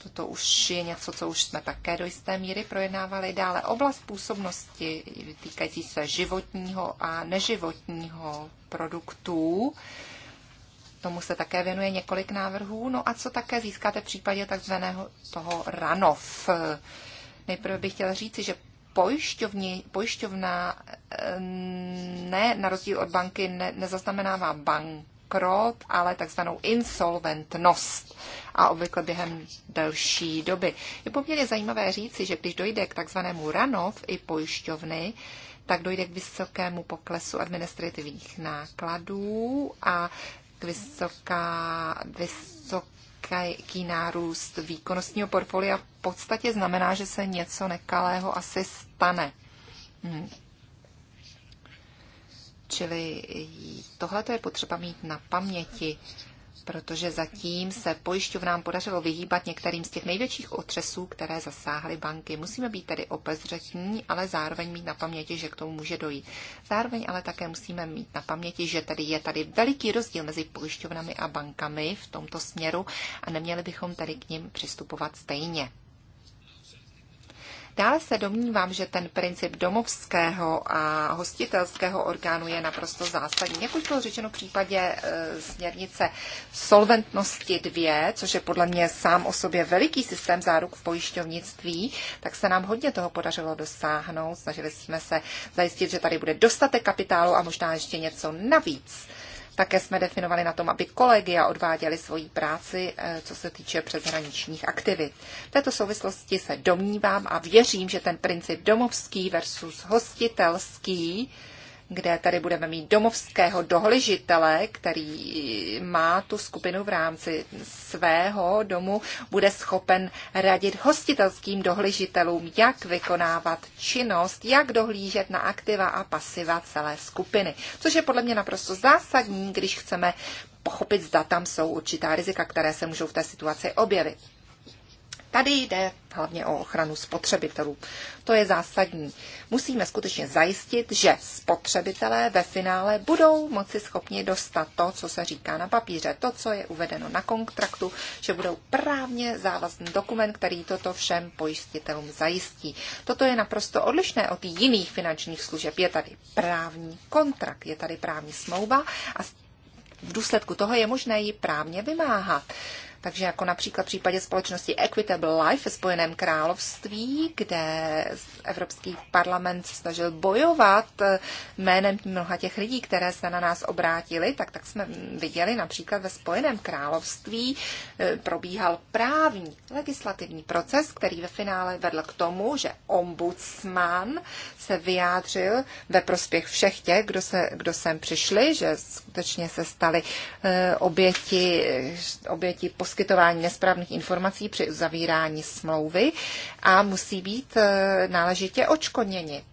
Toto už je něco, co už jsme také do jisté míry projednávali. Dále oblast působnosti týkající se životního a neživotního produktů. Tomu se také věnuje několik návrhů. No a co také získáte v případě takzvaného toho ranov. Nejprve bych chtěla říci, že pojišťovní, pojišťovna eh, ne, na rozdíl od banky ne, nezaznamenává bank bankrot, ale takzvanou insolventnost a obvykle během delší doby. Je poměrně zajímavé říci, že když dojde k takzvanému ranov i pojišťovny, tak dojde k vysokému poklesu administrativních nákladů a k vysoká, vysoký nárůst výkonnostního portfolia v podstatě znamená, že se něco nekalého asi stane. Hmm. Čili tohle je potřeba mít na paměti, protože zatím se pojišťovnám podařilo vyhýbat některým z těch největších otřesů, které zasáhly banky. Musíme být tedy opezřetní, ale zároveň mít na paměti, že k tomu může dojít. Zároveň ale také musíme mít na paměti, že tady je tady veliký rozdíl mezi pojišťovnami a bankami v tomto směru a neměli bychom tady k ním přistupovat stejně. Dále se domnívám, že ten princip domovského a hostitelského orgánu je naprosto zásadní. Jak už bylo řečeno v případě e, směrnice solventnosti 2, což je podle mě sám o sobě veliký systém záruk v pojišťovnictví, tak se nám hodně toho podařilo dosáhnout. Snažili jsme se zajistit, že tady bude dostatek kapitálu a možná ještě něco navíc. Také jsme definovali na tom, aby kolegia odváděli svoji práci, eh, co se týče přeshraničních aktivit. V této souvislosti se domnívám a věřím, že ten princip domovský versus hostitelský kde tady budeme mít domovského dohližitele, který má tu skupinu v rámci svého domu, bude schopen radit hostitelským dohližitelům, jak vykonávat činnost, jak dohlížet na aktiva a pasiva celé skupiny. Což je podle mě naprosto zásadní, když chceme pochopit, zda tam jsou určitá rizika, které se můžou v té situaci objevit. Tady jde hlavně o ochranu spotřebitelů. To je zásadní. Musíme skutečně zajistit, že spotřebitelé ve finále budou moci schopni dostat to, co se říká na papíře, to, co je uvedeno na kontraktu, že budou právně závazný dokument, který toto všem pojistitelům zajistí. Toto je naprosto odlišné od jiných finančních služeb. Je tady právní kontrakt, je tady právní smlouva a v důsledku toho je možné ji právně vymáhat. Takže jako například v případě společnosti Equitable Life ve Spojeném království, kde Evropský parlament snažil bojovat eh, jménem mnoha těch lidí, které se na nás obrátili, tak, tak jsme viděli například ve Spojeném království eh, probíhal právní legislativní proces, který ve finále vedl k tomu, že ombudsman se vyjádřil ve prospěch všech těch, kdo, se, kdo sem přišli, že skutečně se stali eh, oběti, oběti poskytování nesprávných informací při uzavírání smlouvy a musí být eh, náležitě očkodněni.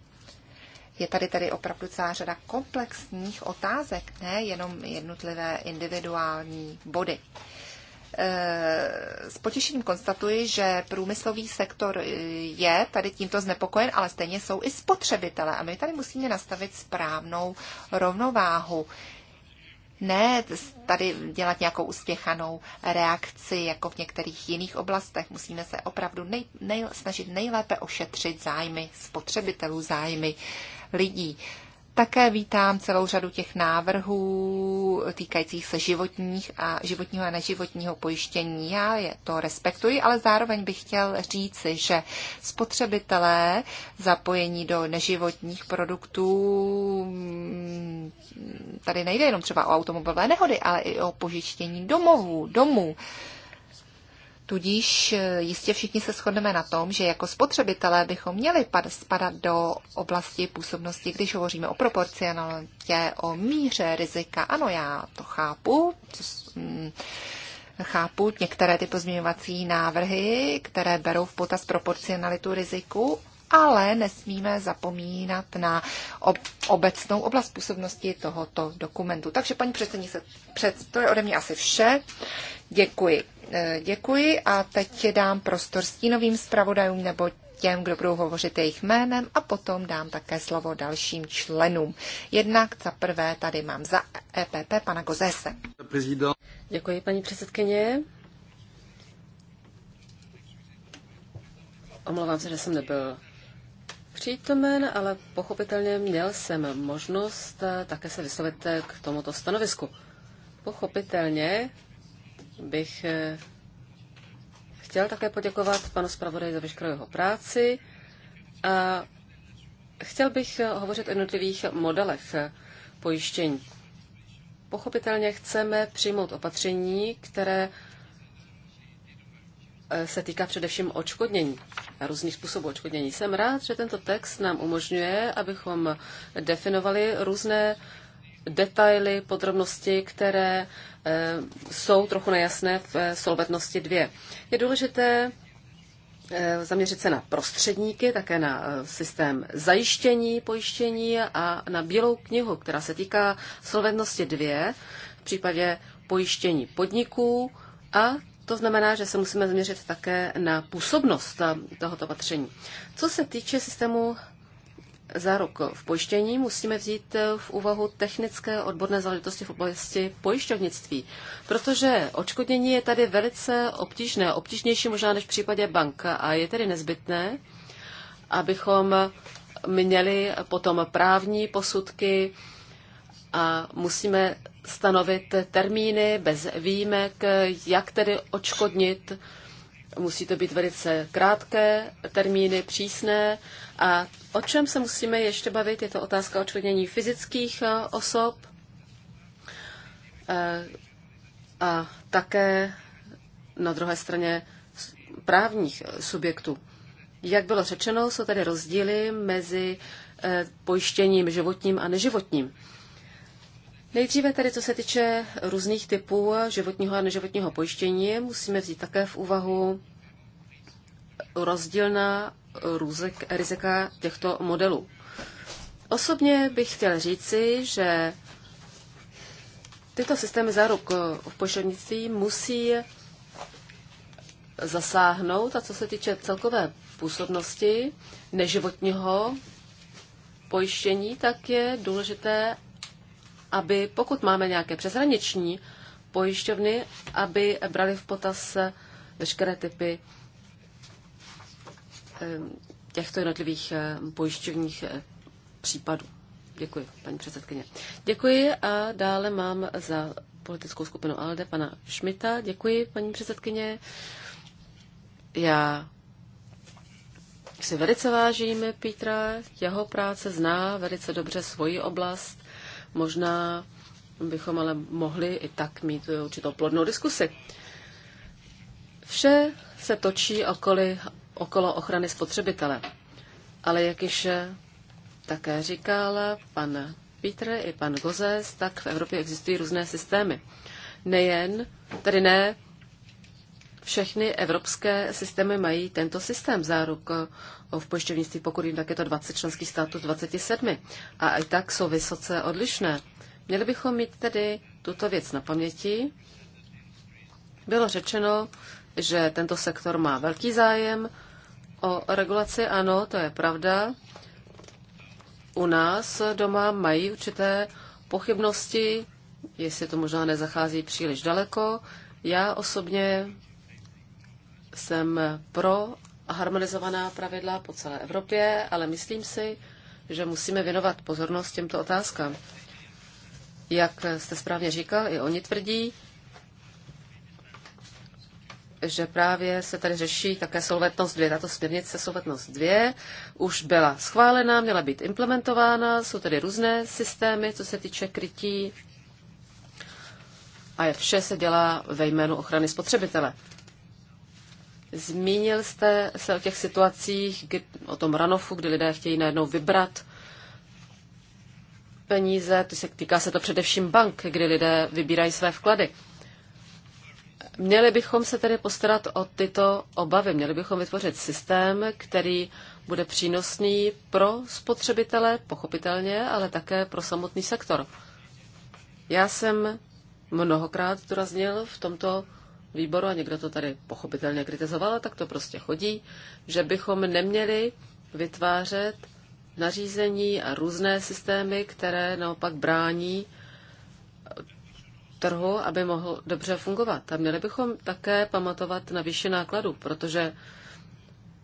Je tady tedy opravdu celá řada komplexních otázek, ne jenom jednotlivé individuální body. Eh, s potěšením konstatuji, že průmyslový sektor eh, je tady tímto znepokojen, ale stejně jsou i spotřebitelé. A my tady musíme nastavit správnou rovnováhu ne tady dělat nějakou uspěchanou reakci, jako v některých jiných oblastech. Musíme se opravdu nej, nej, snažit nejlépe ošetřit zájmy spotřebitelů, zájmy lidí. Uh, také vítám celou řadu těch návrhů týkajících se životních a životního a neživotního pojištění. Já je to respektuji, ale zároveň bych chtěl říci, že spotřebitelé zapojení do neživotních produktů, mm, tady nejde jenom třeba o automobilové nehody, ale i o pojištění domovů, domů. domů Tudíž eh, jistě všichni se shodneme na tom, že jako spotřebitelé bychom měli spadat do oblasti působnosti, když hovoříme o proporcionalitě, o míře rizika. Ano, já to chápu. Mm, chápu některé ty pozměňovací návrhy, které berou v potaz proporcionalitu riziku, ale nesmíme zapomínat na ob- obecnou oblast působnosti tohoto dokumentu. Takže paní předsednice, před, to je ode mě asi vše. Děkuji E, děkuji a teď dám prostor stínovým zpravodajům nebo těm, kdo budou hovořit jejich jménem a potom dám také slovo dalším členům. Jednak za prvé tady mám za EPP pana Gozese. Děkuji, paní předsedkyně. Omlouvám se, že jsem nebyl přítomen, ale pochopitelně měl jsem možnost eh, také se vyslovit eh, k tomuto stanovisku. Pochopitelně bych eh, chtěl také poděkovat panu zpravodaji za veškerou jeho práci. A chtěl bych eh, hovořit o jednotlivých modelech eh, pojištění. Pochopitelně chceme přijmout opatření, které se týká především očkodnění a různých způsobů očkodnění. Jsem rád, že tento text nám umožňuje, abychom definovali různé detaily, podrobnosti, které Eh, jsou trochu nejasné v solvetnosti 2. Je důležité eh, zaměřit se na prostředníky, také na eh, systém zajištění, pojištění a na bílou knihu, která se týká solventnosti 2 v případě pojištění podniků a to znamená, že se musíme změřit také na působnost tohoto patření. Co se týče systému za rok v pojištění, musíme vzít eh, v úvahu technické odborné záležitosti v oblasti pojišťovnictví, protože očkodnění je tady velice obtížné, obtížnější možná než v případě banka a je tedy nezbytné, abychom měli potom právní posudky a musíme stanovit termíny bez výjimek, jak tedy očkodnit. Musí to být velice krátké termíny, přísné a o čem se musíme ještě bavit, je to otázka očkodnění fyzických eh, osob eh, a také na druhé straně právních eh, subjektů. Jak bylo řečeno, jsou tady rozdíly mezi pojištěním životním a neživotním. Nejdříve tedy, co se týče různých typů životního a neživotního pojištění, musíme vzít také v úvahu rozdílná růzek, rizika těchto modelů. Osobně bych chtěl říci, že tyto systémy záruk eh, v pojišťovnictví musí zasáhnout a co se týče celkové působnosti neživotního pojištění, tak je důležité, aby pokud máme nějaké přeshraniční pojišťovny, aby brali v potaz veškeré typy Eh, těchto jednotlivých eh, pojišťovních eh, případů. Děkuji, paní předsedkyně. Děkuji a dále mám za politickou skupinu ALDE pana Šmita. Děkuji, paní předsedkyně. Já si velice vážím Petra, jeho práce zná velice dobře svoji oblast. Možná bychom ale mohli i tak mít určitou plodnou diskusi. Vše se točí okoli, okolo ochrany spotřebitele. Ale jak již eh, také říkal pan Petr i pan Gozes, tak v Evropě existují různé systémy. Nejen, tedy ne, všechny evropské systémy mají tento systém záruk eh, v pojišťovnictví, pokud jim tak je to 20 členských států 27. A i tak jsou vysoce odlišné. Měli bychom mít tedy tuto věc na paměti. Bylo řečeno, že tento sektor má velký zájem O regulaci ano, to je pravda. U nás doma mají určité pochybnosti, jestli to možná nezachází příliš daleko. Já osobně jsem pro harmonizovaná pravidla po celé Evropě, ale myslím si, že musíme věnovat pozornost těmto otázkám. Jak jste správně říkal, i oni tvrdí, že právě se tady řeší také solvetnost 2. Tato směrnice solvetnost 2 už byla schválená, měla být implementována, jsou tady různé systémy, co se týče krytí a je vše se dělá ve jménu ochrany spotřebitele. Zmínil jste se o těch situacích, kdy, o tom ranofu, kdy lidé chtějí najednou vybrat peníze, to se, týká se to především bank, kdy lidé vybírají své vklady. Měli bychom se tedy postarat o tyto obavy. Měli bychom vytvořit systém, který bude přínosný pro spotřebitele, pochopitelně, ale také pro samotný sektor. Já jsem mnohokrát zdůraznil v tomto výboru, a někdo to tady pochopitelně kritizoval, tak to prostě chodí, že bychom neměli vytvářet nařízení a různé systémy, které naopak brání trhu, aby mohl dobře fungovat. A měli bychom také pamatovat na vyšší nákladu, protože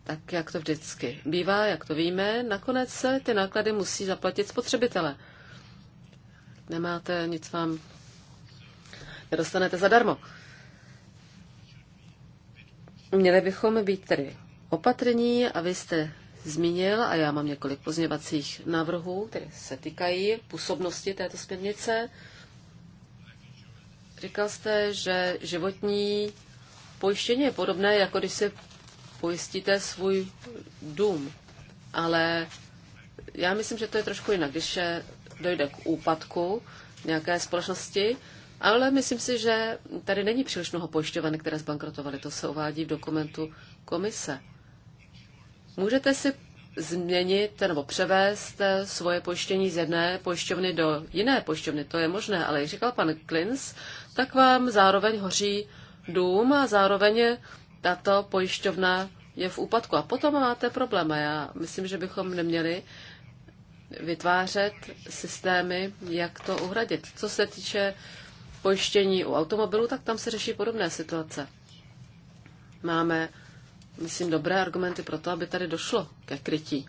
tak, jak to vždycky bývá, jak to víme, nakonec se ty náklady musí zaplatit spotřebitele. Nemáte nic vám, nedostanete zadarmo. Měli bychom být tedy opatrní a vy jste zmínil, a já mám několik pozněvacích návrhů, které se týkají působnosti této směrnice. Říkal jste, že životní pojištění je podobné, jako když se pojistíte svůj dům. Ale já myslím, že to je trošku jinak, když dojde k úpadku nějaké společnosti, ale myslím si, že tady není příliš mnoho pojišťoven, které zbankrotovaly. To se uvádí v dokumentu komise. Můžete si změnit nebo převést svoje pojištění z jedné pojišťovny do jiné pojišťovny. To je možné, ale jak říkal pan Klins, tak vám zároveň hoří dům a zároveň tato pojišťovna je v úpadku. A potom máte problém. A já myslím, že bychom neměli vytvářet systémy, jak to uhradit. Co se týče pojištění u automobilů, tak tam se řeší podobné situace. Máme, myslím, dobré argumenty pro to, aby tady došlo ke krytí.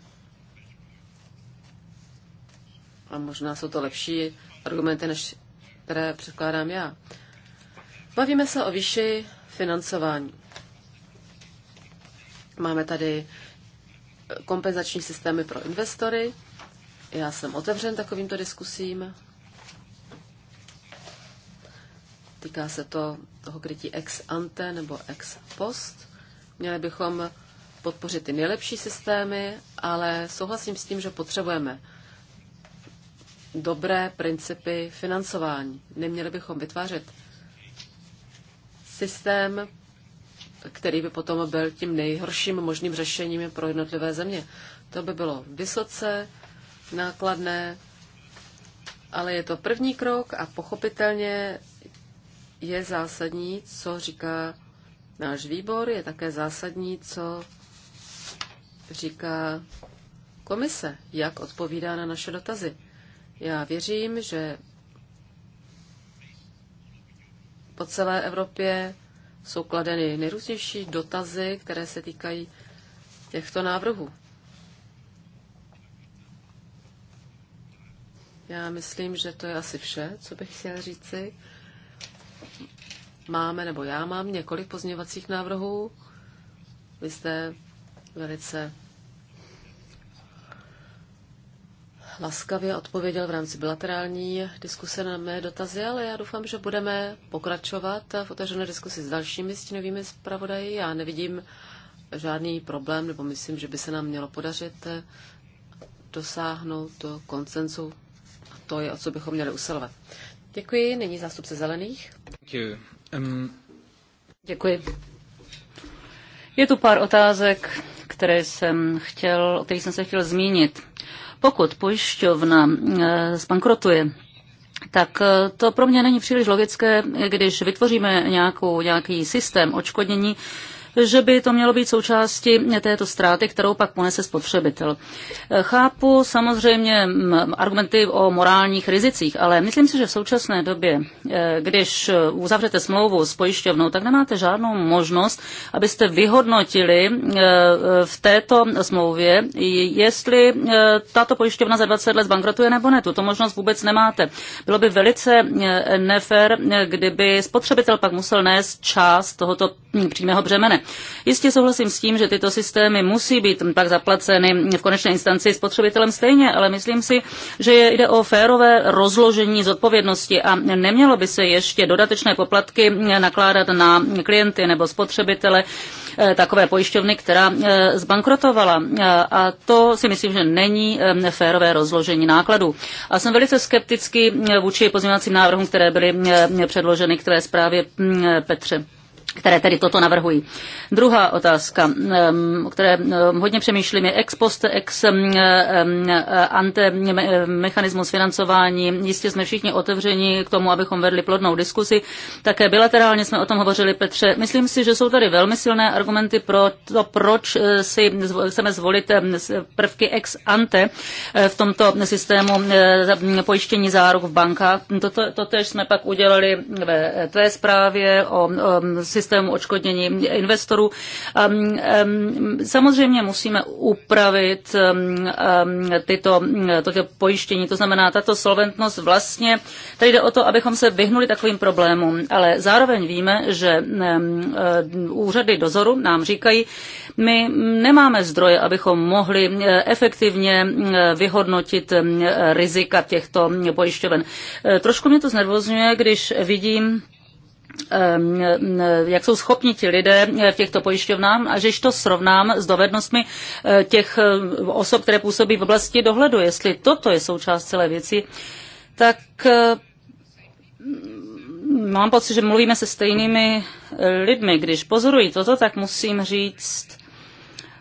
A možná jsou to lepší argumenty než které předkládám já. Bavíme se o výši financování. Máme tady kompenzační systémy pro investory. Já jsem otevřen takovýmto diskusím. Týká se to toho krytí ex ante nebo ex post. Měli bychom podpořit ty nejlepší systémy, ale souhlasím s tím, že potřebujeme dobré principy financování. Neměli bychom vytvářet systém, který by potom byl tím nejhorším možným řešením pro jednotlivé země. To by bylo vysoce nákladné, ale je to první krok a pochopitelně je zásadní, co říká náš výbor, je také zásadní, co říká komise, jak odpovídá na naše dotazy. Já věřím, že po celé Evropě jsou kladeny nejrůznější dotazy, které se týkají těchto návrhů. Já myslím, že to je asi vše, co bych chtěla říci. Máme, nebo já mám několik pozměňovacích návrhů. Vy jste velice laskavě odpověděl v rámci bilaterální diskuse na mé dotazy, ale já doufám, že budeme pokračovat v otevřené diskusi s dalšími stínovými zpravodaji. Já nevidím žádný problém, nebo myslím, že by se nám mělo podařit dosáhnout do koncensu. A to je, o co bychom měli usilovat. Děkuji. Nyní zástupce zelených. Děkuji. Um... Děkuji. Je tu pár otázek, které jsem chtěl, o kterých jsem se chtěl zmínit. Pokud pojišťovna eh, zbankrotuje, tak eh, to pro mě není příliš logické, když vytvoříme nějakou, nějaký systém očkodnění, že by to mělo být součástí této ztráty, kterou pak ponese spotřebitel. Chápu samozřejmě mm, argumenty o morálních rizicích, ale myslím si, že v současné době, eh, když uzavřete smlouvu s pojišťovnou, tak nemáte žádnou možnost, abyste vyhodnotili eh, v této smlouvě, jestli eh, tato pojišťovna za 20 let zbankrotuje nebo ne. Tuto možnost vůbec nemáte. Bylo by velice nefér, kdyby spotřebitel pak musel nést část tohoto hm, přímého břemene. Jistě souhlasím s tím, že tyto systémy musí být pak zaplaceny v konečné instanci spotřebitelem stejně, ale myslím si, že jde o férové rozložení zodpovědnosti a nemělo by se ještě dodatečné poplatky nakládat na klienty nebo spotřebitele eh, takové pojišťovny, která eh, zbankrotovala. Eh, a to si myslím, že není férové rozložení nákladů. A jsem velice skeptický vůči pozměňovacím návrhům, které byly předloženy k té zprávě mm, Petře které tedy toto navrhují. Druhá otázka, ehm, o které ehm, hodně přemýšlím, je ex post, ex ehm, ante mechanismus financování. Jistě jsme všichni otevřeni k tomu, abychom vedli plodnou diskusi. Také bilaterálně jsme o tom hovořili, Petře. Myslím si, že jsou tady velmi silné argumenty pro to, proč eh, si chceme zvolit prvky ex ante eh, v tomto systému eh, pojištění záruk v bankách. Toto, totež jsme pak udělali ve tvé zprávě o systému systému očkodnění investorů. Ehm, ehm, samozřejmě musíme upravit ehm, tyto, toto pojištění, to znamená tato solventnost vlastně, tady jde o to, abychom se vyhnuli takovým problémům, ale zároveň víme, že eh, úřady dozoru nám říkají, my nemáme zdroje, abychom mohli eh, efektivně eh, vyhodnotit rizika těchto pojišťoven. Trošku mě to znervozňuje, když vidím, Ehm, ehm, jak jsou schopni ti lidé v těchto pojišťovnám a že to srovnám s dovednostmi eh, těch eh, osob, které působí v oblasti dohledu. Jestli toto je součást celé věci, tak eh, mám pocit, že mluvíme se stejnými lidmi. Když pozorují toto, tak musím říct,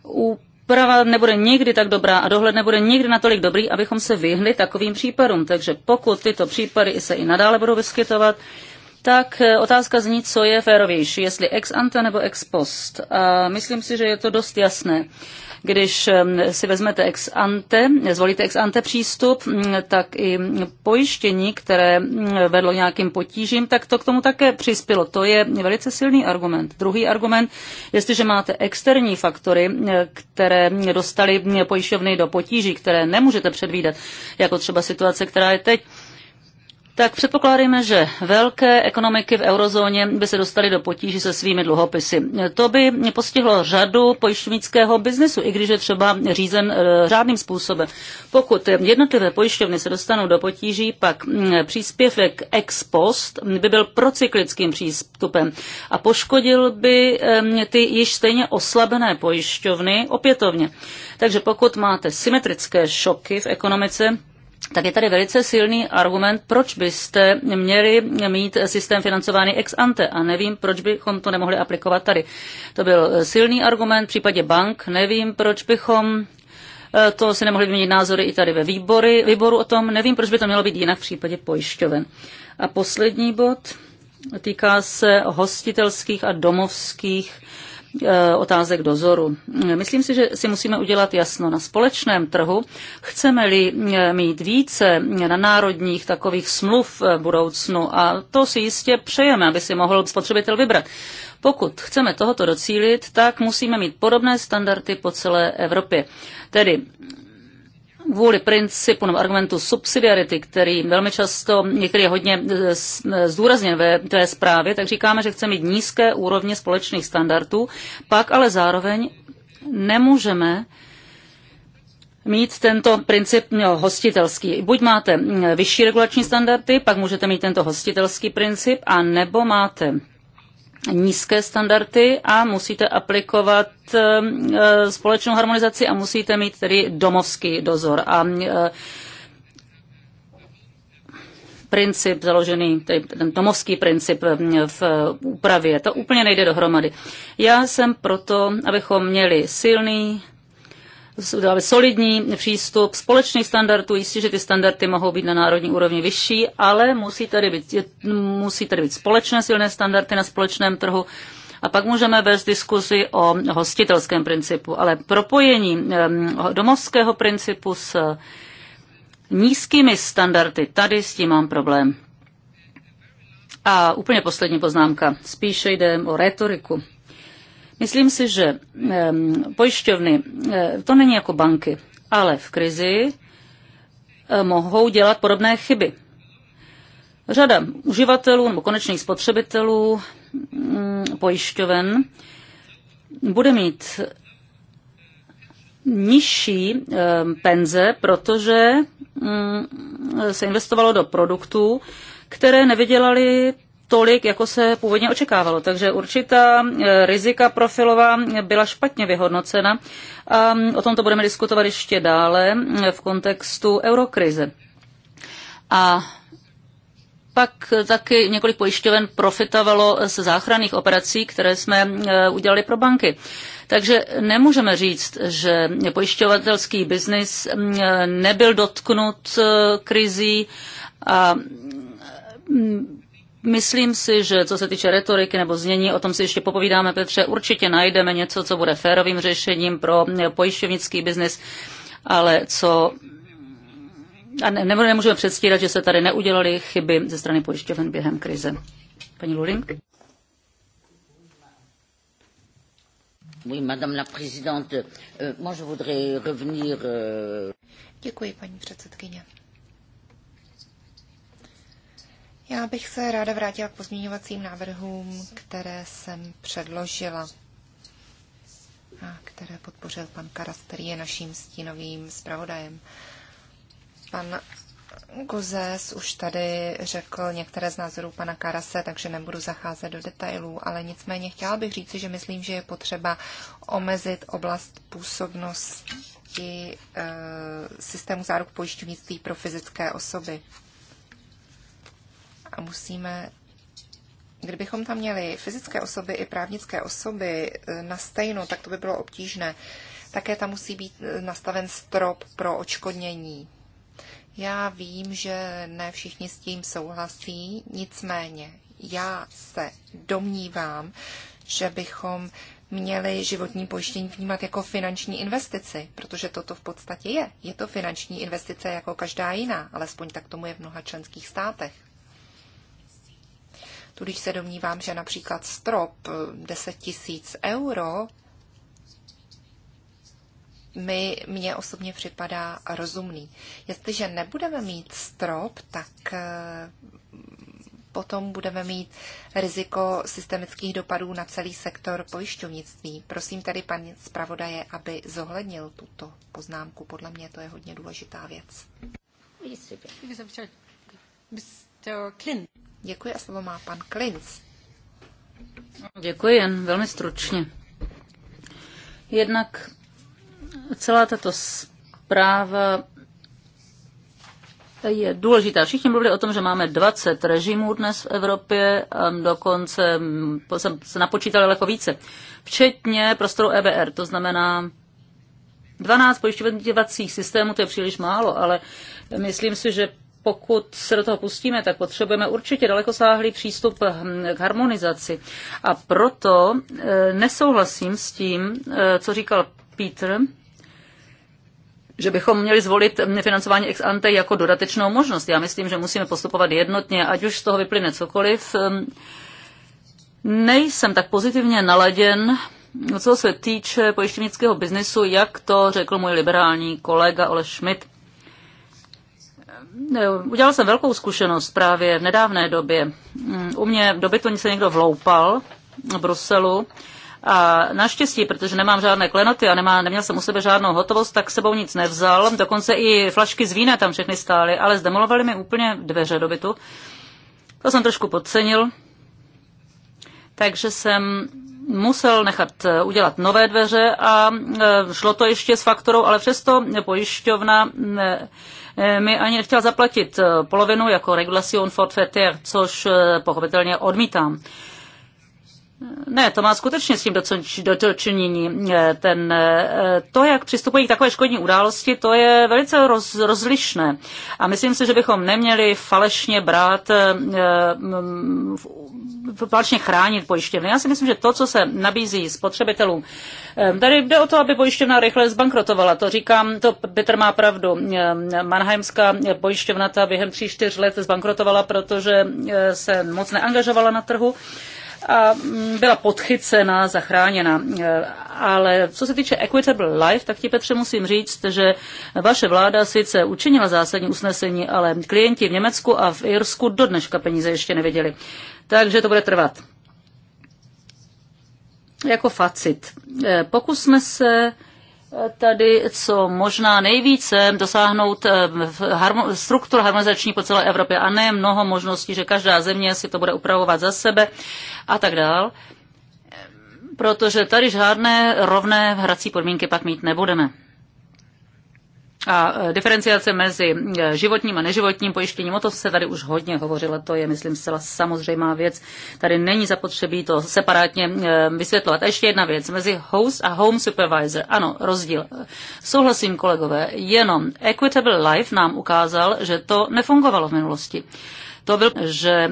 úprava nebude nikdy tak dobrá a dohled nebude nikdy natolik dobrý, abychom se vyhli takovým případům. Takže pokud tyto případy se i nadále budou vyskytovat, tak eh, otázka zní, co je férovější, jestli ex ante nebo ex post. A myslím si, že je to dost jasné. Když si vezmete ex ante, zvolíte ex ante přístup, mm, tak i pojištění, které mm, vedlo nějakým potížím, tak to k tomu také přispělo. To je velice silný argument. Druhý argument, jestliže máte externí faktory, mm, které dostali pojišťovny do potíží, které nemůžete předvídat, jako třeba situace, která je teď, tak předpokládáme, že velké ekonomiky v eurozóně by se dostaly do potíží se svými dluhopisy. To by postihlo řadu pojišťovnického biznesu, i když je třeba řízen eh, řádným způsobem. Pokud jednotlivé pojišťovny se dostanou do potíží, pak mm, příspěvek ex post by byl procyklickým přístupem a poškodil by ty již stejně oslabené pojišťovny opětovně. Takže pokud máte symetrické šoky v ekonomice, tak je tady velice silný argument, proč byste měli mít systém financovaný ex ante a nevím, proč bychom to nemohli aplikovat tady. To byl silný argument v případě bank, nevím, proč bychom eh, to si nemohli vyměnit názory i tady ve výbory, výboru o tom, nevím, proč by to mělo být jinak v případě pojišťoven. A poslední bod týká se hostitelských a domovských Eh, otázek dozoru. Myslím si, že si musíme udělat jasno na společném trhu. Chceme-li eh, mít více na národních takových smluv eh, v budoucnu a to si jistě přejeme, aby si mohl spotřebitel vybrat. Pokud chceme tohoto docílit, tak musíme mít podobné standardy po celé Evropě. Tedy kvůli principu nebo argumentu subsidiarity, který velmi často, některý je hodně eh, eh, zdůrazněn ve té zprávě, tak říkáme, že chceme mít nízké úrovně společných standardů, pak ale zároveň nemůžeme mít tento princip no, hostitelský. Buď máte mm, vyšší regulační standardy, pak můžete mít tento hostitelský princip, a nebo máte nízké standardy a musíte aplikovat eh, eh, společnou harmonizaci a musíte mít tedy domovský dozor. A eh, princip založený, tedy ten domovský princip v úpravě, to úplně nejde dohromady. Já jsem proto, abychom měli silný dáme solidní přístup společných standardů. Jistě, že ty standardy mohou být na národní úrovni vyšší, ale musí tady být, musí tady být společné silné standardy na společném trhu. A pak můžeme vést diskuzi o hostitelském principu, ale propojení domovského principu s nízkými standardy, tady s tím mám problém. A úplně poslední poznámka. Spíše jde o retoriku. Myslím si, že pojišťovny, to není jako banky, ale v krizi mohou dělat podobné chyby. Řada uživatelů nebo konečných spotřebitelů mm, pojišťoven bude mít nižší penze, protože mm, se investovalo do produktů, které nevydělaly tolik, jako se původně očekávalo. Takže určitá eh, rizika profilová byla špatně vyhodnocena a mm, o tom to budeme diskutovat ještě dále eh, v kontextu eurokrize. A pak taky několik pojišťoven profitovalo z záchranných operací, které jsme eh, udělali pro banky. Takže nemůžeme říct, že pojišťovatelský biznis mm, nebyl dotknut krizí a mm, Myslím si, že co se týče retoriky nebo znění, o tom si ještě popovídáme, Petře, určitě najdeme něco, co bude férovým řešením pro pojišťovnický biznis, ale co a ne, nemůžeme předstírat, že se tady neudělaly chyby ze strany pojišťoven během krize. Paní Luling? Oui, madame la présidente, euh, moi je voudrais revenir... Euh- Děkuji, paní předsedkyně. Já bych se ráda vrátila k pozměňovacím návrhům, které jsem předložila a které podpořil pan Karas, který je naším stínovým zpravodajem. Pan Gozes už tady řekl některé z názorů pana Karase, takže nebudu zacházet do detailů, ale nicméně chtěla bych říci, že myslím, že je potřeba omezit oblast působnosti e, systému záruk pojišťovnictví pro fyzické osoby a musíme Kdybychom tam měli fyzické osoby i právnické osoby e, na stejno, tak to by bylo obtížné. Také tam musí být e, nastaven strop pro očkodnění. Já vím, že ne všichni s tím souhlasí, nicméně já se domnívám, že bychom měli životní pojištění vnímat jako finanční investici, protože toto v podstatě je. Je to finanční investice jako každá jiná, alespoň tak tomu je v mnoha členských státech. Tudíž se domnívám, že například strop 10 tisíc euro mi, mně osobně připadá rozumný. Jestliže nebudeme mít strop, tak potom budeme mít riziko systemických dopadů na celý sektor pojišťovnictví. Prosím tedy pan zpravodaje, aby zohlednil tuto poznámku. Podle mě to je hodně důležitá věc. Mr. Klin. Děkuji a slovo má pan Klinc. Děkuji, jen velmi stručně. Jednak celá tato zpráva je důležitá. Všichni mluvili o tom, že máme 20 režimů dnes v Evropě, a dokonce jsem se napočítal daleko více, včetně prostoru EBR, to znamená 12 pojišťovacích systémů, to je příliš málo, ale myslím si, že pokud se do toho pustíme, tak potřebujeme určitě dalekosáhlý přístup hm, k harmonizaci. A proto eh, nesouhlasím s tím, eh, co říkal Peter, že bychom měli zvolit hm, financování ex ante jako dodatečnou možnost. Já myslím, že musíme postupovat jednotně, ať už z toho vyplyne cokoliv. Hm, nejsem tak pozitivně naladěn, co se týče pojištěnického biznesu, jak to řekl můj liberální kolega Ole Schmidt udělal jsem velkou zkušenost právě v nedávné době. Mm, u mě do to se někdo vloupal v Bruselu a naštěstí, protože nemám žádné klenoty a nemá, neměl jsem u sebe žádnou hotovost, tak sebou nic nevzal. Dokonce i flašky z vína tam všechny stály, ale zdemolovali mi úplně dveře do bytu. To jsem trošku podcenil. Takže jsem musel nechat eh, udělat nové dveře a eh, šlo to ještě s faktorou, ale přesto pojišťovna eh, Eh, mi ani nechtěla zaplatit eh, polovinu jako regulation forfaitaire, což eh, pochopitelně odmítám. Ne, to má skutečně s tím dočinění. Ten, to, jak přistupují k takové škodní události, to je velice roz, rozlišné. A myslím si, že bychom neměli falešně brát vlastně chránit pojišťovny. Já si myslím, že to, co se nabízí spotřebitelům, eh, tady jde o to, aby pojišťovna rychle zbankrotovala. To říkám, to Petr má pravdu. Eh, Mannheimská pojišťovna ta během tří, čtyř let zbankrotovala, protože eh, se moc neangažovala na trhu a mm, byla podchycena, zachráněna. E, ale co se týče Equitable Life, tak ti Petře musím říct, že vaše vláda sice učinila zásadní usnesení, ale klienti v Německu a v Irsku do dneška peníze ještě neviděli. Takže to bude trvat. Jako facit. E, pokusme se tady co možná nejvíce dosáhnout eh, struktur harmonizační po celé Evropě a ne mnoho možností, že každá země si to bude upravovat za sebe a tak dál, protože tady žádné rovné hrací podmínky pak mít nebudeme. A e, diferenciace mezi e, životním a neživotním pojištěním, o to se tady už hodně hovořilo, to je, myslím, zcela samozřejmá věc. Tady není zapotřebí to separátně e, vysvětlovat. A ještě jedna věc, mezi host a home supervisor. Ano, rozdíl. Souhlasím, kolegové, jenom Equitable Life nám ukázal, že to nefungovalo v minulosti to byl, že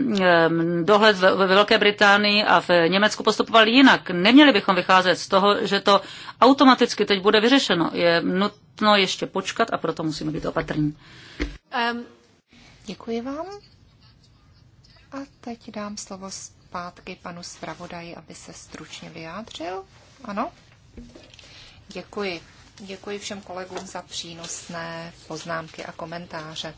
dohled ve Velké Británii a v Německu postupoval jinak. Neměli bychom vycházet z toho, že to automaticky teď bude vyřešeno. Je nutno ještě počkat a proto musíme být opatrní. Um, děkuji vám. A teď dám slovo zpátky panu zpravodaji, aby se stručně vyjádřil. Ano? Děkuji. Děkuji všem kolegům za přínosné poznámky a komentáře.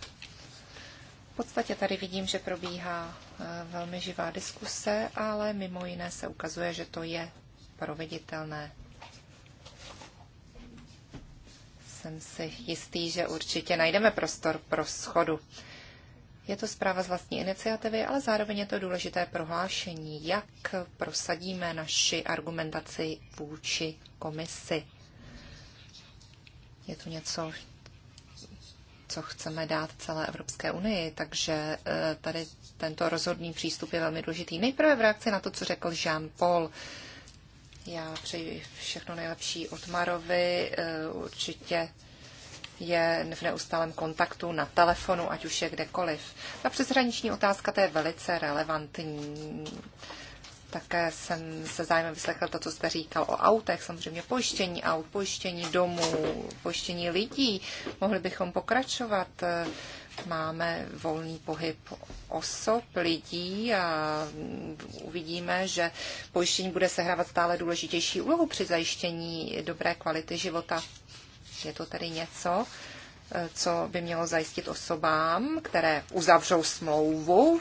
V podstatě tady vidím, že probíhá eh, velmi živá diskuse, ale mimo jiné se ukazuje, že to je proveditelné. Jsem si jistý, že určitě najdeme prostor pro schodu. Je to zpráva z vlastní iniciativy, ale zároveň je to důležité prohlášení, jak prosadíme naši argumentaci vůči komisi. Je tu něco, co chceme dát celé Evropské unii, takže eh, tady tento rozhodný přístup je velmi důležitý. Nejprve v reakci na to, co řekl Jean-Paul. Já přeji všechno nejlepší Marovi. Eh, určitě je v neustálém kontaktu na telefonu, ať už je kdekoliv. Ta přeshraniční otázka, to je velice relevantní. Také jsem se zájmem vyslechl to, co jste říkal o autech, samozřejmě pojištění aut, pojištění domů, pojištění lidí. Mohli bychom pokračovat. Máme volný pohyb osob, lidí a uvidíme, že pojištění bude sehrávat stále důležitější úlohu při zajištění dobré kvality života. Je to tedy něco, co by mělo zajistit osobám, které uzavřou smlouvu,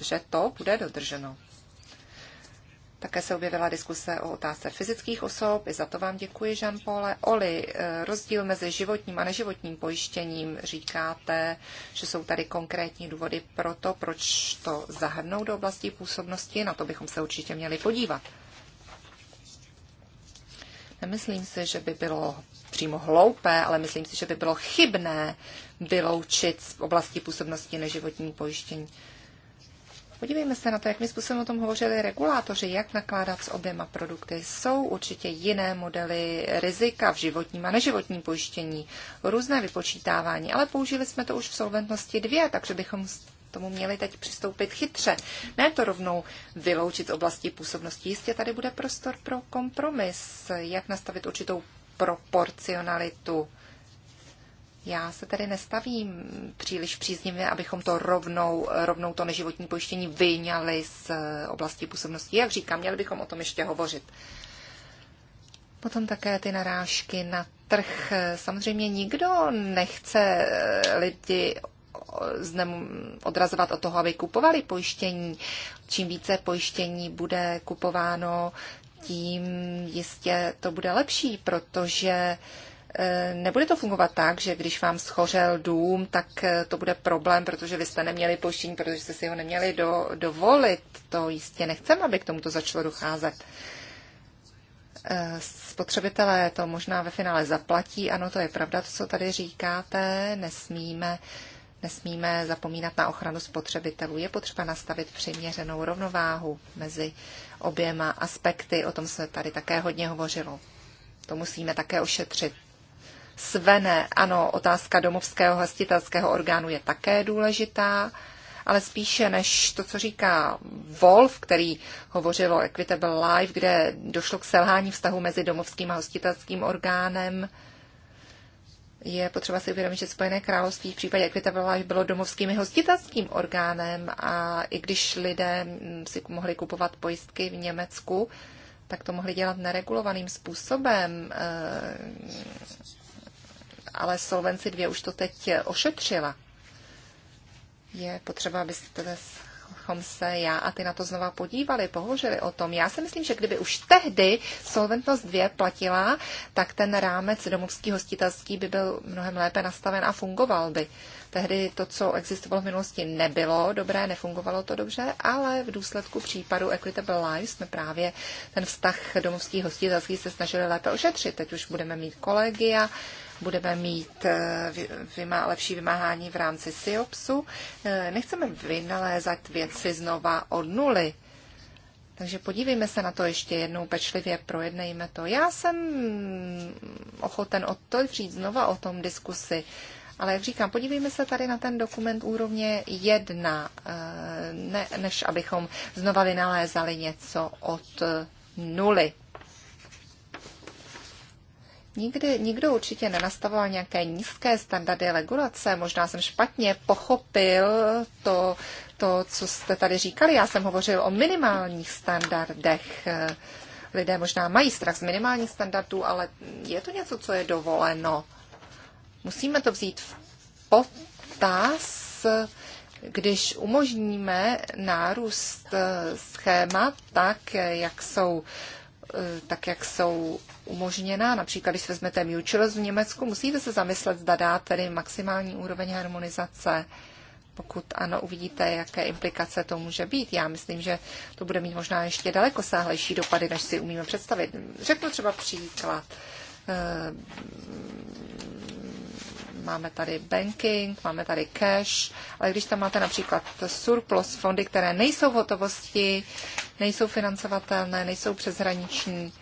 že to bude dodrženo. Také se objevila diskuse o otázce fyzických osob. I za to vám děkuji, jean Paule. Oli, eh, rozdíl mezi životním a neživotním pojištěním říkáte, že jsou tady konkrétní důvody pro to, proč to zahrnou do oblasti působnosti. Na to bychom se určitě měli podívat. Nemyslím si, že by bylo přímo hloupé, ale myslím si, že by bylo chybné vyloučit z oblasti působnosti neživotní pojištění. Podívejme se na to, jakým způsobem o tom hovořili regulátoři, jak nakládat s oběma produkty. Jsou určitě jiné modely rizika v životním a neživotním pojištění, různé vypočítávání, ale použili jsme to už v solventnosti dvě, takže bychom tomu měli teď přistoupit chytře. Ne to rovnou vyloučit z oblasti působnosti. Jistě tady bude prostor pro kompromis, jak nastavit určitou proporcionalitu já se tedy nestavím příliš příznivě, abychom to rovnou, rovnou to neživotní pojištění vyňali z eh, oblasti působnosti. Jak říkám, měli bychom o tom ještě hovořit. Potom také ty narážky na trh. Samozřejmě nikdo nechce eh, lidi odrazovat od toho, aby kupovali pojištění. Čím více pojištění bude kupováno, tím jistě to bude lepší, protože uh, Eh, nebude to fungovat tak, že když vám schořel dům, tak eh, to bude problém, protože vy jste neměli pojištění, protože jste si ho neměli do, dovolit. To jistě nechceme, aby k tomuto začalo docházet. Eh, spotřebitelé to možná ve finále zaplatí. Ano, to je pravda, to, co tady říkáte. Nesmíme, nesmíme zapomínat na ochranu spotřebitelů. Je potřeba nastavit přiměřenou rovnováhu mezi oběma aspekty. O tom se tady také hodně hovořilo. To musíme také ošetřit. Svene, ano, otázka domovského hostitelského orgánu je také důležitá, ale spíše než to, co říká Wolf, který hovořil o Equitable Life, kde došlo k selhání vztahu mezi domovským a hostitelským orgánem, je potřeba si uvědomit, že Spojené království v případě Equitable Life bylo domovským i hostitelským orgánem a i když lidé si mohli kupovat pojistky v Německu, tak to mohli dělat neregulovaným způsobem ale Solvency 2 už to teď ošetřila. Je potřeba, abyste abychom se já a ty na to znova podívali, pohovořili o tom. Já si myslím, že kdyby už tehdy Solventnost 2 platila, tak ten rámec domovský hostitelský by byl mnohem lépe nastaven a fungoval by. Tehdy to, co existovalo v minulosti, nebylo dobré, nefungovalo to dobře, ale v důsledku případu Equitable Life jsme právě ten vztah domovský hostitelský se snažili lépe ošetřit. Teď už budeme mít kolegy a budeme mít eh, vymá, lepší vymáhání v rámci SIOPSu. Eh, nechceme vynalézat věci znova od nuly. Takže podívejme se na to ještě jednou pečlivě, projednejme to. Já jsem ochoten otevřít znova o tom diskusi, ale jak říkám, podívejme se tady na ten dokument úrovně jedna, eh, ne, než abychom znova vynalézali něco od nuly. Nikdy, nikdo určitě nenastavoval nějaké nízké standardy regulace. Možná jsem špatně pochopil to, to, co jste tady říkali. Já jsem hovořil o minimálních standardech. Lidé možná mají strach z minimálních standardů, ale je to něco, co je dovoleno. Musíme to vzít v potaz, když umožníme nárůst schémat tak, jak jsou tak jak jsou umožněna. Například, když vezmete mutuals v Německu, musíte se zamyslet, zda dá tedy maximální úroveň harmonizace. Pokud ano, uvidíte, jaké implikace to může být. Já myslím, že to bude mít možná ještě daleko sáhlejší dopady, než si umíme představit. Řeknu třeba příklad. Ehm, máme tady banking, máme tady cash, ale když tam máte například surplus fondy, které nejsou v hotovosti, nejsou financovatelné, nejsou přeshraniční,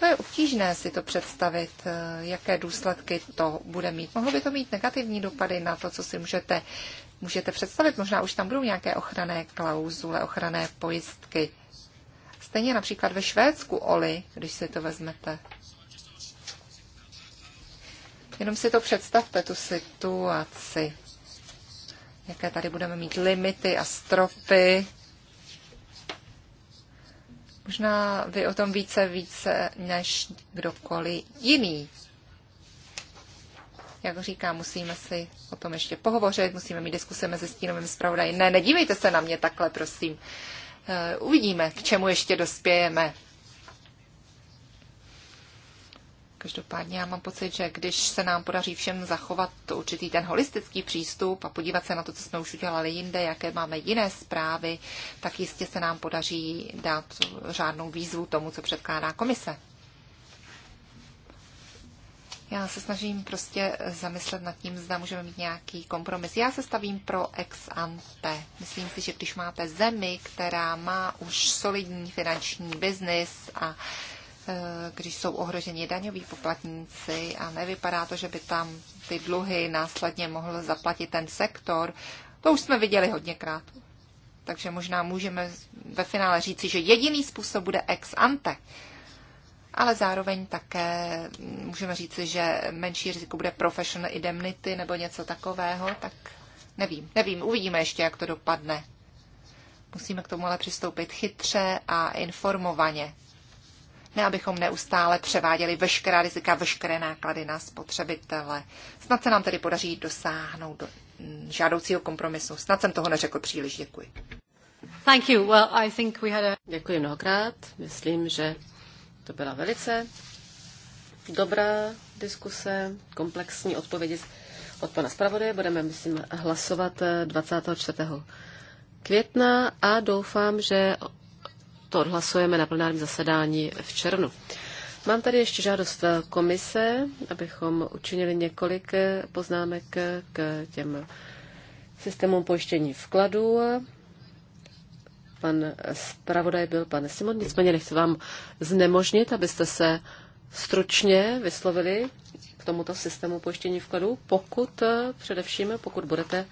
to je obtížné si to představit, eh, jaké důsledky to bude mít. Mohlo by to mít negativní dopady na to, co si můžete, můžete představit. Možná už tam budou nějaké ochranné klauzule, ochranné pojistky. Stejně například ve Švédsku oli, když si to vezmete. Jenom si to představte, tu situaci. Jaké tady budeme mít limity a stropy. Možná vy o tom více, více než kdokoliv jiný. Jak říkám, musíme si o tom ještě pohovořit, musíme mít diskuse mezi stínovým zpravodajem. Ne, nedívejte se na mě takhle, prosím. Eh, uvidíme, k čemu ještě dospějeme. Každopádně já mám pocit, že když se nám podaří všem zachovat to určitý ten holistický přístup a podívat se na to, co jsme už udělali jinde, jaké máme jiné zprávy, tak jistě se nám podaří dát řádnou výzvu tomu, co předkládá komise. Já se snažím prostě zamyslet nad tím, zda můžeme mít nějaký kompromis. Já se stavím pro ex ante. Myslím si, že když máte zemi, která má už solidní finanční biznis a Eh, když jsou ohroženi daňoví poplatníci a nevypadá to, že by tam ty dluhy následně mohl zaplatit ten sektor, to už jsme viděli hodněkrát. Takže možná můžeme ve finále říci, že jediný způsob bude ex ante. Ale zároveň také můžeme říci, že menší riziko bude professional indemnity nebo něco takového, tak nevím, nevím, uvidíme ještě, jak to dopadne. Musíme k tomu ale přistoupit chytře a informovaně ne abychom neustále převáděli veškerá rizika, veškeré náklady na spotřebitele. Snad se nám tedy podaří dosáhnout do mm, žádoucího kompromisu. Snad jsem toho neřekl příliš. Děkuji. Thank you. Well, I think we had a... Děkuji mnohokrát. Myslím, že to byla velice dobrá diskuse, komplexní odpovědi od pana zpravodaje. Budeme, myslím, hlasovat eh, 24. května a doufám, že to odhlasujeme na plenárním zasedání v červnu. Mám tady ještě žádost komise, abychom učinili několik poznámek k těm systémům pojištění vkladů. Pan zpravodaj byl pan Simon, nicméně nechci vám znemožnit, abyste se stručně vyslovili k tomuto systému pojištění vkladů, pokud především, pokud budete,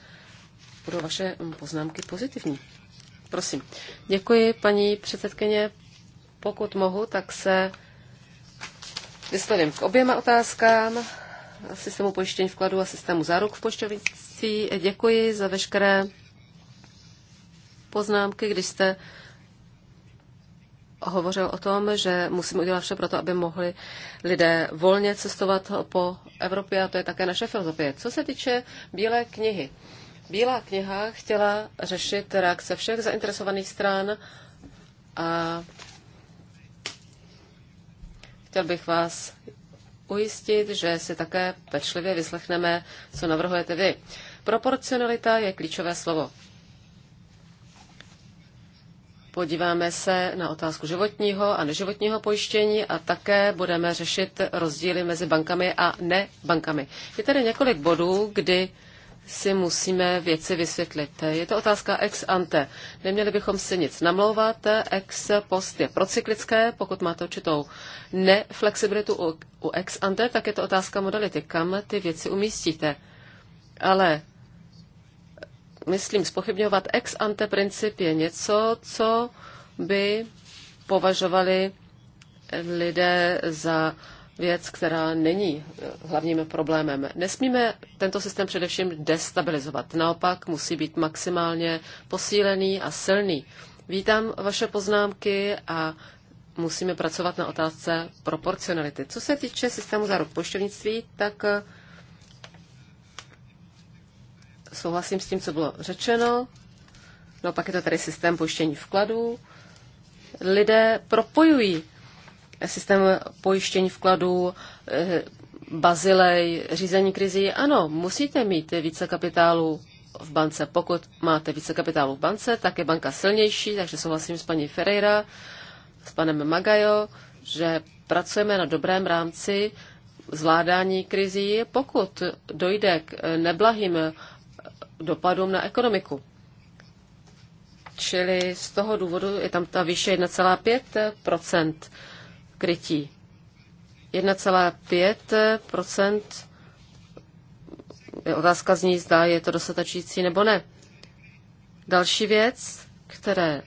budou vaše poznámky pozitivní. Prosím. Děkuji, paní předsedkyně. Pokud mohu, tak se vyslovím k oběma otázkám systému pojištění vkladu a systému záruk v pojišťovnictví. Děkuji za veškeré poznámky, když jste hovořil o tom, že musíme udělat vše pro to, aby mohli lidé volně cestovat po Evropě a to je také naše filozofie. Co se týče Bílé knihy, Bílá kniha chtěla řešit reakce všech zainteresovaných stran a chtěl bych vás ujistit, že si také pečlivě vyslechneme, co navrhujete vy. Proporcionalita je klíčové slovo. Podíváme se na otázku životního a neživotního pojištění a také budeme řešit rozdíly mezi bankami a nebankami. Je tady několik bodů, kdy si musíme věci vysvětlit. Je to otázka ex ante. Neměli bychom si nic namlouvat. Ex post je procyklické. Pokud máte určitou neflexibilitu u, u ex ante, tak je to otázka modality. Kam ty věci umístíte? Ale myslím, spochybňovat ex ante princip je něco, co by považovali lidé za věc, která není eh, hlavním problémem. Nesmíme tento systém především destabilizovat. Naopak musí být maximálně posílený a silný. Vítám vaše poznámky a musíme pracovat na otázce proporcionality. Co se týče systému rok pojišťovnictví, tak eh, souhlasím s tím, co bylo řečeno. No pak je to tady systém pojištění vkladů. Lidé propojují systém pojištění vkladů, eh, bazilej, řízení krizi. Ano, musíte mít více kapitálu v bance. Pokud máte více kapitálu v bance, tak je banka silnější, takže souhlasím s paní Ferreira, s panem Magajo, že pracujeme na dobrém rámci zvládání krizí, pokud dojde k neblahým dopadům na ekonomiku. Čili z toho důvodu je tam ta výše 1,5 krytí. 1,5 Otázka zní, zda je to dostatečící nebo ne. Další věc, které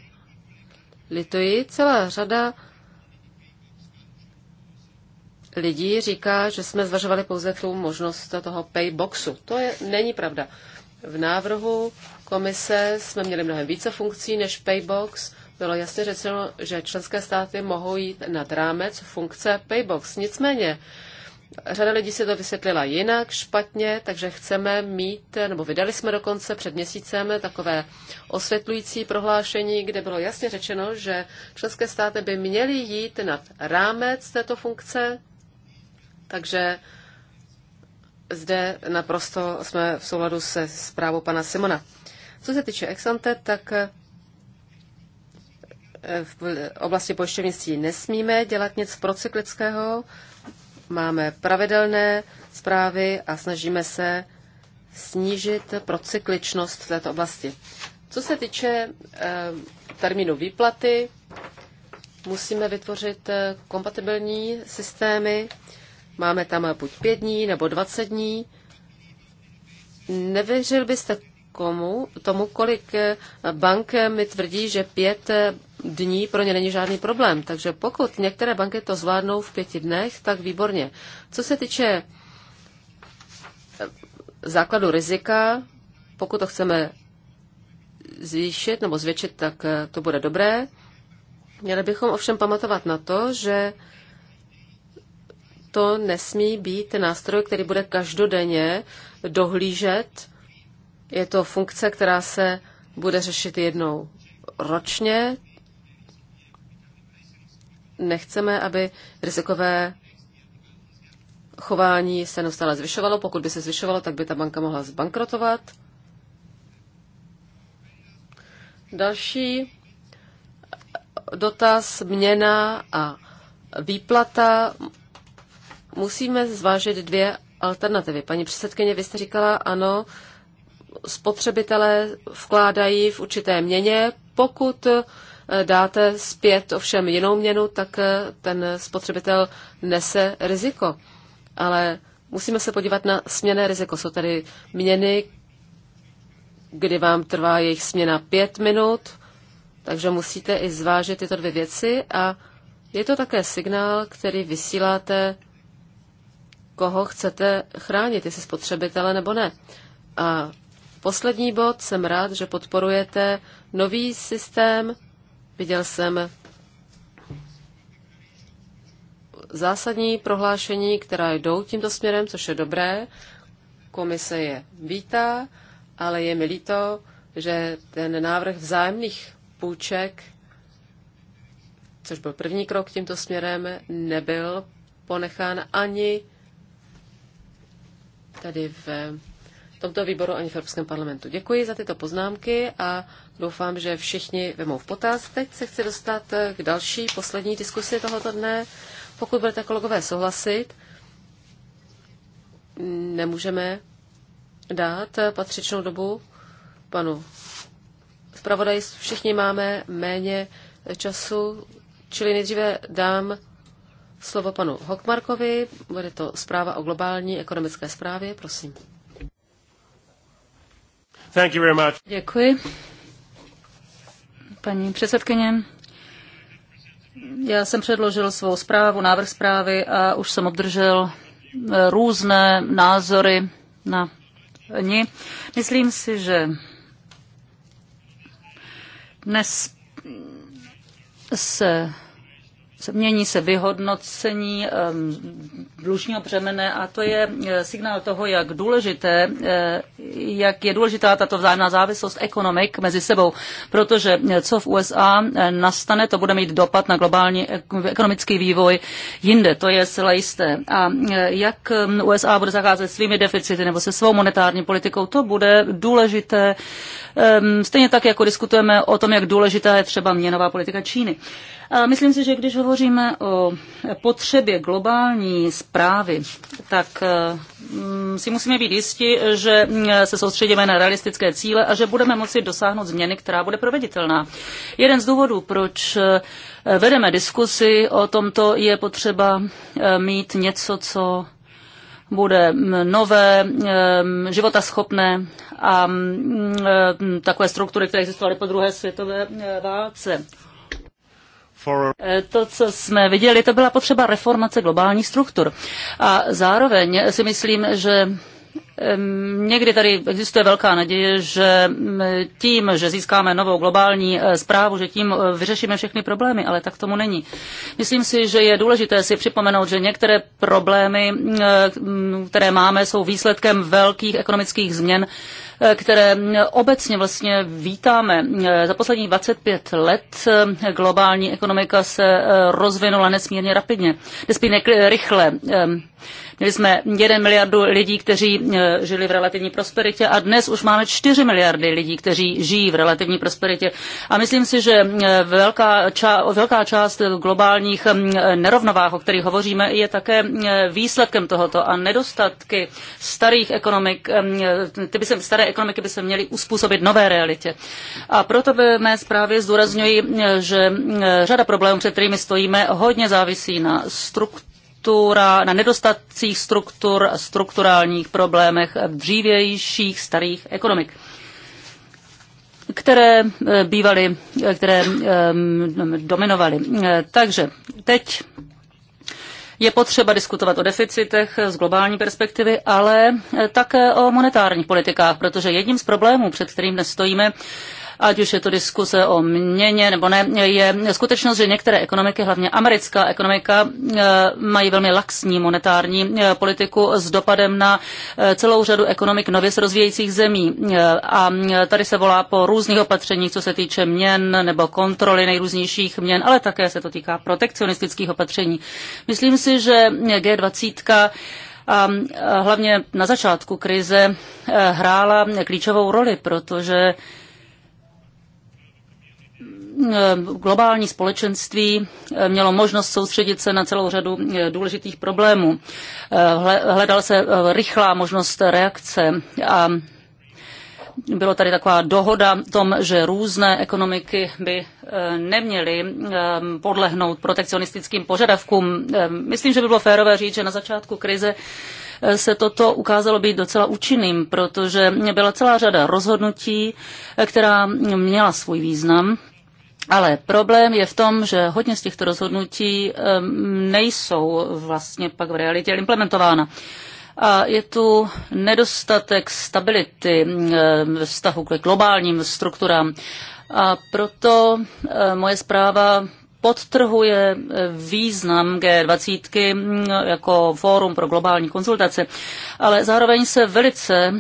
lituji, celá řada lidí říká, že jsme zvažovali pouze tu možnost toho payboxu. To je, není pravda. V návrhu komise jsme měli mnohem více funkcí než paybox bylo jasně řečeno, že členské státy mohou jít nad rámec funkce Paybox. Nicméně, Řada lidí si to vysvětlila jinak, špatně, takže chceme mít, nebo vydali jsme dokonce před měsícem takové osvětlující prohlášení, kde bylo jasně řečeno, že členské státy by měly jít nad rámec této funkce, takže zde naprosto jsme v souladu se zprávou pana Simona. Co se týče exante, tak v oblasti pojišťovnictví nesmíme dělat nic procyklického. Máme pravidelné zprávy a snažíme se snížit procykličnost v této oblasti. Co se týče eh, termínu výplaty, musíme vytvořit eh, kompatibilní systémy. Máme tam buď pět dní nebo dvacet dní. Nevěřil byste komu, tomu, kolik eh, bank mi tvrdí, že pět dní pro ně není žádný problém. Takže pokud některé banky to zvládnou v pěti dnech, tak výborně. Co se týče eh, základu rizika, pokud to chceme zvýšit nebo zvětšit, tak eh, to bude dobré. Měli bychom ovšem pamatovat na to, že to nesmí být nástroj, který bude každodenně dohlížet. Je to funkce, která se bude řešit jednou ročně, nechceme, aby rizikové chování se neustále zvyšovalo. Pokud by se zvyšovalo, tak by ta banka mohla zbankrotovat. Další dotaz, měna a výplata. Musíme zvážit dvě alternativy. Paní předsedkyně, vy jste říkala, ano, spotřebitelé vkládají v určité měně, pokud Eh, dáte zpět ovšem jinou měnu, tak eh, ten spotřebitel nese riziko. Ale musíme se podívat na směné riziko. Jsou tady měny, kdy vám trvá jejich směna pět minut, takže musíte i zvážit tyto dvě věci a je to také signál, který vysíláte, koho chcete chránit, jestli spotřebitele nebo ne. A poslední bod, jsem rád, že podporujete nový systém Viděl jsem zásadní prohlášení, která jdou tímto směrem, což je dobré. Komise je vítá, ale je mi líto, že ten návrh vzájemných půjček, což byl první krok tímto směrem, nebyl ponechán ani tady v tomto výboru ani v Evropském parlamentu. Děkuji za tyto poznámky a doufám, že všichni vemou v potaz. Teď se chci dostat k další, poslední diskusi tohoto dne. Pokud budete kolegové souhlasit, nemůžeme dát patřičnou dobu panu zpravodaji. Všichni máme méně času, čili nejdříve dám slovo panu Hokmarkovi. Bude to zpráva o globální ekonomické zprávě. Prosím. Thank you very much. Děkuji. Paní předsedkyně, já jsem předložil svou zprávu, návrh zprávy a už jsem obdržel eh, různé názory na ní. Myslím si, že dnes se Mění se vyhodnocení dlužního břemene a to je e, signál toho, jak důležité, e, jak je důležitá tato vzájemná závislost ekonomik mezi sebou, protože co v USA nastane, to bude mít dopad na globální ekonomický vývoj jinde, to je zcela jisté. A e, jak USA bude zacházet svými deficity nebo se svou monetární politikou, to bude důležité, stejně tak, jako diskutujeme o tom, jak důležitá je třeba měnová politika Číny. Myslím si, že když hovoříme o potřebě globální zprávy, tak e, mm, si musíme být jisti, že mm, se soustředíme na realistické cíle a že budeme moci dosáhnout změny, která bude proveditelná. Jeden z důvodů, proč e, vedeme diskusi o tomto, je potřeba e, mít něco, co bude mm, nové, životaschopné a takové struktury, které existovaly po druhé světové válce. Eh, to, co jsme viděli, to byla potřeba reformace globálních struktur. A zároveň si myslím, že Někdy tady existuje velká naděje, že mm, tím, že získáme novou globální eh, zprávu, že tím eh, vyřešíme všechny problémy, ale tak tomu není. Myslím si, že je důležité si připomenout, že některé problémy, eh, mm, které máme, jsou výsledkem velkých ekonomických změn, které mm, obecně vlastně vítáme. Za poslední 25 let globální ekonomika se rozvinula nesmírně rapidně, nesmírně rychle. Měli jsme 1 miliardu lidí, kteří eh, žili v relativní prosperitě a dnes už máme 4 miliardy lidí, kteří žijí v relativní prosperitě. A myslím si, že eh, velká, ča, velká část globálních eh, nerovnovách, o kterých hovoříme, je také výsledkem tohoto a nedostatky starých ekonomik, ty by se, staré ekonomiky by se měly uspůsobit nové realitě. A proto ve mé zprávě zdůrazňuji, že řada problémů, před kterými stojíme, hodně závisí na struktuře struktura, na nedostatcích struktur, strukturálních problémech dřívějších starých ekonomik které eh, bývaly, eh, které ehm, dominovaly. Eh, takže teď je potřeba diskutovat o deficitech z globální perspektivy, ale také o monetárních politikách, protože jedním z problémů, před kterým dnes stojíme, ať už je to diskuse o měně nebo ne, je skutečnost, že některé ekonomiky, hlavně americká ekonomika, eh, mají velmi laxní monetární eh, politiku s dopadem na eh, celou řadu ekonomik nově se rozvíjejících zemí. A tady se volá po různých opatřeních, co se týče měn nebo kontroly nejrůznějších měn, ale také se to týká protekcionistických opatření. Myslím si, že G20 a hlavně na začátku krize hrála klíčovou roli, protože Eh, globální společenství eh, mělo možnost soustředit se na celou řadu eh, důležitých problémů. Hledala se rychlá možnost reakce a bylo tady taková dohoda v tom, že různé ekonomiky by neměly podlehnout protekcionistickým požadavkům. Myslím, že by bylo férové říct, že na začátku krize se toto ukázalo být docela účinným, protože byla celá řada rozhodnutí, která měla svůj význam ale problém je v tom, že hodně z těchto rozhodnutí nejsou vlastně pak v realitě implementována. A je tu nedostatek stability ve vztahu k globálním strukturám. A proto moje zpráva podtrhuje význam G20 jako fórum pro globální konzultace, ale zároveň se velice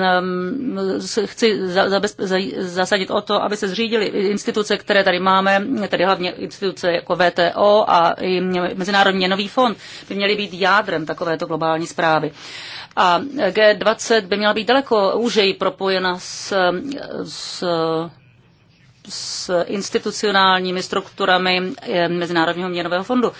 Ehm, chci zasadit o to, aby se zřídily instituce, které tady máme, tedy hlavně instituce jako VTO a i Mezinárodní měnový fond, by měly být jádrem takovéto globální zprávy. A G20 by měla být daleko úžeji propojena s, s s institucionálními strukturami eh, Mezinárodního měnového fondu.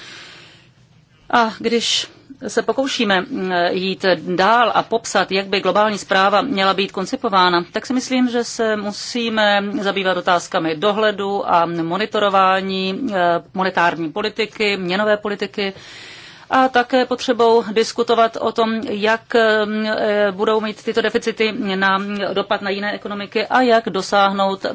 A když se pokoušíme mm, jít dál a popsat, jak by globální zpráva měla být koncipována, tak si myslím, že se musíme zabývat otázkami dohledu a monitorování eh, monetární politiky, měnové politiky, a také potřebou diskutovat o tom, jak eh, eh, budou mít tyto deficity na dopad na jiné ekonomiky a jak dosáhnout eh,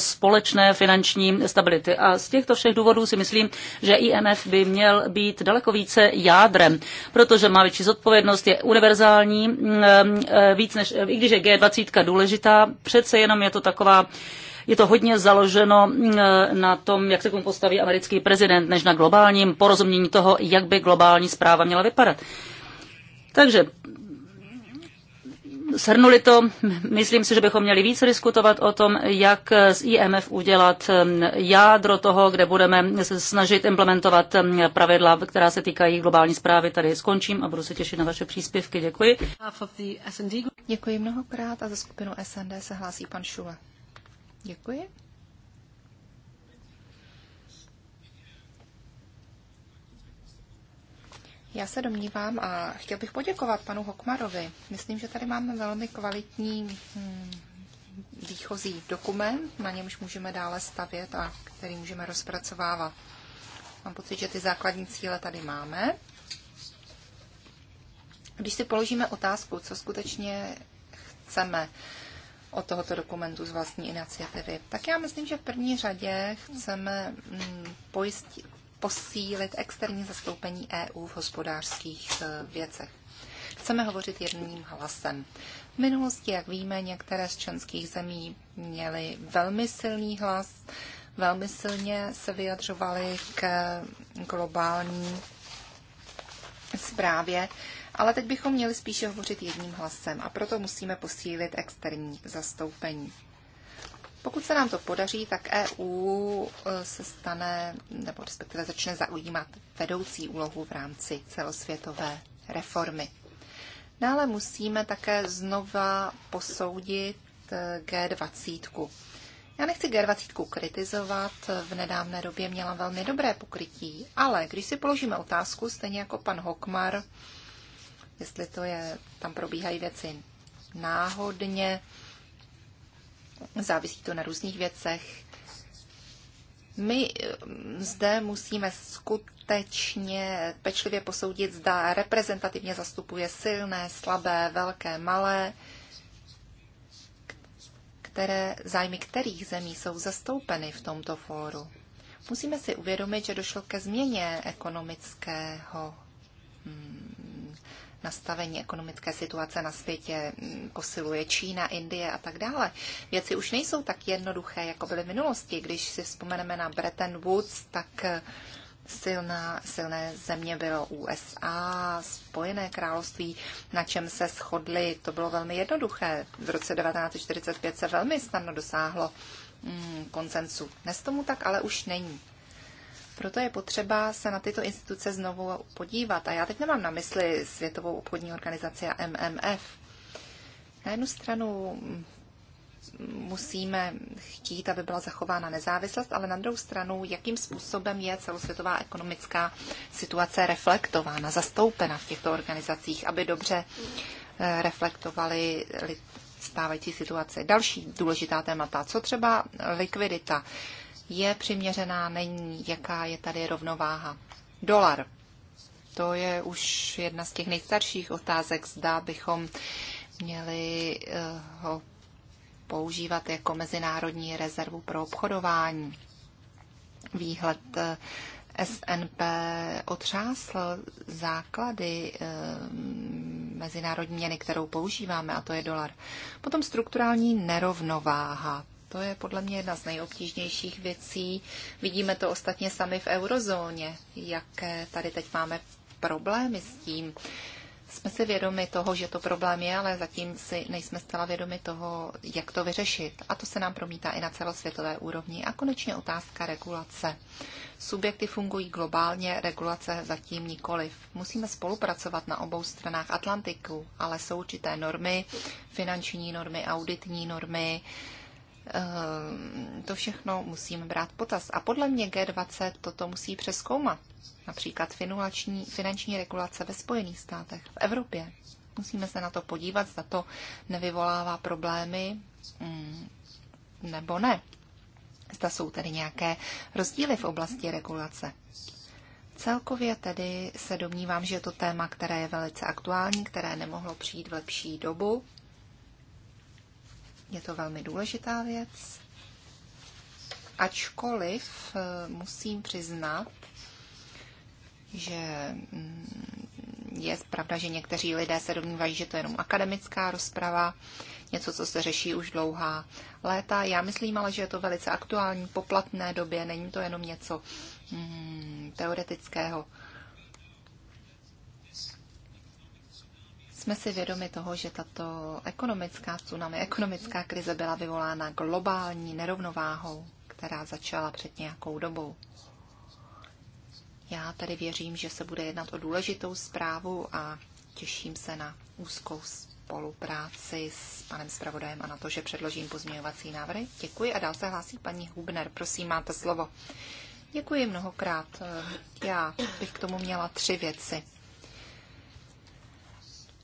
společné finanční stability. A z těchto všech důvodů si myslím, že IMF by měl být daleko více jádrem, protože má větší zodpovědnost, je univerzální, mm, víc než, i když je G20 důležitá, přece jenom je to taková je to hodně založeno mm, na tom, jak se k tomu postaví americký prezident, než na globálním porozumění toho, jak by globální zpráva měla vypadat. Takže shrnuli to, myslím si, že bychom měli více diskutovat o tom, jak z IMF udělat mm, jádro toho, kde budeme se snažit implementovat mm, pravidla, která se týkají globální zprávy. Tady skončím a budu se těšit na vaše příspěvky. Děkuji. Děkuji mnohokrát a za skupinu SND se hlásí pan Šule. Děkuji. Já se domnívám a chtěl bych poděkovat panu Hokmarovi. Myslím, že tady máme velmi kvalitní hmm, výchozí dokument, na němž můžeme dále stavět a který můžeme rozpracovávat. Mám pocit, že ty základní cíle tady máme. Když si položíme otázku, co skutečně chceme, od tohoto dokumentu z vlastní iniciativy. Tak já myslím, že v první řadě chceme mm, pojistit, posílit externí zastoupení EU v hospodářských e, věcech. Chceme hovořit jedním hlasem. V minulosti, jak víme, některé z členských zemí měly velmi silný hlas, velmi silně se vyjadřovaly k globální zprávě ale teď bychom měli spíše hovořit jedním hlasem a proto musíme posílit externí zastoupení. Pokud se nám to podaří, tak EU e, se stane, nebo respektive začne zaujímat vedoucí úlohu v rámci celosvětové reformy. Dále musíme také znova posoudit e, G20. Já nechci G20 kritizovat, v nedávné době měla velmi dobré pokrytí, ale když si položíme otázku, stejně jako pan Hokmar, jestli to je, tam probíhají věci náhodně, závisí to na různých věcech. My eh, zde musíme skutečně pečlivě posoudit, zda reprezentativně zastupuje silné, slabé, velké, malé, které, zájmy kterých zemí jsou zastoupeny v tomto fóru. Musíme si uvědomit, že došlo ke změně ekonomického hmm, nastavení ekonomické situace na světě mm, posiluje Čína, Indie a tak dále. Věci už nejsou tak jednoduché, jako byly v minulosti. Když si vzpomeneme na Bretton Woods, tak eh, silná, silné země bylo USA, Spojené království, na čem se shodli. To bylo velmi jednoduché. V roce 1945 se velmi snadno dosáhlo mm, konsensu. Dnes tomu tak ale už není. Proto je potřeba se na tyto instituce znovu podívat. A já teď nemám na mysli Světovou obchodní organizaci a MMF. Na jednu stranu musíme chtít, aby byla zachována nezávislost, ale na druhou stranu, jakým způsobem je celosvětová ekonomická situace reflektována, zastoupena v těchto organizacích, aby dobře eh, reflektovali stávající situace. Další důležitá témata, co třeba likvidita je přiměřená, není, jaká je tady rovnováha. Dolar. To je už jedna z těch nejstarších otázek, zda bychom měli eh, ho používat jako mezinárodní rezervu pro obchodování. Výhled eh, SNP otřásl základy eh, mezinárodní měny, kterou používáme, a to je dolar. Potom strukturální nerovnováha. To je podle mě jedna z nejobtížnějších věcí. Vidíme to ostatně sami v eurozóně, jaké tady teď máme problémy s tím. Jsme si vědomi toho, že to problém je, ale zatím si nejsme zcela vědomi toho, jak to vyřešit. A to se nám promítá i na celosvětové úrovni. A konečně otázka regulace. Subjekty fungují globálně, regulace zatím nikoliv. Musíme spolupracovat na obou stranách Atlantiku, ale jsou určité normy, finanční normy, auditní normy, Ehm, to všechno musíme brát potaz. A podle mě G20 toto musí přeskoumat. Například finanční, finanční regulace ve Spojených státech, v Evropě. Musíme se na to podívat, zda to nevyvolává problémy mm, nebo ne. Zda jsou tedy nějaké rozdíly v oblasti regulace. Celkově tedy se domnívám, že je to téma, které je velice aktuální, které nemohlo přijít v lepší dobu je to velmi důležitá věc. Ačkoliv eh, musím přiznat, že mm, je pravda, že někteří lidé se domnívají, že to je jenom akademická rozprava, něco, co se řeší už dlouhá léta. Já myslím ale, že je to velice aktuální, poplatné době, není to jenom něco mm, teoretického. jsme si vědomi toho, že tato ekonomická tsunami, ekonomická krize byla vyvolána globální nerovnováhou, která začala před nějakou dobou. Já tady věřím, že se bude jednat o důležitou zprávu a těším se na úzkou spolupráci s panem zpravodajem a na to, že předložím pozměňovací návrhy. Děkuji a dál se hlásí paní Hubner. Prosím, máte slovo. Děkuji mnohokrát. Já bych k tomu měla tři věci.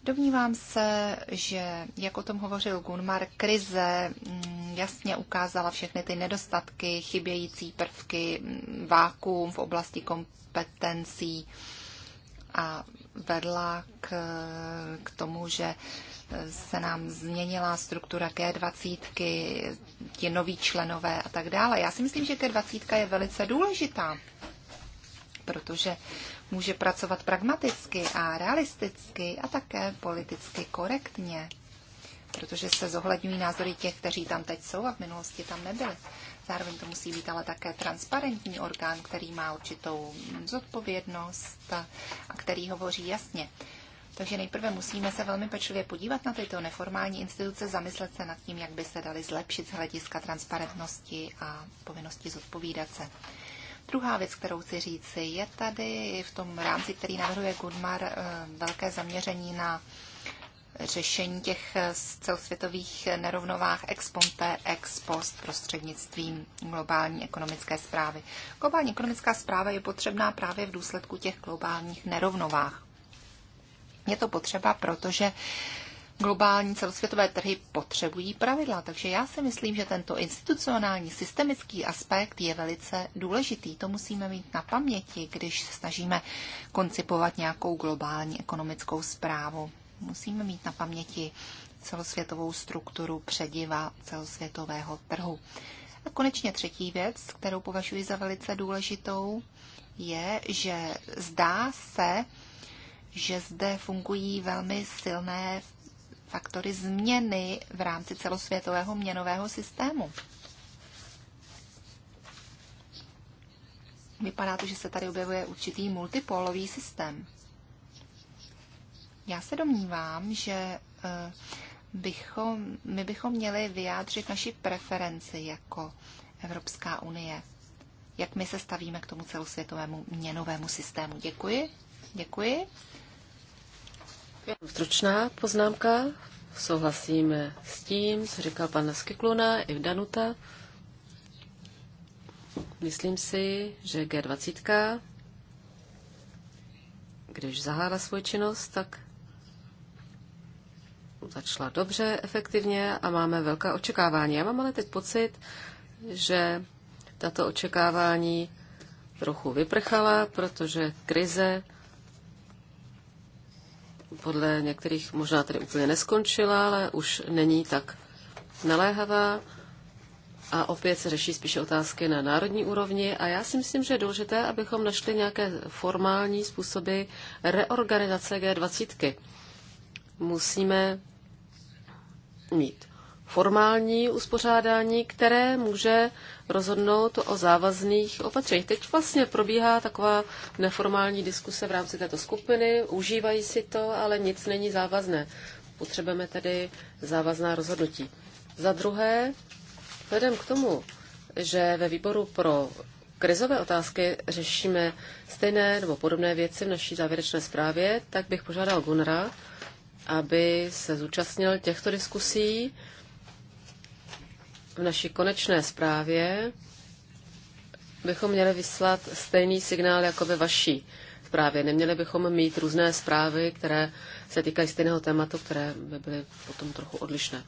Domnívám se, že, jak o tom hovořil Gunmar, krize mm, jasně ukázala všechny ty nedostatky, chybějící prvky, mm, vákuum v oblasti kompetencí a vedla k, k tomu, že se nám změnila struktura G20, ti noví členové a tak dále. Já si myslím, že G20 je velice důležitá, protože může pracovat pragmaticky a realisticky a také politicky korektně, protože se zohledňují názory těch, kteří tam teď jsou a v minulosti tam nebyli. Zároveň to musí být ale také transparentní orgán, který má určitou zodpovědnost a který hovoří jasně. Takže nejprve musíme se velmi pečlivě podívat na tyto neformální instituce, zamyslet se nad tím, jak by se daly zlepšit z hlediska transparentnosti a povinnosti zodpovídat se. Druhá věc, kterou chci říct, je tady v tom rámci, který navrhuje Gudmar, eh, velké zaměření na řešení těch eh, celosvětových nerovnovách ex ponte, ex post prostřednictvím globální ekonomické zprávy. Globální ekonomická zpráva je potřebná právě v důsledku těch globálních nerovnovách. Je to potřeba, protože globální celosvětové trhy potřebují pravidla, takže já si myslím, že tento institucionální systemický aspekt je velice důležitý. To musíme mít na paměti, když se snažíme koncipovat nějakou globální ekonomickou zprávu. Musíme mít na paměti celosvětovou strukturu přediva celosvětového trhu. A konečně třetí věc, kterou považuji za velice důležitou, je, že zdá se, že zde fungují velmi silné faktory změny v rámci celosvětového měnového systému. Vypadá to, že se tady objevuje určitý multipolový systém. Já se domnívám, že eh, bychom, my bychom měli vyjádřit naši preferenci jako Evropská unie. Jak my se stavíme k tomu celosvětovému měnovému systému. Děkuji. Děkuji. Stručná poznámka. Souhlasím s tím, co říkal pan Skikluna i Danuta. Myslím si, že G20, když zahála svoji činnost, tak začala dobře, efektivně a máme velká očekávání. Já mám ale teď pocit, že tato očekávání trochu vyprchala, protože krize podle některých možná tedy úplně neskončila, ale už není tak naléhavá. A opět se řeší spíše otázky na národní úrovni. A já si myslím, že je důležité, abychom našli nějaké formální způsoby reorganizace G20. Musíme mít formální uspořádání, které může rozhodnout o závazných opatřeních. Teď vlastně probíhá taková neformální diskuse v rámci této skupiny, užívají si to, ale nic není závazné. Potřebujeme tedy závazná rozhodnutí. Za druhé, vzhledem k tomu, že ve výboru pro krizové otázky řešíme stejné nebo podobné věci v naší závěrečné zprávě, tak bych požádal Gunra, aby se zúčastnil těchto diskusí v naší konečné zprávě bychom měli vyslat stejný signál jako ve vaší zprávě. Neměli bychom mít různé zprávy, které se týkají stejného tématu, které by byly potom trochu odlišné.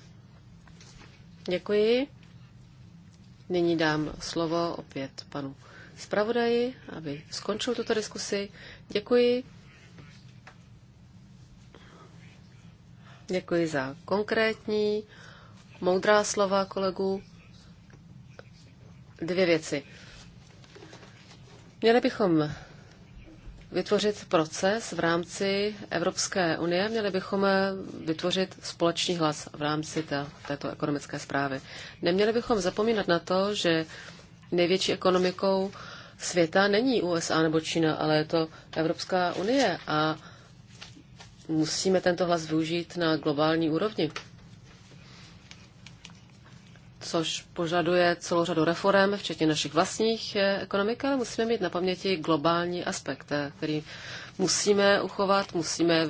Děkuji. Nyní dám slovo opět panu zpravodaji, aby skončil tuto diskusi. Děkuji. Děkuji za konkrétní moudrá slova kolegů. Dvě věci. Měli bychom vytvořit proces v rámci Evropské unie, měli bychom vytvořit společný hlas v rámci té, této ekonomické zprávy. Neměli bychom zapomínat na to, že největší ekonomikou světa není USA nebo Čína, ale je to Evropská unie a musíme tento hlas využít na globální úrovni což požaduje celou řadu reform, včetně našich vlastních eh, ekonomik, ale musíme mít na paměti globální aspekt, eh, který musíme uchovat, musíme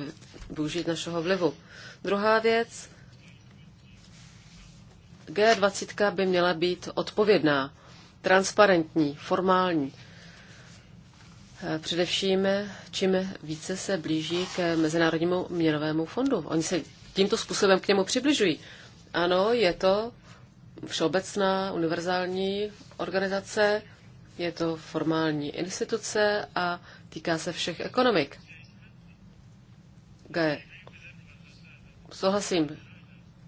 využít našeho vlivu. Druhá věc, G20 by měla být odpovědná, transparentní, formální. Eh, především, čím více se blíží k Mezinárodnímu měnovému fondu. Oni se tímto způsobem k němu přibližují. Ano, je to všeobecná, univerzální organizace, je to formální instituce a týká se všech ekonomik. G. Souhlasím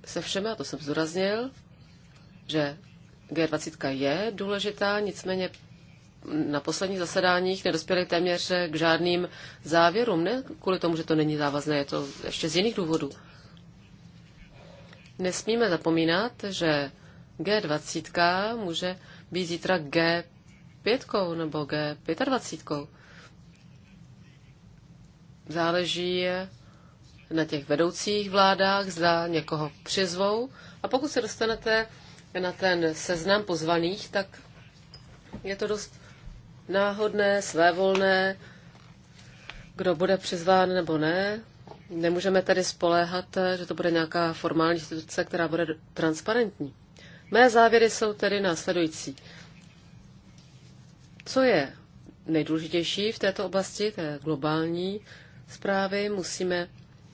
se všemi, a to jsem zdůraznil, že G20 je důležitá, nicméně na posledních zasedáních nedospěli téměř k žádným závěrům, ne kvůli tomu, že to není závazné, je to ještě z jiných důvodů. Nesmíme zapomínat, že G20 může být zítra G5 nebo G25. Záleží na těch vedoucích vládách, zda někoho přizvou. A pokud se dostanete na ten seznam pozvaných, tak je to dost náhodné, svévolné, kdo bude přizván nebo ne. Nemůžeme tady spoléhat, že to bude nějaká formální instituce, která bude transparentní. Mé závěry jsou tedy následující. Co je nejdůležitější v této oblasti, té globální zprávy, musíme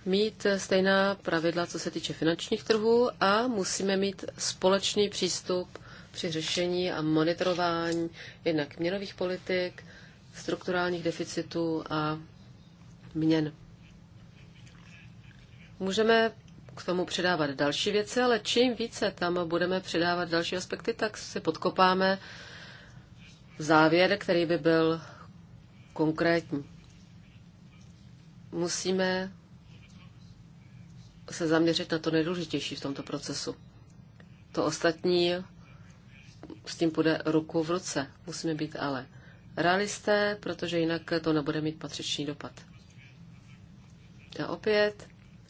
mít stejná pravidla, co se týče finančních trhů a musíme mít společný přístup při řešení a monitorování jednak měnových politik, strukturálních deficitů a měn. Můžeme k tomu přidávat další věci, ale čím více tam budeme přidávat další aspekty, tak si podkopáme závěr, který by byl konkrétní. Musíme se zaměřit na to nejdůležitější v tomto procesu. To ostatní s tím půjde ruku v ruce. Musíme být ale realisté, protože jinak to nebude mít patřičný dopad. A opět,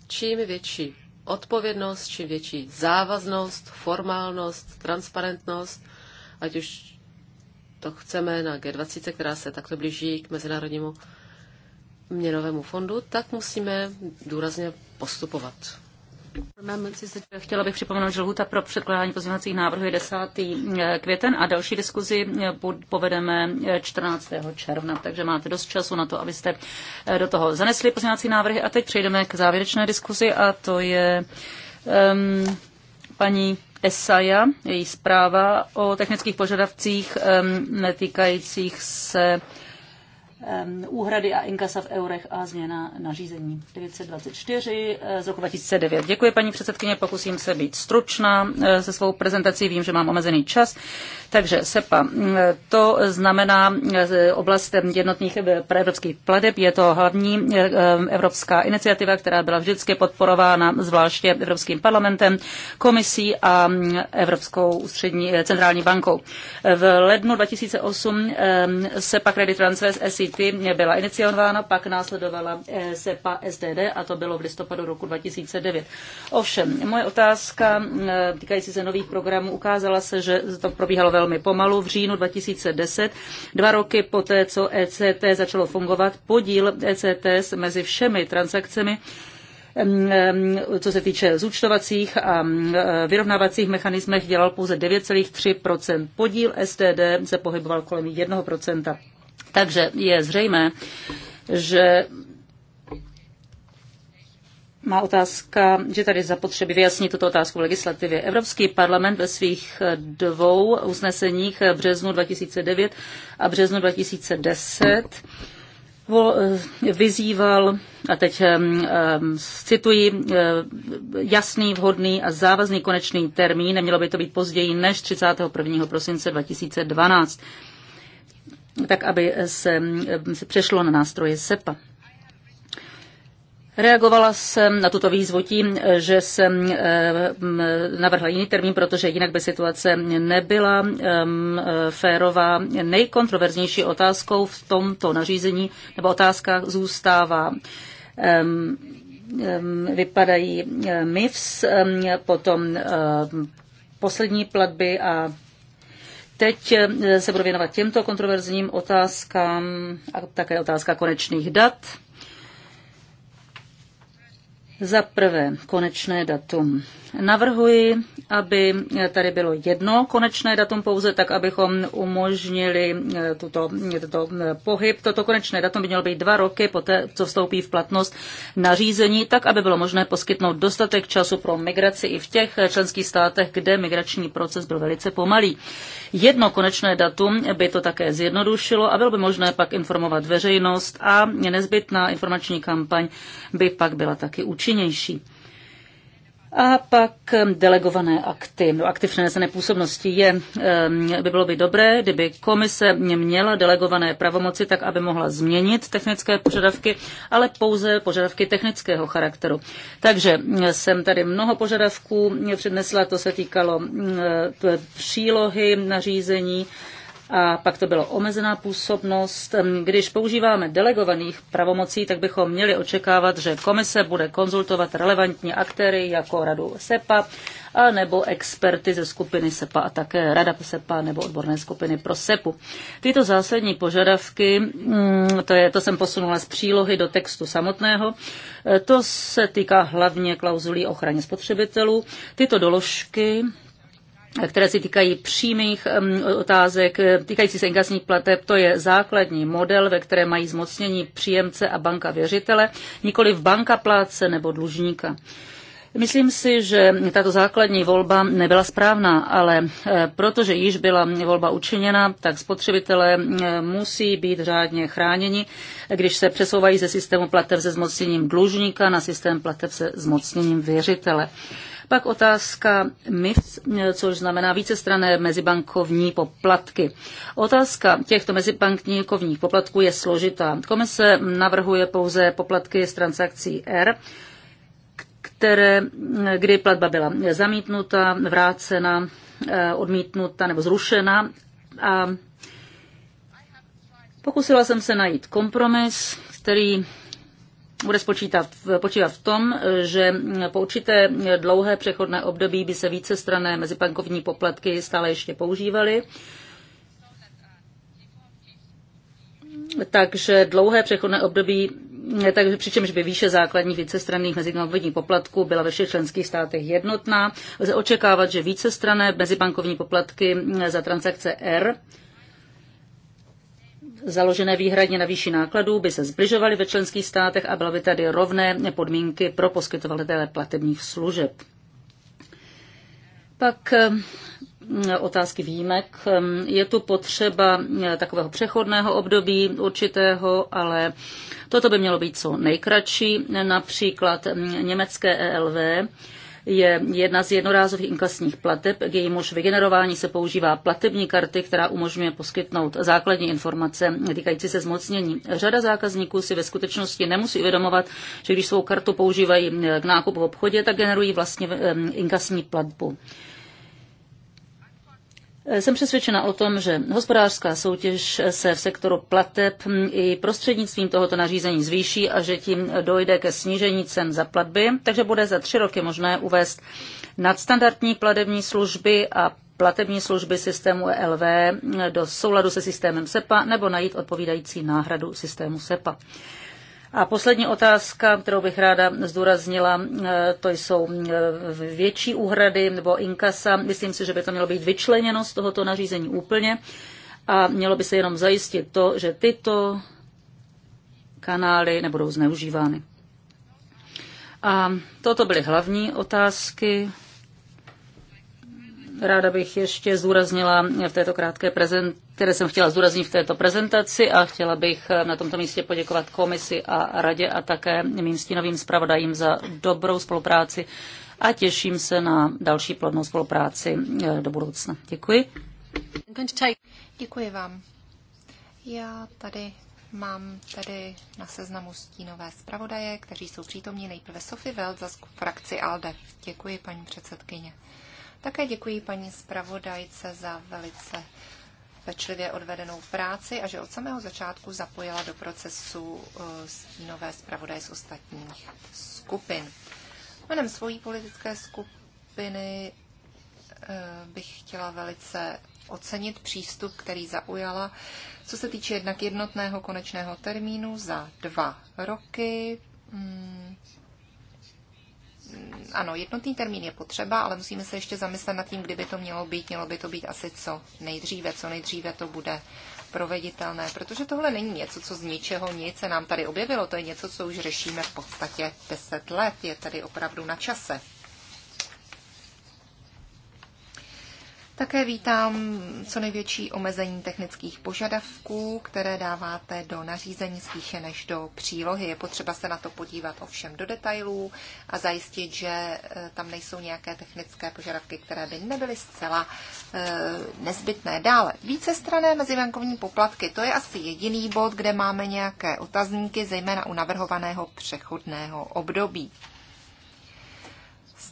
čím větší odpovědnost, čím větší závaznost, formálnost, transparentnost, ať už to chceme na G20, která se takto blíží k Mezinárodnímu měnovému fondu, tak musíme důrazně postupovat. Chtěla bych připomenout, že lhuta pro předkládání pozměňovacích návrhů je 10. Eh, květen a další diskuzi eh, povedeme 14. Eh, června, takže máte dost času na to, abyste do toho zanesli pozměňovací návrhy. A teď přejdeme k závěrečné diskuzi a to je um, paní Esaja, její zpráva o technických požadavcích um, netýkajících se úhrady a inkasa v eurech a změna nařízení 924 eh, z roku 2009. Děkuji, paní předsedkyně, pokusím se být stručná eh, se svou prezentací, vím, že mám omezený čas. Takže SEPA, eh, to znamená oblast jednotných evropských pladeb, je to hlavní evropská iniciativa, která byla vždycky podporována zvláště Evropským parlamentem, komisí a mm, Evropskou ústřední centrální bankou. V lednu 2008 SEPA Credit Transfer SEC TTIP byla iniciována, pak následovala eh, SEPA SDD a to bylo v listopadu roku 2009. Ovšem, moje otázka eh, týkající se nových programů ukázala se, že to probíhalo velmi pomalu. V říjnu 2010, dva roky poté, co ECT začalo fungovat, podíl ECT mezi všemi transakcemi mm, eh, co se týče zúčtovacích a vyrovnávacích mechanismech, dělal pouze 9,3 Podíl STD se pohyboval kolem 1 takže je zřejmé, že má otázka, že tady zapotřebí vyjasnit tuto otázku v legislativě. Evropský parlament ve svých dvou usneseních v březnu 2009 a březnu 2010 eh, vyzýval, a teď eh, cituji, eh, jasný, vhodný a závazný konečný termín, nemělo by to být později než 31. prosince 2012 tak aby se, eh, se přešlo na nástroje SEPA. Reagovala jsem na tuto výzvu tím, že jsem eh, navrhla jiný termín, protože jinak by situace nebyla eh, férová. Nejkontroverznější otázkou v tomto nařízení nebo otázkách zůstává vypadají MIFS, potom poslední platby a Teď eh, se budu věnovat těmto kontroverzním otázkám a také otázka konečných dat. Za prvé, konečné datum navrhuji, aby tady bylo jedno konečné datum pouze, tak abychom umožnili eh, tuto, tuto eh, pohyb. Toto konečné datum by mělo být dva roky poté, co vstoupí v platnost nařízení, tak aby bylo možné poskytnout dostatek času pro migraci i v těch eh, členských státech, kde migrační proces byl velice pomalý. Jedno konečné datum by to také zjednodušilo a bylo by možné pak informovat veřejnost a nezbytná informační kampaň by pak byla taky účinnější. A pak um, delegované akty. No, akty přenesené působnosti je, um, by bylo by dobré, kdyby komise měla delegované pravomoci, tak aby mohla změnit technické požadavky, ale pouze požadavky technického charakteru. Takže um, jsem tady mnoho požadavků přednesla, to se týkalo přílohy nařízení, a pak to bylo omezená působnost. Když používáme delegovaných pravomocí, tak bychom měli očekávat, že komise bude konzultovat relevantní aktéry jako radu SEPA a nebo experty ze skupiny SEPA a také rada SEPA nebo odborné skupiny pro SEPu. Tyto zásadní požadavky, mm, to, je, to jsem posunula z přílohy do textu samotného, e, to se týká hlavně klauzulí ochraně spotřebitelů. Tyto doložky které se týkají přímých otázek, eh, týkající se inkasních plateb, to je základní model, ve které mají zmocnění příjemce a banka věřitele, nikoli v banka pláce nebo dlužníka. Myslím si, že tato základní volba nebyla správná, ale eh, protože již byla volba učiněna, tak spotřebitelé eh, musí být řádně chráněni, když se přesouvají ze systému plateb se zmocněním dlužníka na systém plateb se zmocněním věřitele. Pak otázka MIFS, což znamená vícestrané mezibankovní poplatky. Otázka těchto mezibankovních poplatků je složitá. Komise navrhuje pouze poplatky z transakcí R, které, kdy platba byla zamítnuta, vrácena, eh, odmítnuta nebo zrušena. A pokusila jsem se najít kompromis, který bude spočítat, počívat v tom, že po určité dlouhé přechodné období by se více strané mezipankovní poplatky stále ještě používaly. Takže dlouhé přechodné období takže přičemž by výše základních vícestranných mezibankovních poplatků byla ve všech členských státech jednotná. Lze očekávat, že vícestrané mezibankovní poplatky za transakce R založené výhradně na výši nákladů by se zbližovaly ve členských státech a byla by tady rovné podmínky pro poskytovatele platebních služeb. Pak eh, otázky výjimek. Eh, je tu potřeba eh, takového přechodného období určitého, ale toto by mělo být co nejkratší. Například mm, německé ELV je jedna z jednorázových inkasních plateb, k jejímuž vygenerování se používá platební karty, která umožňuje poskytnout základní informace týkající se zmocnění. Řada zákazníků si ve skutečnosti nemusí uvědomovat, že když svou kartu používají k nákupu v obchodě, tak generují vlastně inkasní platbu. Jsem přesvědčena o tom, že hospodářská soutěž se v sektoru plateb i prostřednictvím tohoto nařízení zvýší a že tím dojde ke snížení cen za platby, takže bude za tři roky možné uvést nadstandardní platební služby a platební služby systému ELV do souladu se systémem SEPA nebo najít odpovídající náhradu systému SEPA. A poslední otázka, kterou bych ráda zdůraznila, eh, to jsou eh, větší úhrady nebo inkasa. Myslím si, že by to mělo být vyčleněno z tohoto nařízení úplně a mělo by se jenom zajistit to, že tyto kanály nebudou zneužívány. A toto byly hlavní otázky. Ráda bych ještě zdůraznila v této krátké prezent, které jsem chtěla zdůraznit v této prezentaci a chtěla bych na tomto místě poděkovat komisi a radě a také mým stínovým zpravodajím za dobrou spolupráci a těším se na další plodnou spolupráci eh, do budoucna. Děkuji. Děkuji vám. Já tady mám tady na seznamu stínové zpravodaje, kteří jsou přítomní nejprve Sophie Veld za frakci ALDE. Děkuji, paní předsedkyně. Také děkuji paní zpravodajce za velice pečlivě odvedenou práci a že od samého začátku zapojila do procesu eh, stínové zpravodaje z ostatních skupin. Jménem svojí politické skupiny eh, bych chtěla velice ocenit přístup, který zaujala, co se týče jednak jednotného konečného termínu za dva roky hmm, Mm, ano, jednotný termín je potřeba, ale musíme se ještě zamyslet nad tím, kdyby to mělo být. Mělo by to být asi co nejdříve, co nejdříve to bude proveditelné, protože tohle není něco, co z ničeho nic se nám tady objevilo, to je něco, co už řešíme v podstatě 10 let, je tady opravdu na čase. Také vítám co největší omezení technických požadavků, které dáváte do nařízení spíše než do přílohy. Je potřeba se na to podívat ovšem do detailů a zajistit, že eh, tam nejsou nějaké technické požadavky, které by nebyly zcela eh, nezbytné. Dále, více strané mezibankovní poplatky, to je asi jediný bod, kde máme nějaké otazníky, zejména u navrhovaného přechodného období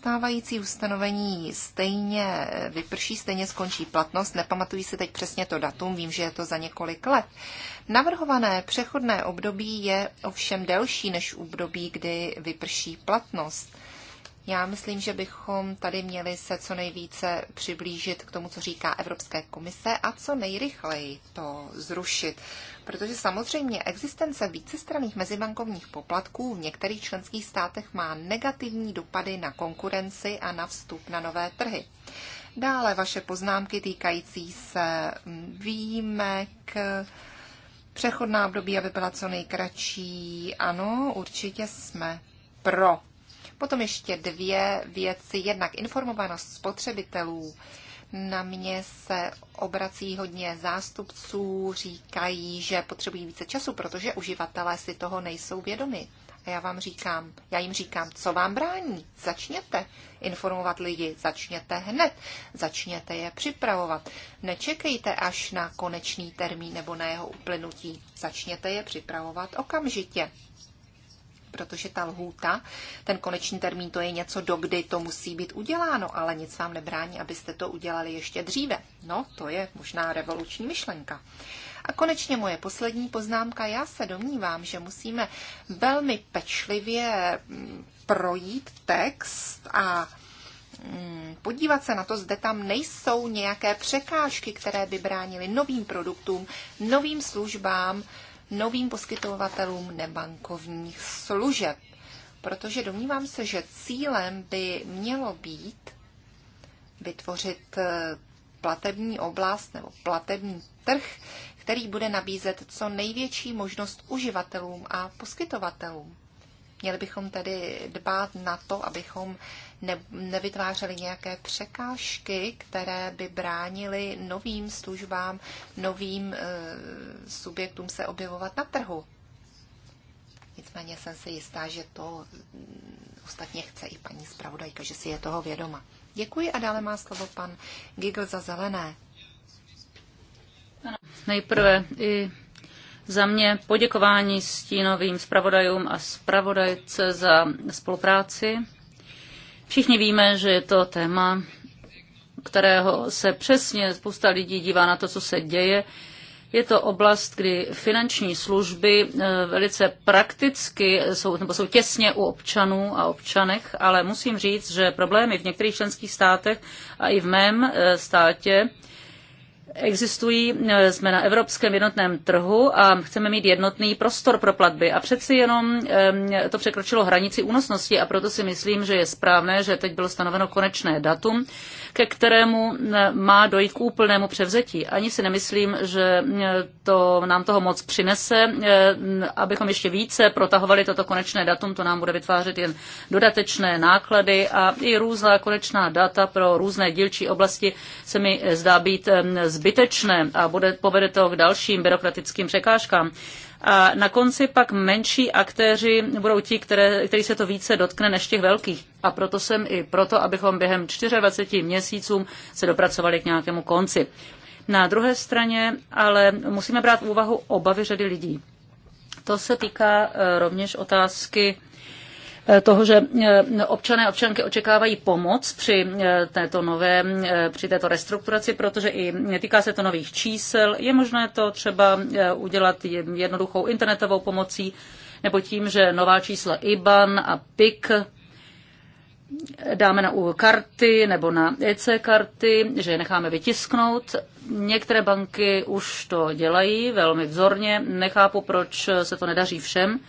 stávající ustanovení stejně vyprší, stejně skončí platnost. Nepamatuji si teď přesně to datum, vím, že je to za několik let. Navrhované přechodné období je ovšem delší než období, kdy vyprší platnost. Já myslím, že bychom tady měli se co nejvíce přiblížit k tomu, co říká Evropské komise a co nejrychleji to zrušit. Protože samozřejmě existence vícestranných mezibankovních poplatků v některých členských státech má negativní dopady na konkurenci a na vstup na nové trhy. Dále vaše poznámky týkající se výjimek, přechodná období, aby byla co nejkratší. Ano, určitě jsme pro. Potom ještě dvě věci. Jednak informovanost spotřebitelů. Na mě se obrací hodně zástupců, říkají, že potřebují více času, protože uživatelé si toho nejsou vědomi. A já vám říkám, já jim říkám, co vám brání? Začněte informovat lidi, začněte hned, začněte je připravovat. Nečekejte až na konečný termín nebo na jeho uplynutí, začněte je připravovat okamžitě protože ta lhůta, ten konečný termín, to je něco, do kdy to musí být uděláno, ale nic vám nebrání, abyste to udělali ještě dříve. No, to je možná revoluční myšlenka. A konečně moje poslední poznámka. Já se domnívám, že musíme velmi pečlivě mm, projít text a mm, podívat se na to, zde tam nejsou nějaké překážky, které by bránily novým produktům, novým službám, novým poskytovatelům nebankovních služeb. Protože domnívám se, že cílem by mělo být vytvořit eh, platební oblast nebo platební trh, který bude nabízet co největší možnost uživatelům a poskytovatelům. Měli bychom tedy dbát na to, abychom ne, nevytvářely nějaké překážky, které by bránily novým službám, novým e, subjektům se objevovat na trhu. Nicméně jsem si jistá, že to mm, ostatně chce i paní zpravodajka, že si je toho vědoma. Děkuji a dále má slovo pan Gigl za zelené. Nejprve i za mě poděkování stínovým zpravodajům a zpravodajce za spolupráci Všichni víme, že je to téma, kterého se přesně spousta lidí dívá na to, co se děje. Je to oblast, kdy finanční služby eh, velice prakticky jsou, nebo jsou těsně u občanů a občanech, ale musím říct, že problémy v některých členských státech a i v mém eh, státě existují, eh, jsme na evropském jednotném trhu a chceme mít jednotný prostor pro platby. A přeci jenom eh, to překročilo hranici únosnosti a proto si myslím, že je správné, že teď bylo stanoveno konečné datum ke kterému eh, má dojít k úplnému převzetí. Ani si nemyslím, že eh, to nám toho moc přinese. Eh, abychom ještě více protahovali toto konečné datum, to nám bude vytvářet jen dodatečné náklady a i různá konečná data pro různé dílčí oblasti se mi zdá být zbytečné a bude, povede to k dalším byrokratickým překážkám a na konci pak menší aktéři budou ti, které, který se to více dotkne než těch velkých. A proto jsem i proto, abychom během 24 měsíců se dopracovali k nějakému konci. Na druhé straně ale musíme brát v úvahu obavy řady lidí. To se týká eh, rovněž otázky Eh, toho, že eh, občané a občanky očekávají pomoc při eh, této nové, při této restrukturaci, protože i týká se to nových čísel. Je možné to třeba udělat jednoduchou internetovou pomocí nebo tím, že nová čísla IBAN a PIK dáme na U karty nebo na EC karty, že je necháme vytisknout. Některé banky už to dělají velmi vzorně. Nechápu, proč se to nedaří všem.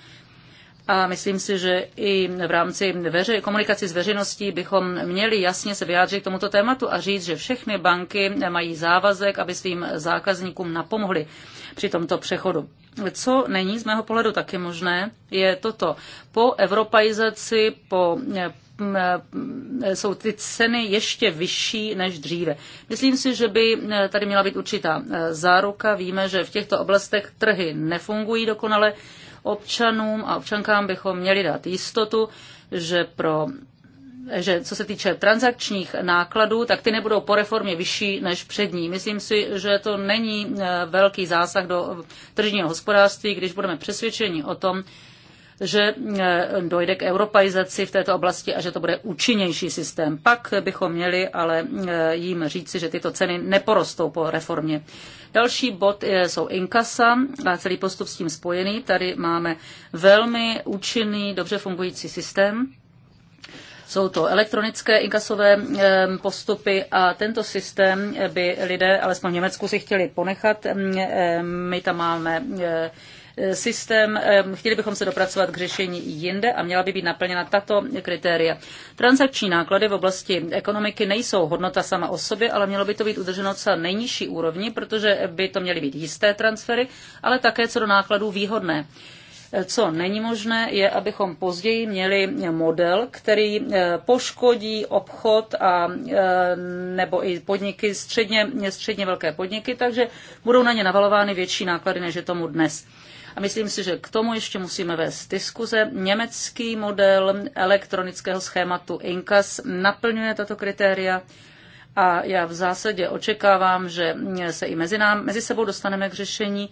A myslím si, že i v rámci veře- komunikaci s veřejností bychom měli jasně se vyjádřit k tomuto tématu a říct, že všechny banky mají závazek, aby svým zákazníkům napomohly při tomto přechodu. Co není z mého pohledu taky možné, je toto. Po evropaizaci, po eh, jsou ty ceny ještě vyšší než dříve. Myslím si, že by eh, tady měla být určitá eh, záruka. Víme, že v těchto oblastech trhy nefungují dokonale. Občanům a občankám bychom měli dát jistotu, že pro že co se týče transakčních nákladů, tak ty nebudou po reformě vyšší než přední. Myslím si, že to není eh, velký zásah do tržního hospodářství, když budeme přesvědčeni o tom, že eh, dojde k europaizaci v této oblasti a že to bude účinnější systém. Pak bychom měli ale eh, jim říci, že tyto ceny neporostou po reformě. Další bod eh, jsou inkasa a celý postup s tím spojený. Tady máme velmi účinný, dobře fungující systém. Jsou to elektronické inkasové postupy a tento systém by lidé, alespoň v Německu, si chtěli ponechat. Mm, my tam máme Eh, systém. Eh, chtěli bychom se dopracovat k řešení jinde a měla by být naplněna tato kritéria. Transakční náklady v oblasti ekonomiky nejsou hodnota sama o sobě, ale mělo by to být udrženo co nejnižší úrovni, protože by to měly být jisté transfery, ale také co do nákladů výhodné. Eh, co není možné, je, abychom později měli model, který poškodí obchod a nebo i podniky, středně, středně velké podniky, takže budou na ně navalovány větší náklady, než je tomu dnes. A myslím si, že k tomu ještě musíme vést diskuze. Německý model elektronického schématu INCAS naplňuje tato kritéria a já v zásadě očekávám, že se i mezi, nám, mezi sebou dostaneme k řešení,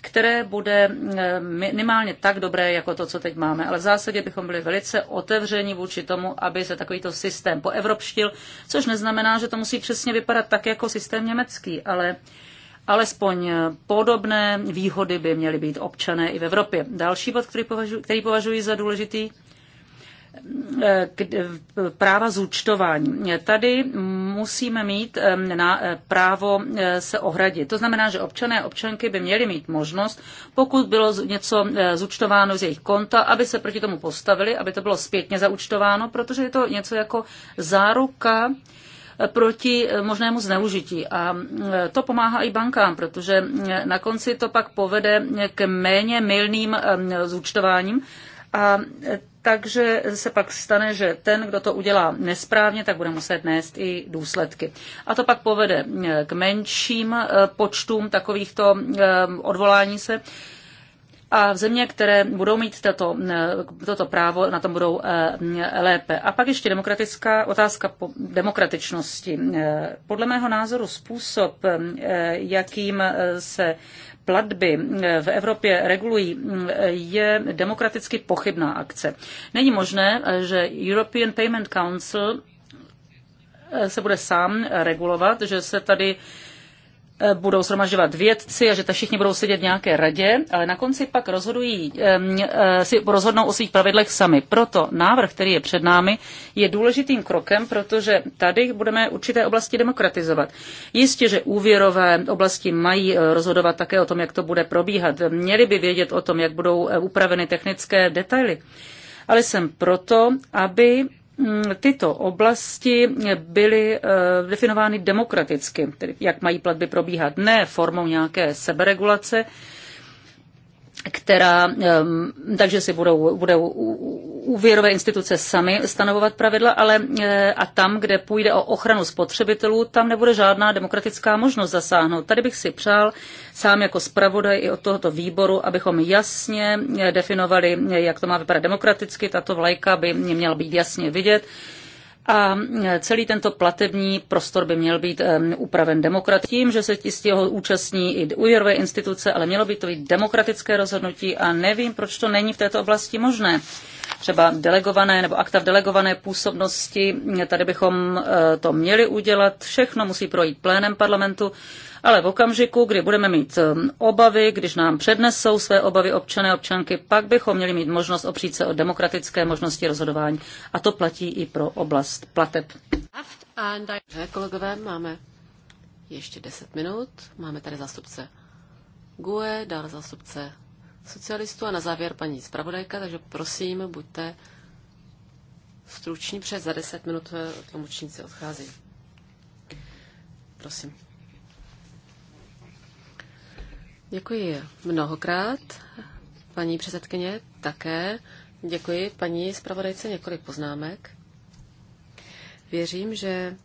které bude eh, minimálně tak dobré, jako to, co teď máme. Ale v zásadě bychom byli velice otevření vůči tomu, aby se takovýto systém poevropštil, což neznamená, že to musí přesně vypadat tak, jako systém německý, ale Alespoň podobné výhody by měly být občané i v Evropě. Další bod, který považuji, který považuji za důležitý, eh, práva zúčtování. Tady musíme mít na eh, právo eh, se ohradit. To znamená, že občané a občanky by měli mít možnost, pokud bylo něco zúčtováno z jejich konta, aby se proti tomu postavili, aby to bylo zpětně zaúčtováno, protože je to něco jako záruka proti možnému zneužití. A e, to pomáhá i bankám, protože e, na konci to pak povede k méně mylným e, zúčtováním. A takže se pak stane, že ten, kdo to udělá nesprávně, tak bude muset nést i důsledky. A to pak povede k menším počtům takovýchto odvolání se a v země, které budou mít tato, eh, toto právo, na tom budou eh, lépe. A pak ještě demokratická otázka po demokratičnosti. Eh, podle mého názoru způsob, jakým se platby v Evropě regulují, je demokraticky pochybná akce. Není možné, že European Payment Council se bude sám regulovat, že se tady Eh, budou shromažďovat vědci a že ta všichni budou sedět v nějaké radě, ale na konci pak rozhodují, eh, si rozhodnou o svých pravidlech sami. Proto návrh, který je před námi, je důležitým krokem, protože tady budeme určité oblasti demokratizovat. Jistě, že úvěrové oblasti mají eh, rozhodovat také o tom, jak to bude probíhat. Měli by vědět o tom, jak budou upraveny technické detaily. Ale jsem proto, aby Mm, tyto oblasti byly eh, definovány demokraticky, tedy jak mají platby probíhat, ne formou nějaké seberegulace, která, ehm, takže si budou, budou úvěrové instituce sami stanovovat pravidla, ale eh, a tam, kde půjde o ochranu spotřebitelů, tam nebude žádná demokratická možnost zasáhnout. Tady bych si přál sám jako zpravodaj i od tohoto výboru, abychom jasně eh, definovali, eh, jak to má vypadat demokraticky. Tato vlajka by měla být jasně vidět a celý tento platební prostor by měl být upraven demokratickým, tím, že se z těho účastní i úvěrové instituce, ale mělo by to být demokratické rozhodnutí a nevím, proč to není v této oblasti možné třeba delegované nebo akta v delegované působnosti. Tady bychom eh, to měli udělat. Všechno musí projít plénem parlamentu ale v okamžiku, kdy budeme mít eh, obavy, když nám přednesou své obavy občané občanky, pak bychom měli mít možnost opřít se o demokratické možnosti rozhodování. A to platí i pro oblast plateb. Kolegové, máme ještě 10 minut. Máme tady zástupce GUE, dále zástupce socialistů a na závěr paní zpravodajka, takže prosím, buďte struční, přes za 10 minut eh, tlumočníci odchází. Prosím. Děkuji mnohokrát. Paní předsedkyně také. Děkuji paní zpravodajce několik poznámek. Věřím, že,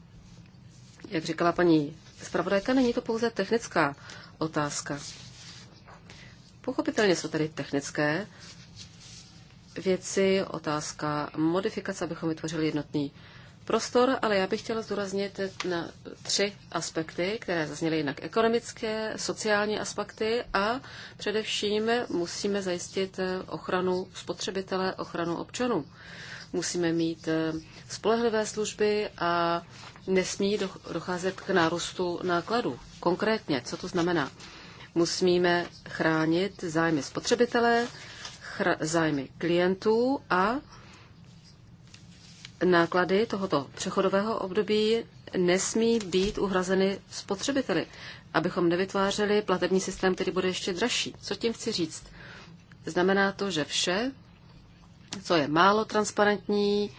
jak říkala paní zpravodajka, není to pouze technická otázka. Pochopitelně jsou tady technické věci, otázka modifikace, abychom vytvořili jednotný prostor, ale já bych chtěla zdůraznit na tři aspekty, které zazněly jinak ekonomické, sociální aspekty a především musíme zajistit ochranu spotřebitele, ochranu občanů. Musíme mít eh, spolehlivé služby a nesmí docházet k nárůstu nákladů. Konkrétně, co to znamená? Musíme chránit zájmy spotřebitele, zájmy klientů a Náklady tohoto přechodového období nesmí být uhrazeny spotřebiteli, abychom nevytvářeli platební systém, který bude ještě dražší. Co tím chci říct? Znamená to, že vše, co je málo transparentní,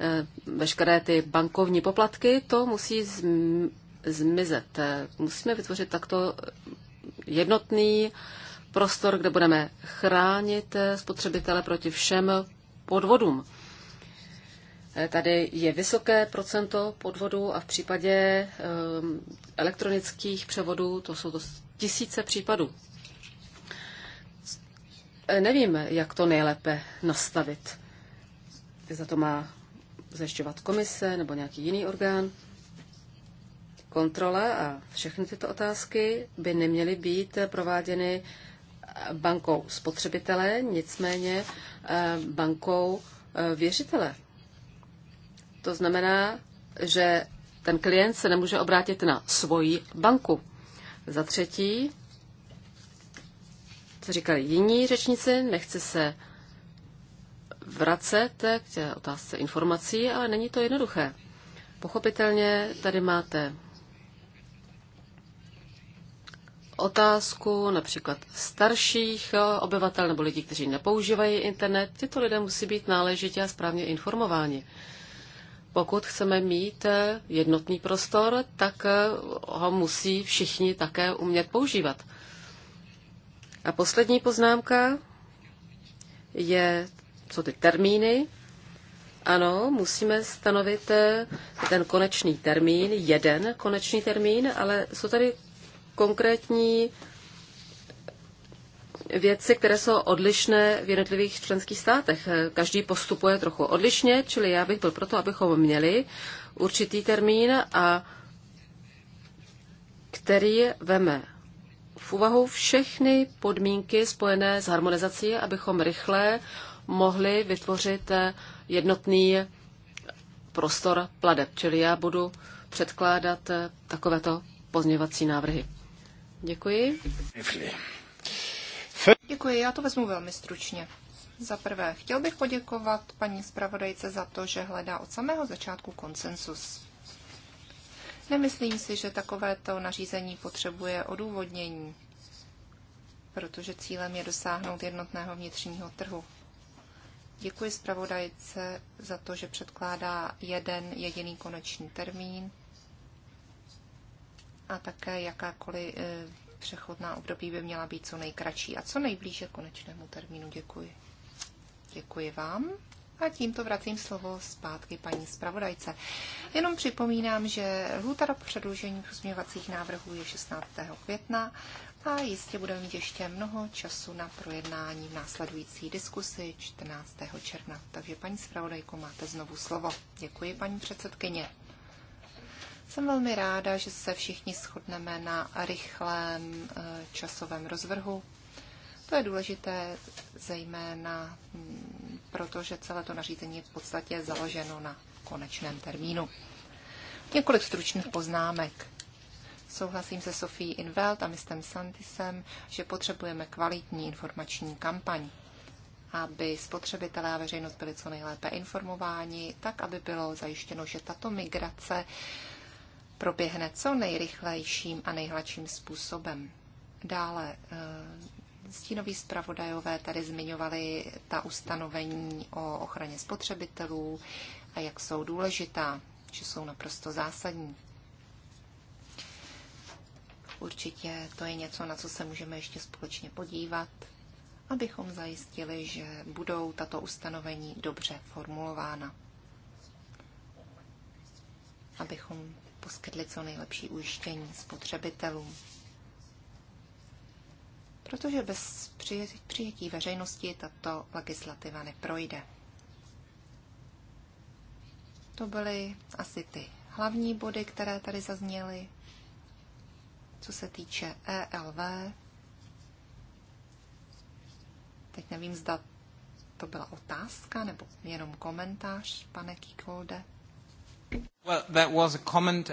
eh, veškeré ty bankovní poplatky, to musí zmizet. Musíme vytvořit takto jednotný prostor, kde budeme chránit spotřebitele proti všem podvodům. Tady je vysoké procento podvodů a v případě ehm, elektronických převodů to jsou to tisíce případů. Nevím, jak to nejlépe nastavit. Za to má zajišťovat komise nebo nějaký jiný orgán. Kontrola a všechny tyto otázky by neměly být prováděny bankou spotřebitele, nicméně eh, bankou eh, věřitele. To znamená, že ten klient se nemůže obrátit na svoji banku. Za třetí, co říkali jiní řečníci, nechci se vracet k té otázce informací, ale není to jednoduché. Pochopitelně tady máte otázku například starších obyvatel nebo lidí, kteří nepoužívají internet. Tyto lidé musí být náležitě a správně informováni pokud chceme mít eh, jednotný prostor, tak eh, ho musí všichni také umět používat. A poslední poznámka je, co ty termíny. Ano, musíme stanovit eh, ten konečný termín, jeden konečný termín, ale jsou tady konkrétní věci, které jsou odlišné v jednotlivých členských státech. Každý postupuje trochu odlišně, čili já bych byl proto, abychom měli určitý termín, a který veme v úvahu všechny podmínky spojené s harmonizací, abychom rychle mohli vytvořit jednotný prostor pladeb. Čili já budu předkládat takovéto pozměvací návrhy. Děkuji. Děkuji, já to vezmu velmi stručně. Za prvé, chtěl bych poděkovat paní zpravodajce za to, že hledá od samého začátku konsensus. Nemyslím si, že takovéto nařízení potřebuje odůvodnění, protože cílem je dosáhnout jednotného vnitřního trhu. Děkuji zpravodajce za to, že předkládá jeden jediný konečný termín a také jakákoliv eh, přechodná období by měla být co nejkratší a co nejblíže konečnému termínu. Děkuji. Děkuji vám. A tímto vracím slovo zpátky paní zpravodajce. Jenom připomínám, že lhůta do předložení pozměňovacích návrhů je 16. května a jistě budeme mít ještě mnoho času na projednání v následující diskusi 14. června. Takže paní zpravodajko, máte znovu slovo. Děkuji, paní předsedkyně. Jsem velmi ráda, že se všichni shodneme na rychlém eh, časovém rozvrhu. To je důležité zejména mm, proto, že celé to nařízení je v podstatě založeno na konečném termínu. Několik stručných poznámek. Souhlasím se Sofí Invelt a mistem Santisem, že potřebujeme kvalitní informační kampaň, aby spotřebitelé a veřejnost byli co nejlépe informováni, tak aby bylo zajištěno, že tato migrace uh, proběhne co nejrychlejším a nejhladším způsobem. Dále eh, stínoví zpravodajové tady zmiňovali ta ustanovení o ochraně spotřebitelů a jak jsou důležitá, že jsou naprosto zásadní. Určitě to je něco, na co se můžeme ještě společně podívat, abychom zajistili, že budou tato ustanovení dobře formulována. Abychom poskytli co nejlepší ujištění spotřebitelům. Protože bez přijetí veřejnosti tato legislativa neprojde. To byly asi ty hlavní body, které tady zazněly. Co se týče ELV, teď nevím, zda to byla otázka nebo jenom komentář, pane Kikolde. Well, that was a comment.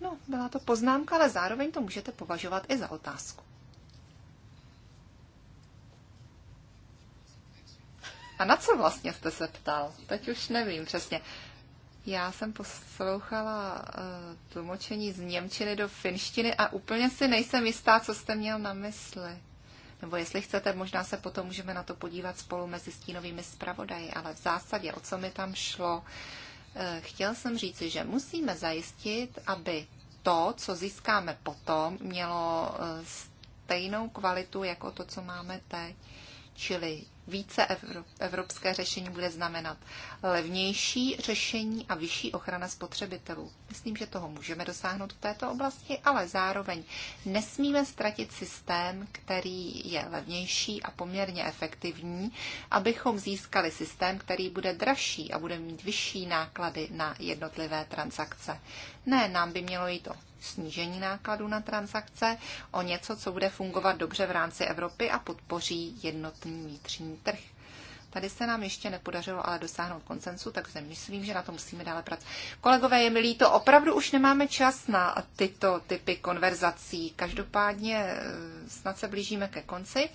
No, byla to poznámka, ale zároveň to můžete považovat i za otázku. A na co vlastně jste se ptal? Teď už nevím přesně. Já jsem poslouchala uh, tlumočení z Němčiny do finštiny a úplně si nejsem jistá, co jste měl na mysli. Nebo jestli chcete, možná se potom můžeme na to podívat spolu mezi stínovými zpravodaji, ale v zásadě, o co mi tam šlo, uh, Eh, chtěl jsem říci, že musíme zajistit, aby to, co získáme potom, mělo eh, stejnou kvalitu jako to, co máme teď. Čili více evropské řešení bude znamenat levnější řešení a vyšší ochrana spotřebitelů. Myslím, že toho můžeme dosáhnout v této oblasti, ale zároveň nesmíme ztratit systém, který je levnější a poměrně efektivní, abychom získali systém, který bude dražší a bude mít vyšší náklady na jednotlivé transakce. Ne, nám by mělo jít o snížení nákladů na transakce, o něco, co bude fungovat dobře v rámci Evropy a podpoří jednotný vnitřní trh. Tady se nám ještě nepodařilo ale dosáhnout koncensu, takže myslím, že na to musíme dále pracovat. Kolegové, je mi líto, opravdu už nemáme čas na tyto typy konverzací. Každopádně eh, snad se blížíme ke konci.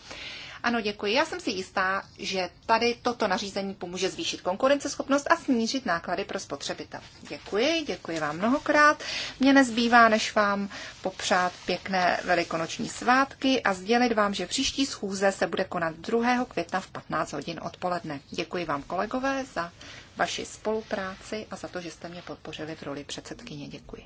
Ano, děkuji. Já jsem si jistá, že tady toto nařízení pomůže zvýšit konkurenceschopnost a snížit náklady pro spotřebitel. Děkuji, děkuji vám mnohokrát. Mně nezbývá, než vám popřát pěkné velikonoční svátky a sdělit vám, že příští schůze se bude konat 2. května v 15 hodin odpoledne. Děkuji vám, kolegové, za vaši spolupráci a za to, že jste mě podpořili v roli předsedkyně. Děkuji.